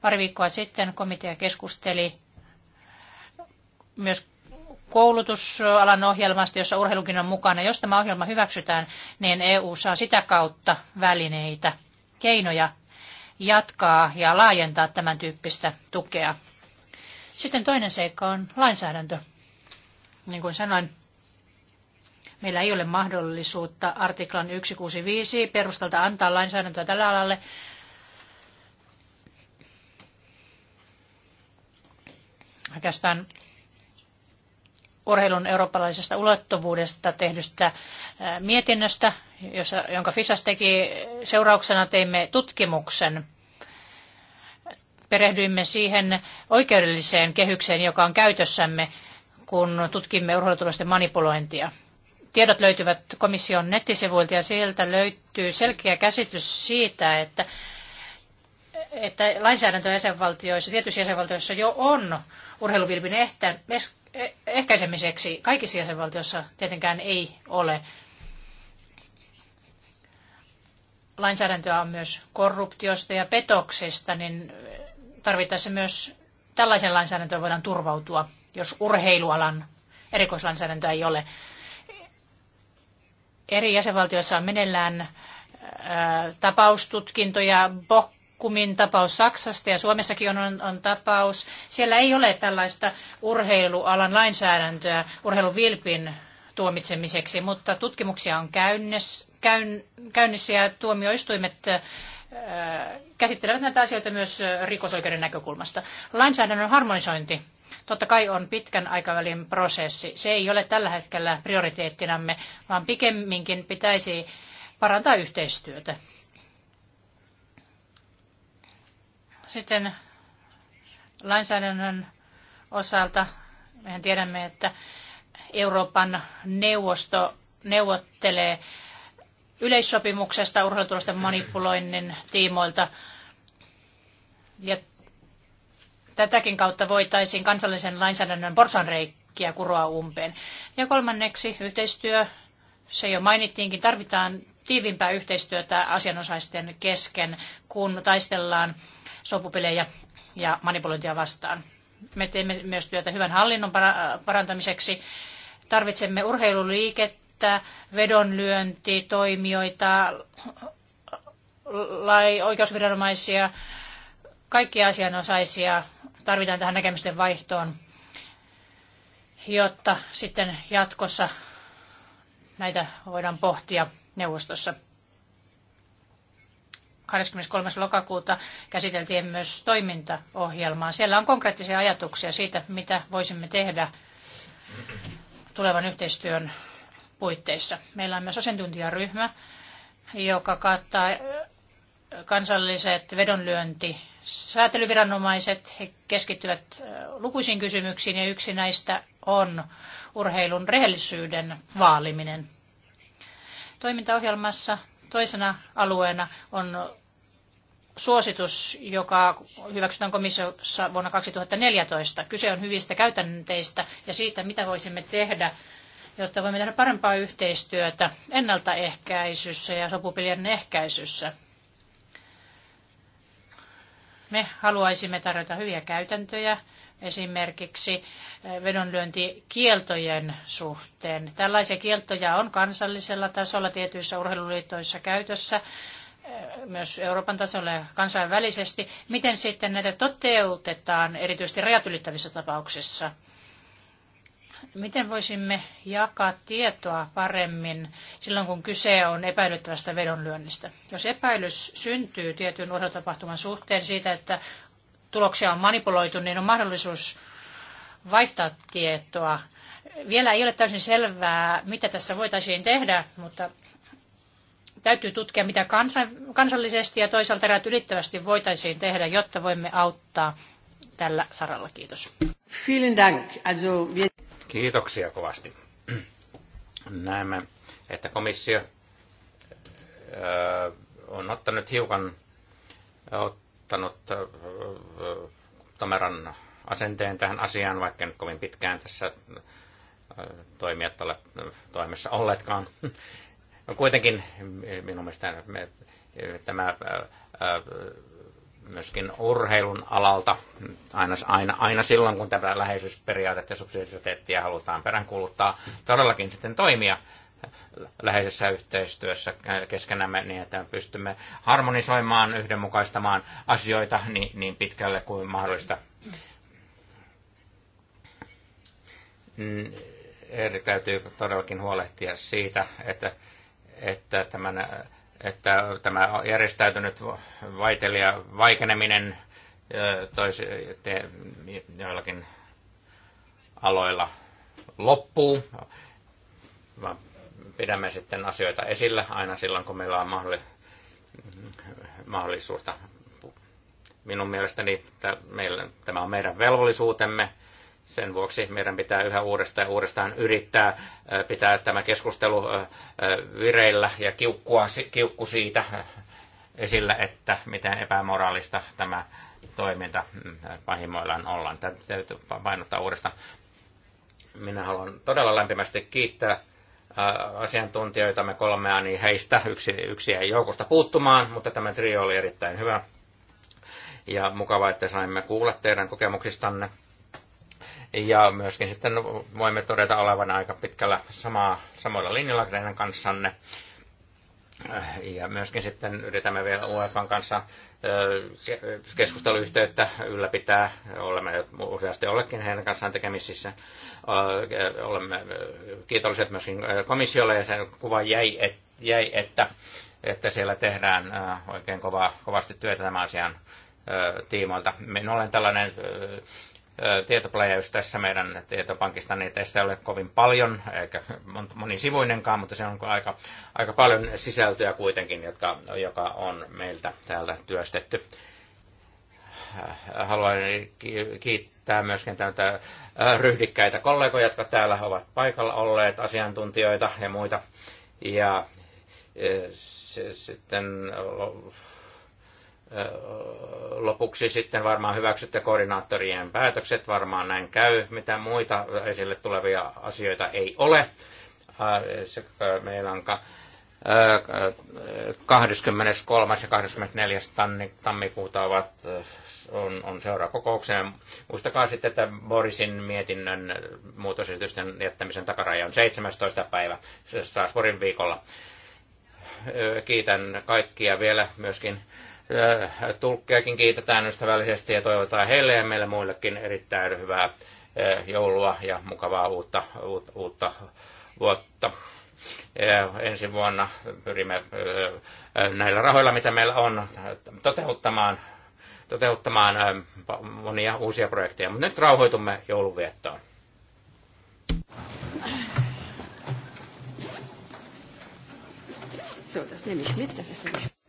Pari viikkoa sitten komitea keskusteli myös koulutusalan ohjelmasta, jossa urheilukin on mukana. Jos tämä ohjelma hyväksytään, niin EU saa sitä kautta välineitä, keinoja jatkaa ja laajentaa tämän tyyppistä tukea. Sitten toinen seikka on lainsäädäntö. Niin kuin sanoin, meillä ei ole mahdollisuutta artiklan 165 perustalta antaa lainsäädäntöä tällä alalle. Oikeastaan urheilun eurooppalaisesta ulottuvuudesta tehdystä mietinnöstä, jonka FISAS teki. Seurauksena teimme tutkimuksen. Perehdyimme siihen oikeudelliseen kehykseen, joka on käytössämme, kun tutkimme urheilutulosten manipulointia. Tiedot löytyvät komission nettisivuilta ja sieltä löytyy selkeä käsitys siitä, että että lainsäädäntö jäsenvaltioissa, tietyissä jäsenvaltioissa jo on urheiluvilpin E- ehkäisemiseksi kaikissa jäsenvaltioissa tietenkään ei ole. Lainsäädäntöä on myös korruptiosta ja petoksesta, niin tarvittaessa myös tällaisen lainsäädäntöön voidaan turvautua, jos urheilualan erikoislainsäädäntöä ei ole. Eri jäsenvaltioissa on meneillään tapaustutkintoja, bok Kumin tapaus Saksasta ja Suomessakin on, on tapaus. Siellä ei ole tällaista urheilualan lainsäädäntöä urheiluvilpin tuomitsemiseksi, mutta tutkimuksia on käynnissä, käyn, käynnissä ja tuomioistuimet ää, käsittelevät näitä asioita myös rikosoikeuden näkökulmasta. Lainsäädännön harmonisointi totta kai on pitkän aikavälin prosessi. Se ei ole tällä hetkellä prioriteettinamme, vaan pikemminkin pitäisi parantaa yhteistyötä. Sitten lainsäädännön osalta mehän tiedämme, että Euroopan neuvosto neuvottelee yleissopimuksesta urheilutulosten manipuloinnin tiimoilta. Ja tätäkin kautta voitaisiin kansallisen lainsäädännön porsanreikkiä kuroa umpeen. Ja kolmanneksi yhteistyö, se jo mainittiinkin, tarvitaan tiivimpää yhteistyötä asianosaisten kesken, kun taistellaan sopupelejä ja manipulointia vastaan. Me teemme myös työtä hyvän hallinnon parantamiseksi. Tarvitsemme urheiluliikettä, vedonlyönti, toimijoita, lai, oikeusviranomaisia, kaikkia asianosaisia tarvitaan tähän näkemysten vaihtoon, jotta sitten jatkossa näitä voidaan pohtia neuvostossa. 23. lokakuuta käsiteltiin myös toimintaohjelmaa. Siellä on konkreettisia ajatuksia siitä, mitä voisimme tehdä tulevan yhteistyön puitteissa. Meillä on myös asiantuntijaryhmä, joka kattaa kansalliset vedonlyönti säätelyviranomaiset. He keskittyvät lukuisiin kysymyksiin ja yksi näistä on urheilun rehellisyyden vaaliminen. Toimintaohjelmassa toisena alueena on suositus, joka hyväksytään komissiossa vuonna 2014. Kyse on hyvistä käytänteistä ja siitä, mitä voisimme tehdä, jotta voimme tehdä parempaa yhteistyötä ennaltaehkäisyssä ja sopupelien ehkäisyssä. Me haluaisimme tarjota hyviä käytäntöjä esimerkiksi vedonlyöntikieltojen suhteen. Tällaisia kieltoja on kansallisella tasolla tietyissä urheiluliitoissa käytössä myös Euroopan tasolla ja kansainvälisesti. Miten sitten näitä toteutetaan erityisesti rajat ylittävissä tapauksissa? Miten voisimme jakaa tietoa paremmin silloin, kun kyse on epäilyttävästä vedonlyönnistä? Jos epäilys syntyy tietyn urheilutapahtuman suhteen siitä, että tuloksia on manipuloitu, niin on mahdollisuus vaihtaa tietoa. Vielä ei ole täysin selvää, mitä tässä voitaisiin tehdä, mutta Täytyy tutkia, mitä kansallisesti ja toisaalta rajat ylittävästi voitaisiin tehdä, jotta voimme auttaa tällä saralla. Kiitos. Kiitoksia kovasti. Näemme, että komissio äh, on ottanut hiukan ottanut äh, tomeran asenteen tähän asiaan, vaikka nyt kovin pitkään tässä äh, toimijat ole toimessa olleetkaan. No kuitenkin minun mielestäni tämä myöskin urheilun alalta, aina, aina, aina silloin kun tämä läheisyysperiaate ja subsidiariteettia halutaan peräänkuuluttaa, todellakin sitten toimia läheisessä yhteistyössä keskenämme niin, että pystymme harmonisoimaan, yhdenmukaistamaan asioita niin, niin pitkälle kuin mahdollista. Mm, Eri täytyy todellakin huolehtia siitä, että että, tämän, että tämä järjestäytynyt vaitelija vaikeneminen toisi, te, joillakin aloilla loppuu, vaan pidämme sitten asioita esillä aina silloin, kun meillä on mahdollisuutta. Minun mielestäni meillä, tämä on meidän velvollisuutemme sen vuoksi meidän pitää yhä uudestaan ja uudestaan yrittää pitää tämä keskustelu vireillä ja kiukkua, kiukku siitä esillä, että miten epämoraalista tämä toiminta mm, pahimmoillaan ollaan. Tämä täytyy painottaa uudestaan. Minä haluan todella lämpimästi kiittää asiantuntijoita, me kolmea, niin heistä yksi, yksi ei joukosta puuttumaan, mutta tämä trio oli erittäin hyvä. Ja mukava, että saimme kuulla teidän kokemuksistanne ja myöskin sitten voimme todeta olevan aika pitkällä samaa, samoilla linjalla teidän kanssanne. Äh, ja myöskin sitten yritämme vielä UEFan kanssa äh, keskusteluyhteyttä ylläpitää. Olemme useasti ollekin heidän kanssaan tekemisissä. Äh, olemme kiitolliset myöskin komissiolle ja sen kuva jäi, et, jäi että, että siellä tehdään oikein kova, kovasti työtä tämän asian tiimoilta. Minä olen tällainen tietoplayeus tässä meidän tietopankista, niin ei ole kovin paljon, eikä monisivuinenkaan, mutta se on aika, aika paljon sisältöä kuitenkin, jotka, joka on meiltä täältä työstetty. Haluan kiittää myöskin täältä ryhdikkäitä kollegoja, jotka täällä ovat paikalla olleet, asiantuntijoita ja muita. Ja sitten lopuksi sitten varmaan hyväksytte koordinaattorien päätökset, varmaan näin käy. Mitä muita esille tulevia asioita ei ole. Meillä on 23. ja 24. tammikuuta ovat, on, on seuraava kokoukseen. Muistakaa sitten, että Borisin mietinnön muutosesitysten jättämisen takaraja on 17. päivä Strasbourgin viikolla. Kiitän kaikkia vielä myöskin Äh, Tulkkeakin kiitetään ystävällisesti ja toivotaan heille ja meille muillekin erittäin hyvää äh, joulua ja mukavaa uutta, uutta, uutta vuotta. Ja äh, ensi vuonna pyrimme näillä rahoilla, mitä meillä on, toteuttamaan, toteuttamaan monia uusia projekteja. Mutta nyt rauhoitumme jouluviettoon. So, das nehme ich mit, das ist